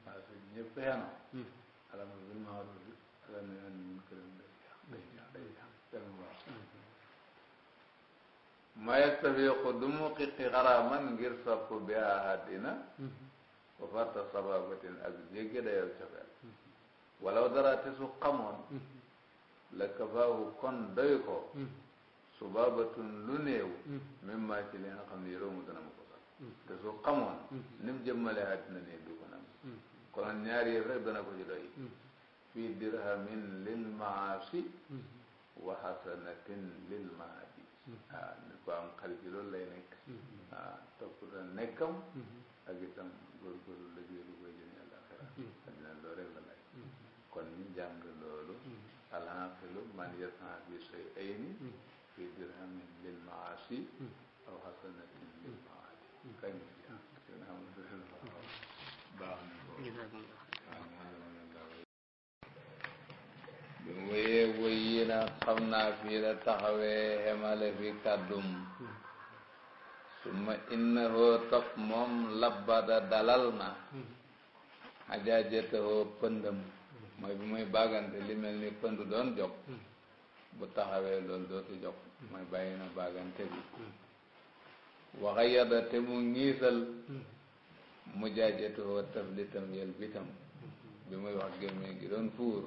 waaye su ñëpp yanoo alama bil maaruf bi alama ne an mun këram day jeex day jeex day jeex dem dara te su xamoon la kafaahu kon doy subabatun lu néew même maa ci li nga xam ne yëroomu dana ma ko te su xamoon mm-hmm. ni mu jëmmalee àddina nii du ko nam mm-hmm. konoon ñaari yëf rek ko ci doy mm-hmm. dirhamin lil maasi wa hasanatin lil maadi waaw ah, ko am xarit ci loolu lay nekk waaw ah, toppta nekkam ak itam góorgóorlu liggéey lu koy jëmee àlaxira àddina loolu rek la lay kon ñu jàng loolu alxaqilu man yasna bi say ayni fii dirhamin lil maasi wéye wéyi na xam naa fii la taxawee xemale fi kàddum summa innahoo topp moom labbada dalal na xajaajetahoo pëndam mooy bi muy bagante li mel ni pënd doon jog bu taxawee loolu dootu jog mooy bàyyi bagante bi waxa yada te mu ngiisal mu jaajetahoo taflitam yel bitam bi muy wax gémmiñ gi doon fuur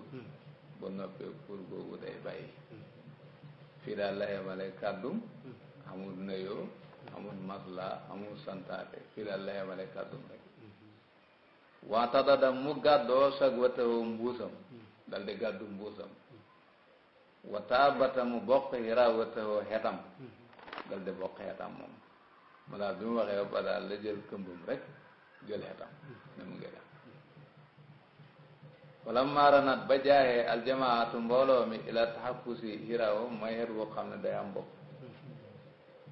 ko noppee pour googu day bàyyi fii daal la yemale kàddum amul nuyoo amul masla amul santaate fii daal la yemale kàddum rek waata dada mu gàddoo sag watawoo mbuusam dal di gàddu mbuusam wataa bata mu bokk yara watawoo xetam dal di bokk xetam moom mu daal bi mu waxee ba daal la jël këmbam rek jël xetam ne mu ngi def wala maaranaat ba jaayee aljamaatu mbooloo mi ila taxakkusi hiraawo mooy xeet boo xam ne day am bopp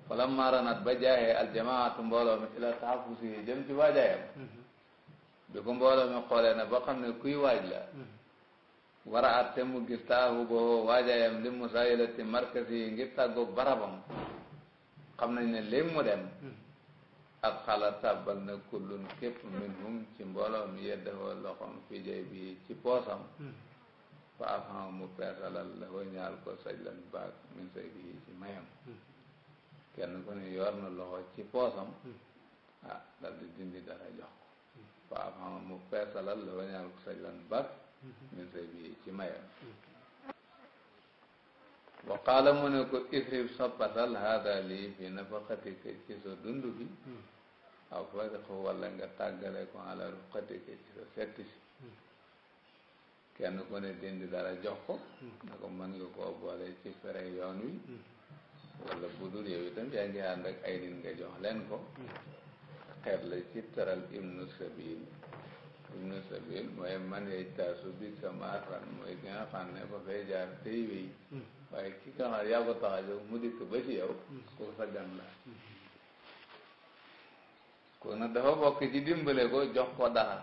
wala maaranaat ba jaayee aljamaatu mbooloo mi ila taxakkusi jëm ci waajaayam bi ko mbooloo mi boo ne xam ne kuy waaj la war a at te mu gis taahu boo waajaayam li musaayilati markasi ngir tàggoog barabam xam nañ ne léegi mu dem adxala tàbbal na kullun képp minhum ci mbooloo mi yeddewoo loxoom fi jay bi ci poosam hmm. fa mu peesalal la ko ñaal ko sajlan baag min say bi ci mayam hmm. kenn ku ne yor na loxo ci poosam hmm. ah dal di dindi dara jox ko mu peesalal la ko ñaal ko sajlan baag min say bi ci mayam wa qaala mu ne ko ifrib soppatal haada lii fi nafaqatika ci sa dund bi aw farixu walla nga tàggale ko ala rufqatika ci sa sett kenn ku ne dindi dara jox ko na ko mën nga koo boole ci fere wi walla bu dul yow itam yaa ngi ànd nga jox ko xeet la ci teral ibnu sabil ibnu sabil mooy man taasu bi kamaa fan mooy ko a jóg mu kon nag dafa bokk ci dimbale ko jox ko dara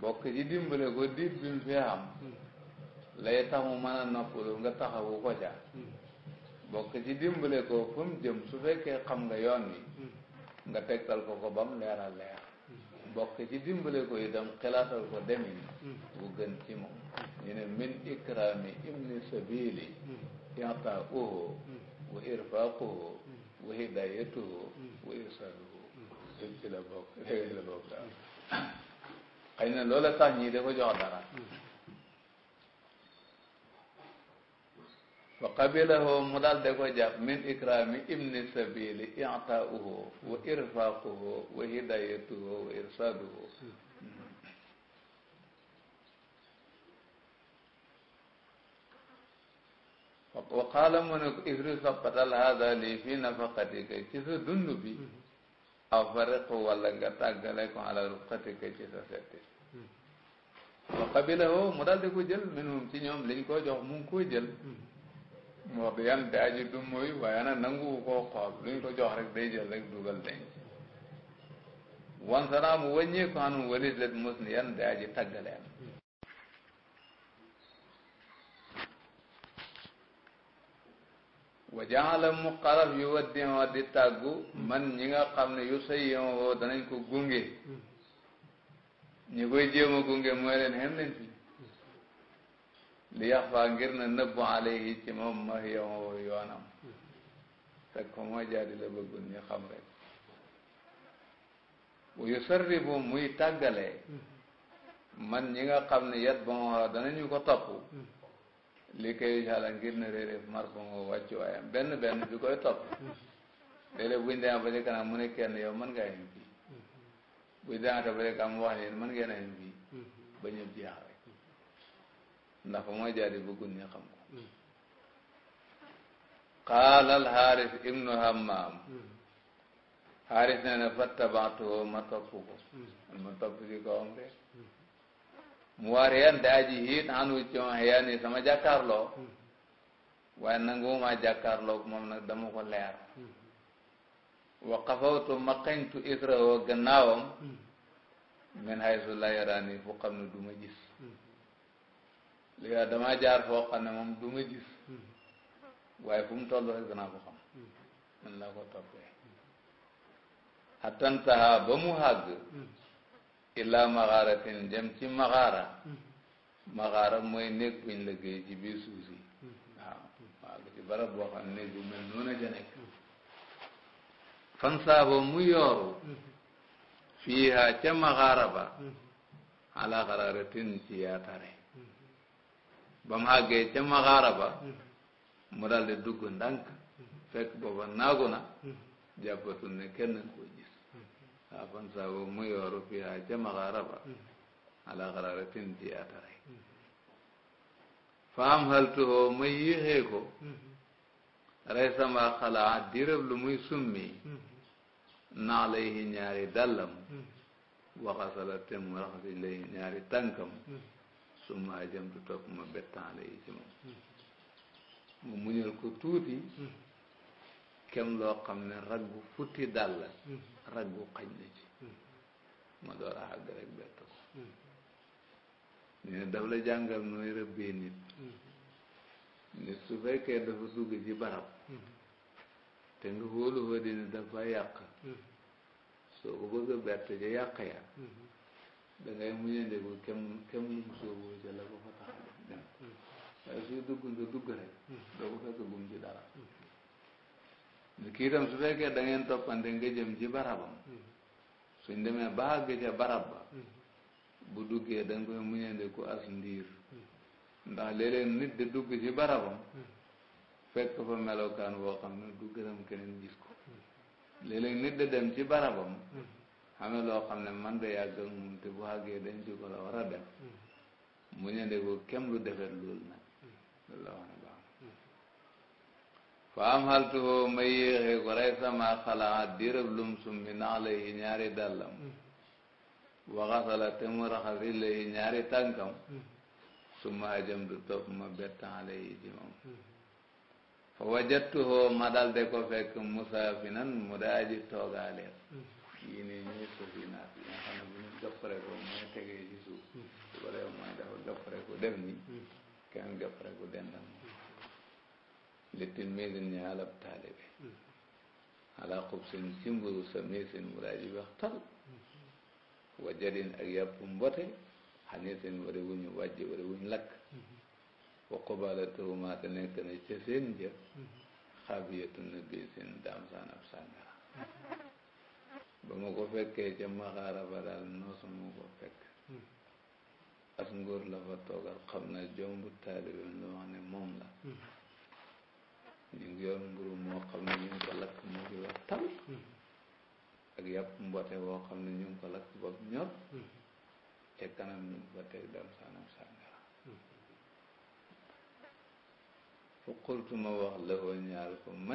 bokk ko diit bi mu fi am lay tax mu mën a noppalu nga taxawu ko ca bokk ci dimbale ko fu mu jëm su fekkee xam nga yoon wi nga tegtal ko ko ba mu leer a leer bokk ci dimbale ko itam xelaatal ko demin bu hmm. gën ci moom ñu ne min ikrami ibni sabili hmm. i'taaquhu hmm. wa irfaquhu wa hidayatuhu wa irsaluhu ci la bokk la bokk daal xëy na loola tax ñii da ko jox dara fa qabilahu mu daal de ko jàpp min ikrami ibni sabili i'taa'uhu wa irfaaquhu wa hidayatuhu wa irsaaduhu wa qaala mu ne ko ifri saqatal haada lii fi nafaqatika ci sa dund bi aw fariqu walla nga tàggale ko ala rufqatika ci sa setti wa qabilahu mu daal de ko jël minhum ci ñoom liñ koo jox mu ngi koo jël moo di yan daa ji du mooy waaye nag nanguwu koo xool lu ñu ko jox rek day jël rek dugal denc wan sanaa mu wàññee ko xanum walis let mos ni yan daa ji taggaleen wa jaxala mu xaraf yu waddimoo di tàggu man ñi nga xam ne yu sayyimoo danañ ko gunge hmm. ñi koy jéem a gunge mooy leen xem leen fi li yax ngir na nëbbu alayhi ci moom ma yow yoonam te ko moo jaadi la bëggul ñu xam rek bu yu bu muy tàggalee man ñi nga xam ne yat ba moo danañu ko topp li koy xala ngir na réeréef mar ba moo wàccu waayam benn benn bi koy topp léeg-léeg buñ demee ba ci kanam mu ne kenn yow mën ngaa yem fii buñ demee ba ci kanam wax leen mën ngeen a yem fii ba ñëpp ndax fa mooy jaari bëggun ñi xam ko hmm. qaala al xaaris ibnu hammaam xaaris hmm. nee na fattabaatuhu ma topp ko hmm. ma topp ci kawam rek mu waariyaan daa ji hiit anu ci waxyaan yi sama jàkkaarloo waaye nangu ma jàkkaarloo moom nag dama ko leer wa qafawtu ma xañtu israhu gannaawam min haysu la yarani fu xam ne du ma gis li nga damaa jaar foo ne moom du ma gis waaye fu mu toll rek danaa ko xam man laa ko toppee xattantaha ba mu xàgg illa maxaaratin jëm ci maxaara maxaara mooy néeg buñ liggéey ci biir suuf si waaw ci barab boo xam néeg bu mel fan saaba mu yooru fiiha ca maxaara ba ala xaraaratin ci yaatare ba mu àggee ca maxaara mu daldi dugg ndank fekk booba naagu na jàppatul ne kenn nga ko gis waa mu yooru fii haa ca maxaara ba ala xaraaratin ci atare faam xaltuhoo may yéexee ko rey sama xalaa dirab lu muy summi naa lay ñaari dàllam waxasala te mu raxasi lay ñaari tànkam su ma jëm du topp ma bettaale yi ci moom mu muñal ko tuuti kem loo xam ne raggu futti dal la raggu xañ na ci ma door a àgg rek bett ko ñu daf la jàngal nooy rëbbee nit nit su fekkee dafa dugg ci barab te nga hóolu fa dina dafa yàq soo ko bëgg a bett ca yàq ya dangay mujjandeku kenn kenn mu sóobu ca la ko fa tax dem waaye suy dugg nga dugg rek doo ko fekk gum ci dara kii itam su fekkee da ngeen toppante nga jëm ci barabam suñ demee ba àgg ca barab ba bu duggee da nga koy muñandeku as ndiir ndax léeg nit di dugg ci barabam fekk fa melokaan woo xam ne du gërëm keneen gis ko léeg nit di dem ci barabam xamee loo xam ne man de yàgg ak moom te bu àggee dañ ci ko la war a def mm-hmm. mu ñënde ko kem lu defet loolu nag mm-hmm. loolu la wax ne baax na fa am xaltuhoo ma yéexee ko rey lum summi nax la yi ñaari dàllam mm-hmm. waxasala te mu raxas yi la yi ñaari tànkam su ma ajam du topp ma bettan la yi ci moom fa wajattuhoo ma dal de ko fekk musaafinan mu daa aji toogaaleen yii nii ñuy suufi naat yi nga xam bu ñu gëppareeko mooy tegee ci suuf su ko def dafa gëppareeko def nii kenn gëppareeko dendal moom li tilmisin ñi alab taalibe alaa xub seen sa misin mu daa ak yàpp mbote xanii seen wari wuñu wàjj wari lakk mm-hmm. wa xubaale tuuma te nekk na ca mm-hmm. na bii daam saan ab sàngara ba ma ko fekkee ca maxaara ba daal noosu ma ko fekk hmm. as ngóor la fa toogal xam na jombu taalibe lu wax ne moom la hmm. ñu ngi yor mburu moo xam ne ñu ngi ko lakk mu ngi wax tal hmm. ak yàpp mbote woo xam ne ñu ngi ko lakk ba ñor ca kanam ñu ngi ko teg dam sàngara fu qultu wax la ñaar ko ma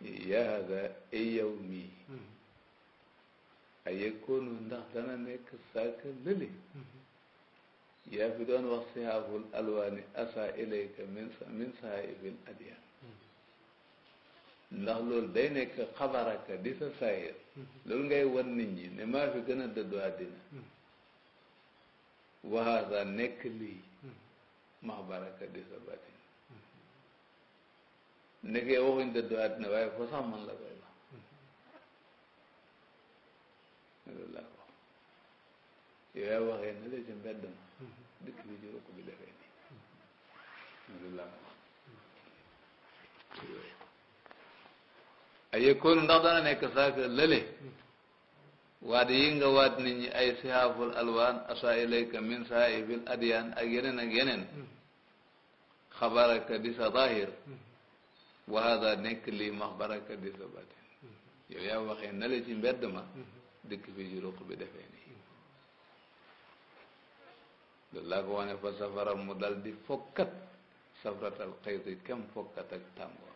yaada ay yow mii ay yëkkoonu ndax dana nekk saaka lële yaa fi doon wax sihaabul alwaani asa ilayka min min sahaibil adiyaan ndax loolu day nekk xabaraka di sa saayir loolu ngay wan nit ñi ne maa fi gën a dëddu àddina wahaasa nekk lii maxbaraka di sa bati nekkee waxuñ dëddu àddina waaye foo sax la koy wax loolu laa ko yow yaa waxee la ci mbedd ma dëkk bi ci rokk bi defee nii loolu laa ko ay yëkkoonu ndax dana nekk saaka lële waat yi nga waat nit ñi ay alwaan asa ilayka min sahaibil adiyaan ak yeneen ak yeneen xabaraka di sa zahir waxaada nekk lii max baraka di sa batin yow yaa waxee na ci mbedd ma dëkk bi juróoq bi defee nii loolu laa ko wane fa safara mu dal di fokkat safratal xëydi kem fokkat ak tàngoor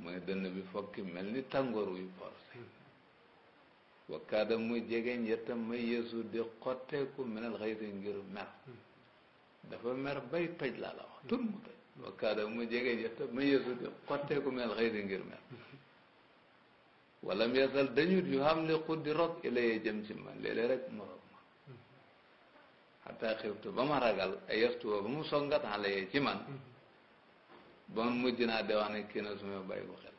mu ne dënn bi fokki mel ni tàngoor wuy forcé wakkaada mu jegeñ yettam may yeesu di xotteeku menal xëydi ngir mer dafa mer bay toj laa la wax tun mu toj wakkaada mu jege jëtta mu yeesu di xotteeku mel xëy di ngir mel wala mu yeesal dañut yu xam li xuddi rob ilayee jëm ci man léeg rek mu rob ma xataa xiftu ba ma ragal ay yestu ba mu songat xalayee ci man ba man mujj naa de wax ne kii na su ma bàyyi bu xel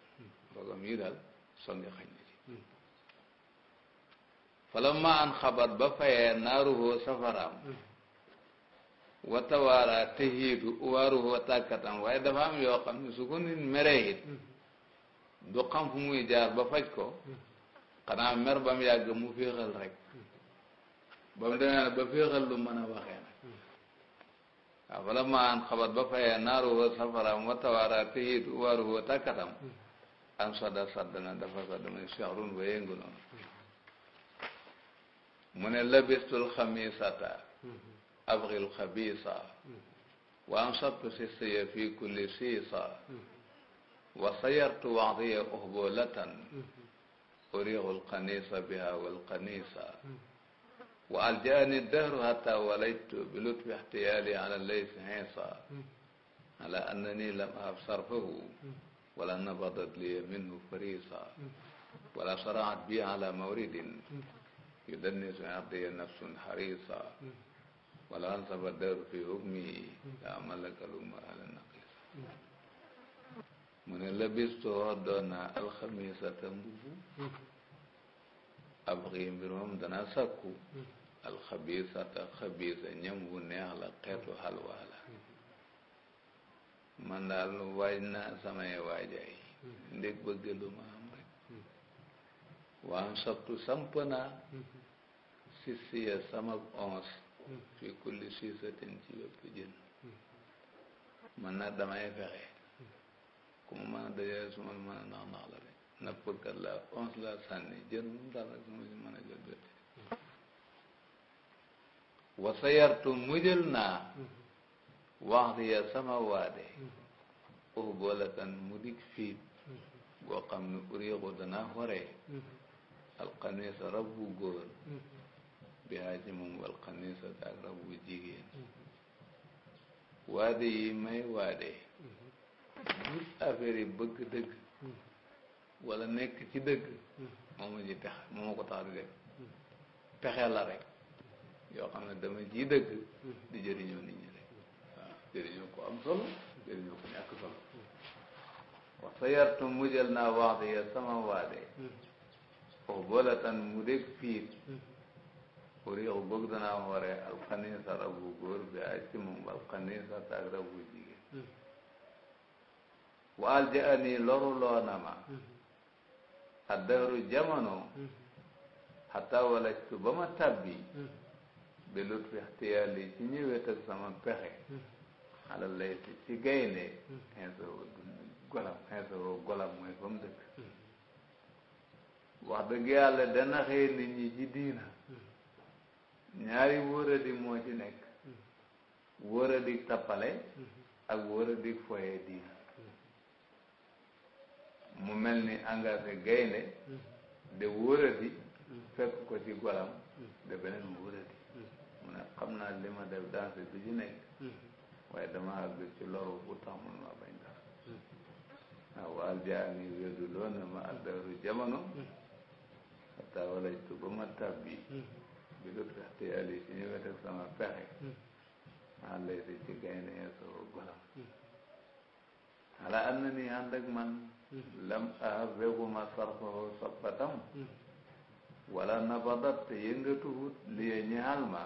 boogam yi daal ma an xabat ba fayee naaruhoo safaraam wata waara te hiitu waaru wa tàkkatam waaye dafa am yoo xam ne su ko du xam fu muy jaar ba faj ko xanaa mer ba mu yàgg mu féexal rek ba mu ba féexal lu mën a waxee nag waaw bala an xabat ba fayee naaru wa safaram wata waara te hiitu waaru wa tàkkatam am sadda sadda na dafa sadda muy seexrun ba yëngu noonu mu ne labistul xamisata abril xabiisa wa am sabtu sissiya fi kulli siisa wa sayartu waxdiya uhbulatan uriixul qaniisa biha wal qaniisa wa aljaani dahru hatta walajtu bi lutfi ixtiyaali ala laysi xiisa ala annani lam ahab sarfahu wala nabadat liya minhu farisa wala saraat bi ala mawridin yudannisu ardiya nafsun xarisa wala an saba dëru fi hukmi daa malakalu ma ala naqli mu ne labistu doon naa alxamisata mbubu ab xii mbir moom dana sakku alxabisata xabisa ñam wu neex la xeetu xalwa la man daal waaj naa samay waajaay ndég bëgg lu ma am rek waam sabtu samp naa sisiya samak onze fi kulli siisatin ci bépp jën man hmm. nag damay fexe hmm. ku ma mën a dajale su ma mën a nax nax la de nappkat la onze la sànni jën moom daal nag mu si mën a jot jot hmm. wa sayartu mujjal naa waxtu ya sama waade ux boolatan mu dig fiit boo xam ne uriixu danaa xoree alxamis rab bu góor bihaa ci wal xanisata ak rab jigéen mm-hmm. waade yi may waade jur mm-hmm. affaire bëgg dëgg mm-hmm. wala nekk ci dëgg moom ma ji pexe moom ma ko tax di def pexe la rek yoo xam ne dama ji dëgg di jëriñoo nit ñi rek waaw ko am solo jëriñoo ko ñàkk solo wax sa yartu naa wax ya sama waade o mu dég fiit pour yow bëgg danaa waree ak xaniisa rabu góor bi ay ci moom ak xaniisa ak rabu jigéen waal ja ani loru loona ma addahru jamono xataa walajtu ba ma tabbi bi lut fi ixtiyaali ci ñëwet sama pexe hmm. ala layti ci gaynde xinsa hmm. woo golam xinsa woo golam mooy dëkk hmm. wax dëgg yàlla dana xëy ñi ci diina ñaari wóoradi moo ci nekk wóoradi tappale ak wóoradi foye diir mu mel ni engagé gaynde de wóoradi fekk ko ci golam de beneen wóoradi mu ne xam naa li ma def danse bi ci nekk waaye dama àgg ci loru bu tax mun ma bañ dara waaw waal wéedu loon na ma addaru jamono xataa wala ba ma tabbi bi du testi ali ci ñu nga teg sama pexe maa hmm. lay ci gaynde ya soo golam hmm. ala am na ni ànd ak man hmm. lam ahab beguma sarfahu sabbatam wala nabadat te yëngatuwut li ye ñaal ma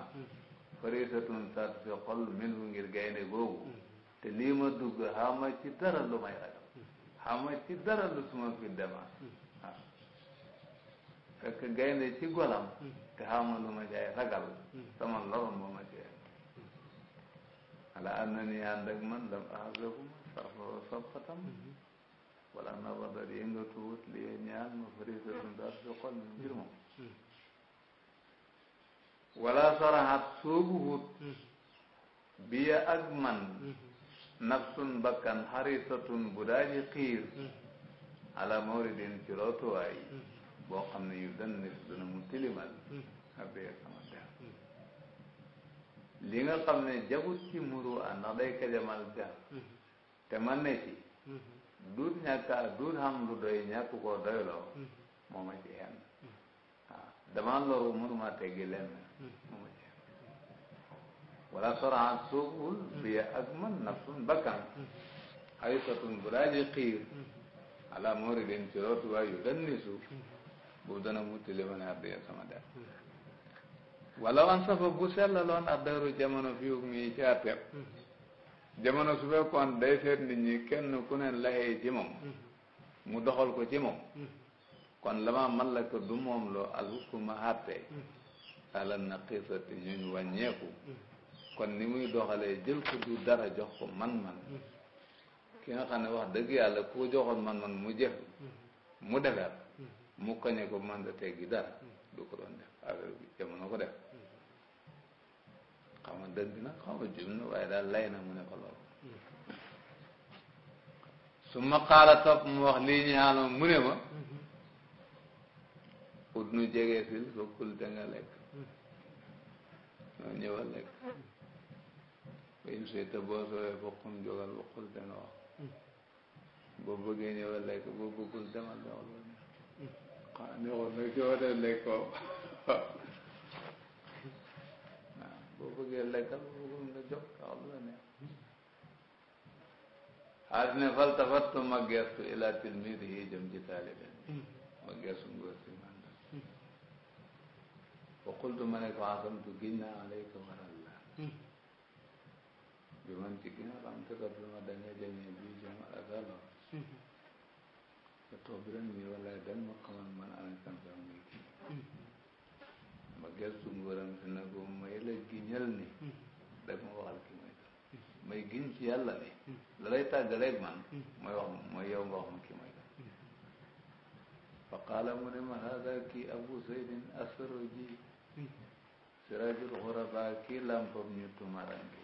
faritatun sat si xol minhu ngir gaynde googu te lii dugg dugg xama ci dara lu may ragal xama ci dara lu suma fi dema fekk gaynde ci golam mm-hmm. te xawma lu ma jaay ragal mm-hmm. sama lorom ba ma jeex mm-hmm. ala am na ni ànd ak man lam ahasabuma sarfoo soppatam wala nabadat yëngatuwut li ñaan ma farisatum daal si xol mi mbir moom wala saraxat soobuwut biya ak man nafsun bakkan xarisatun bu daaji xiir ala mawridin ci rootuwaay boo xam ne yu dan nit dana mu tilimal xabee hmm. sama hmm. nga xam ne jagut ci muru a ndax day kajamal der hmm. te man ne ci duut ñàkka duut xam lu doy ñàkk koo doyloo moo ma ci hen waaw dama loru mënuma teggi lenn moo ma ci hen wala soraat suuful biya ak man nafsun bakkan xaysatun bu daaji xiir ala moridin ci rootuwaay yu dan nisu boobu dana mutti li ma ne addiya sama der wala wan safa bu sellaloon addaru jamono fi hukm yi ci atteb jamono su fekkoon day seet nit ñi kenn ku ne laxee ci moom mu doxal ko ci moom kon lama mallaka du moom loo alxukuma àtte ala naqisati ñuñ wàññeeku kon ni muy doxalee jël ko du dara jox ko man-man ki nga xam ne wax dëgg yàlla ku ko joxoon man-man mu jëf mu defeer mu koñe ko man da teggi dara du ko doon def affaire bi jamono ko def xam nga dëgg na xam nga jum na waaye daal lay na mu ne ko lool su ma xaala topp mu wax lii ñaanoon mu ne ma ut nu jege sil fa kul da nga lekk noo ñëwal lekk ba im te boo nga wax boo bëggee ñëwal lekk boo bëggul demal demal waaw ne woon nag ci war a lekkoo waaw boo bëggee lekkal boo bëggul nga jox waaw lu la neex xaalis ne fal tafattu ma gestu ila tilmidi yi jëm ci taalibe ma gestu ngóor si manda wa qultu ma ne ko asamtu giñ naa alayka waral la bi man ci gën a xam te ko bi ma dañoo jëmee bii jëm ak aloo toog bi ren mii ma xamal man ana kan sama muy kii ma gëstu nguuram si ne ko may la giñal ni rek ma waxal ki may may giñ ci yàlla ni la lay tàggaleeg man mooy wax mooy yow nga wax ma ki may fa qaala mu ne ma haada kii abu zaydin asoro ji sirajul xuraba kii lampam ñu tumarange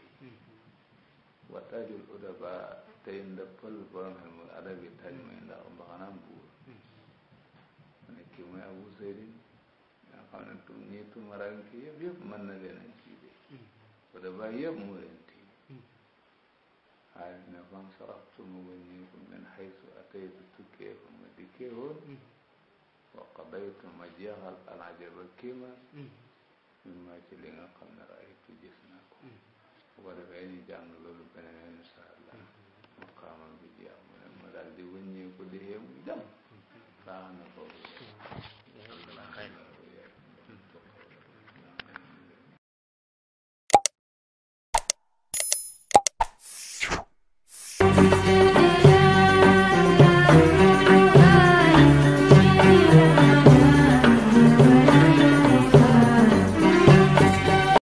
wa taajul udaba tey ndëppal borom xel mu adabi taaj mooy ndax mbaxanaam buur mu ne kii mooy abu sëriñ nga xam ne tum ñii tumaranke yëpp yëpp mën na leen a jiite udaba yëpp mu leen tii xaalis ne fan saraftu ma wëññeeku min xaysu ataytu tukkee fa ma dikkee woon wa qadaytu ma jeexal alajaba kiima min ma ci li nga ne raaytu gis bu ko defee ñu lu loolu beneen incha allah mm-hmm. maqaamam bi jeex mu ne ma daal di wëññeeku di yemu dem mm-hmm. foofu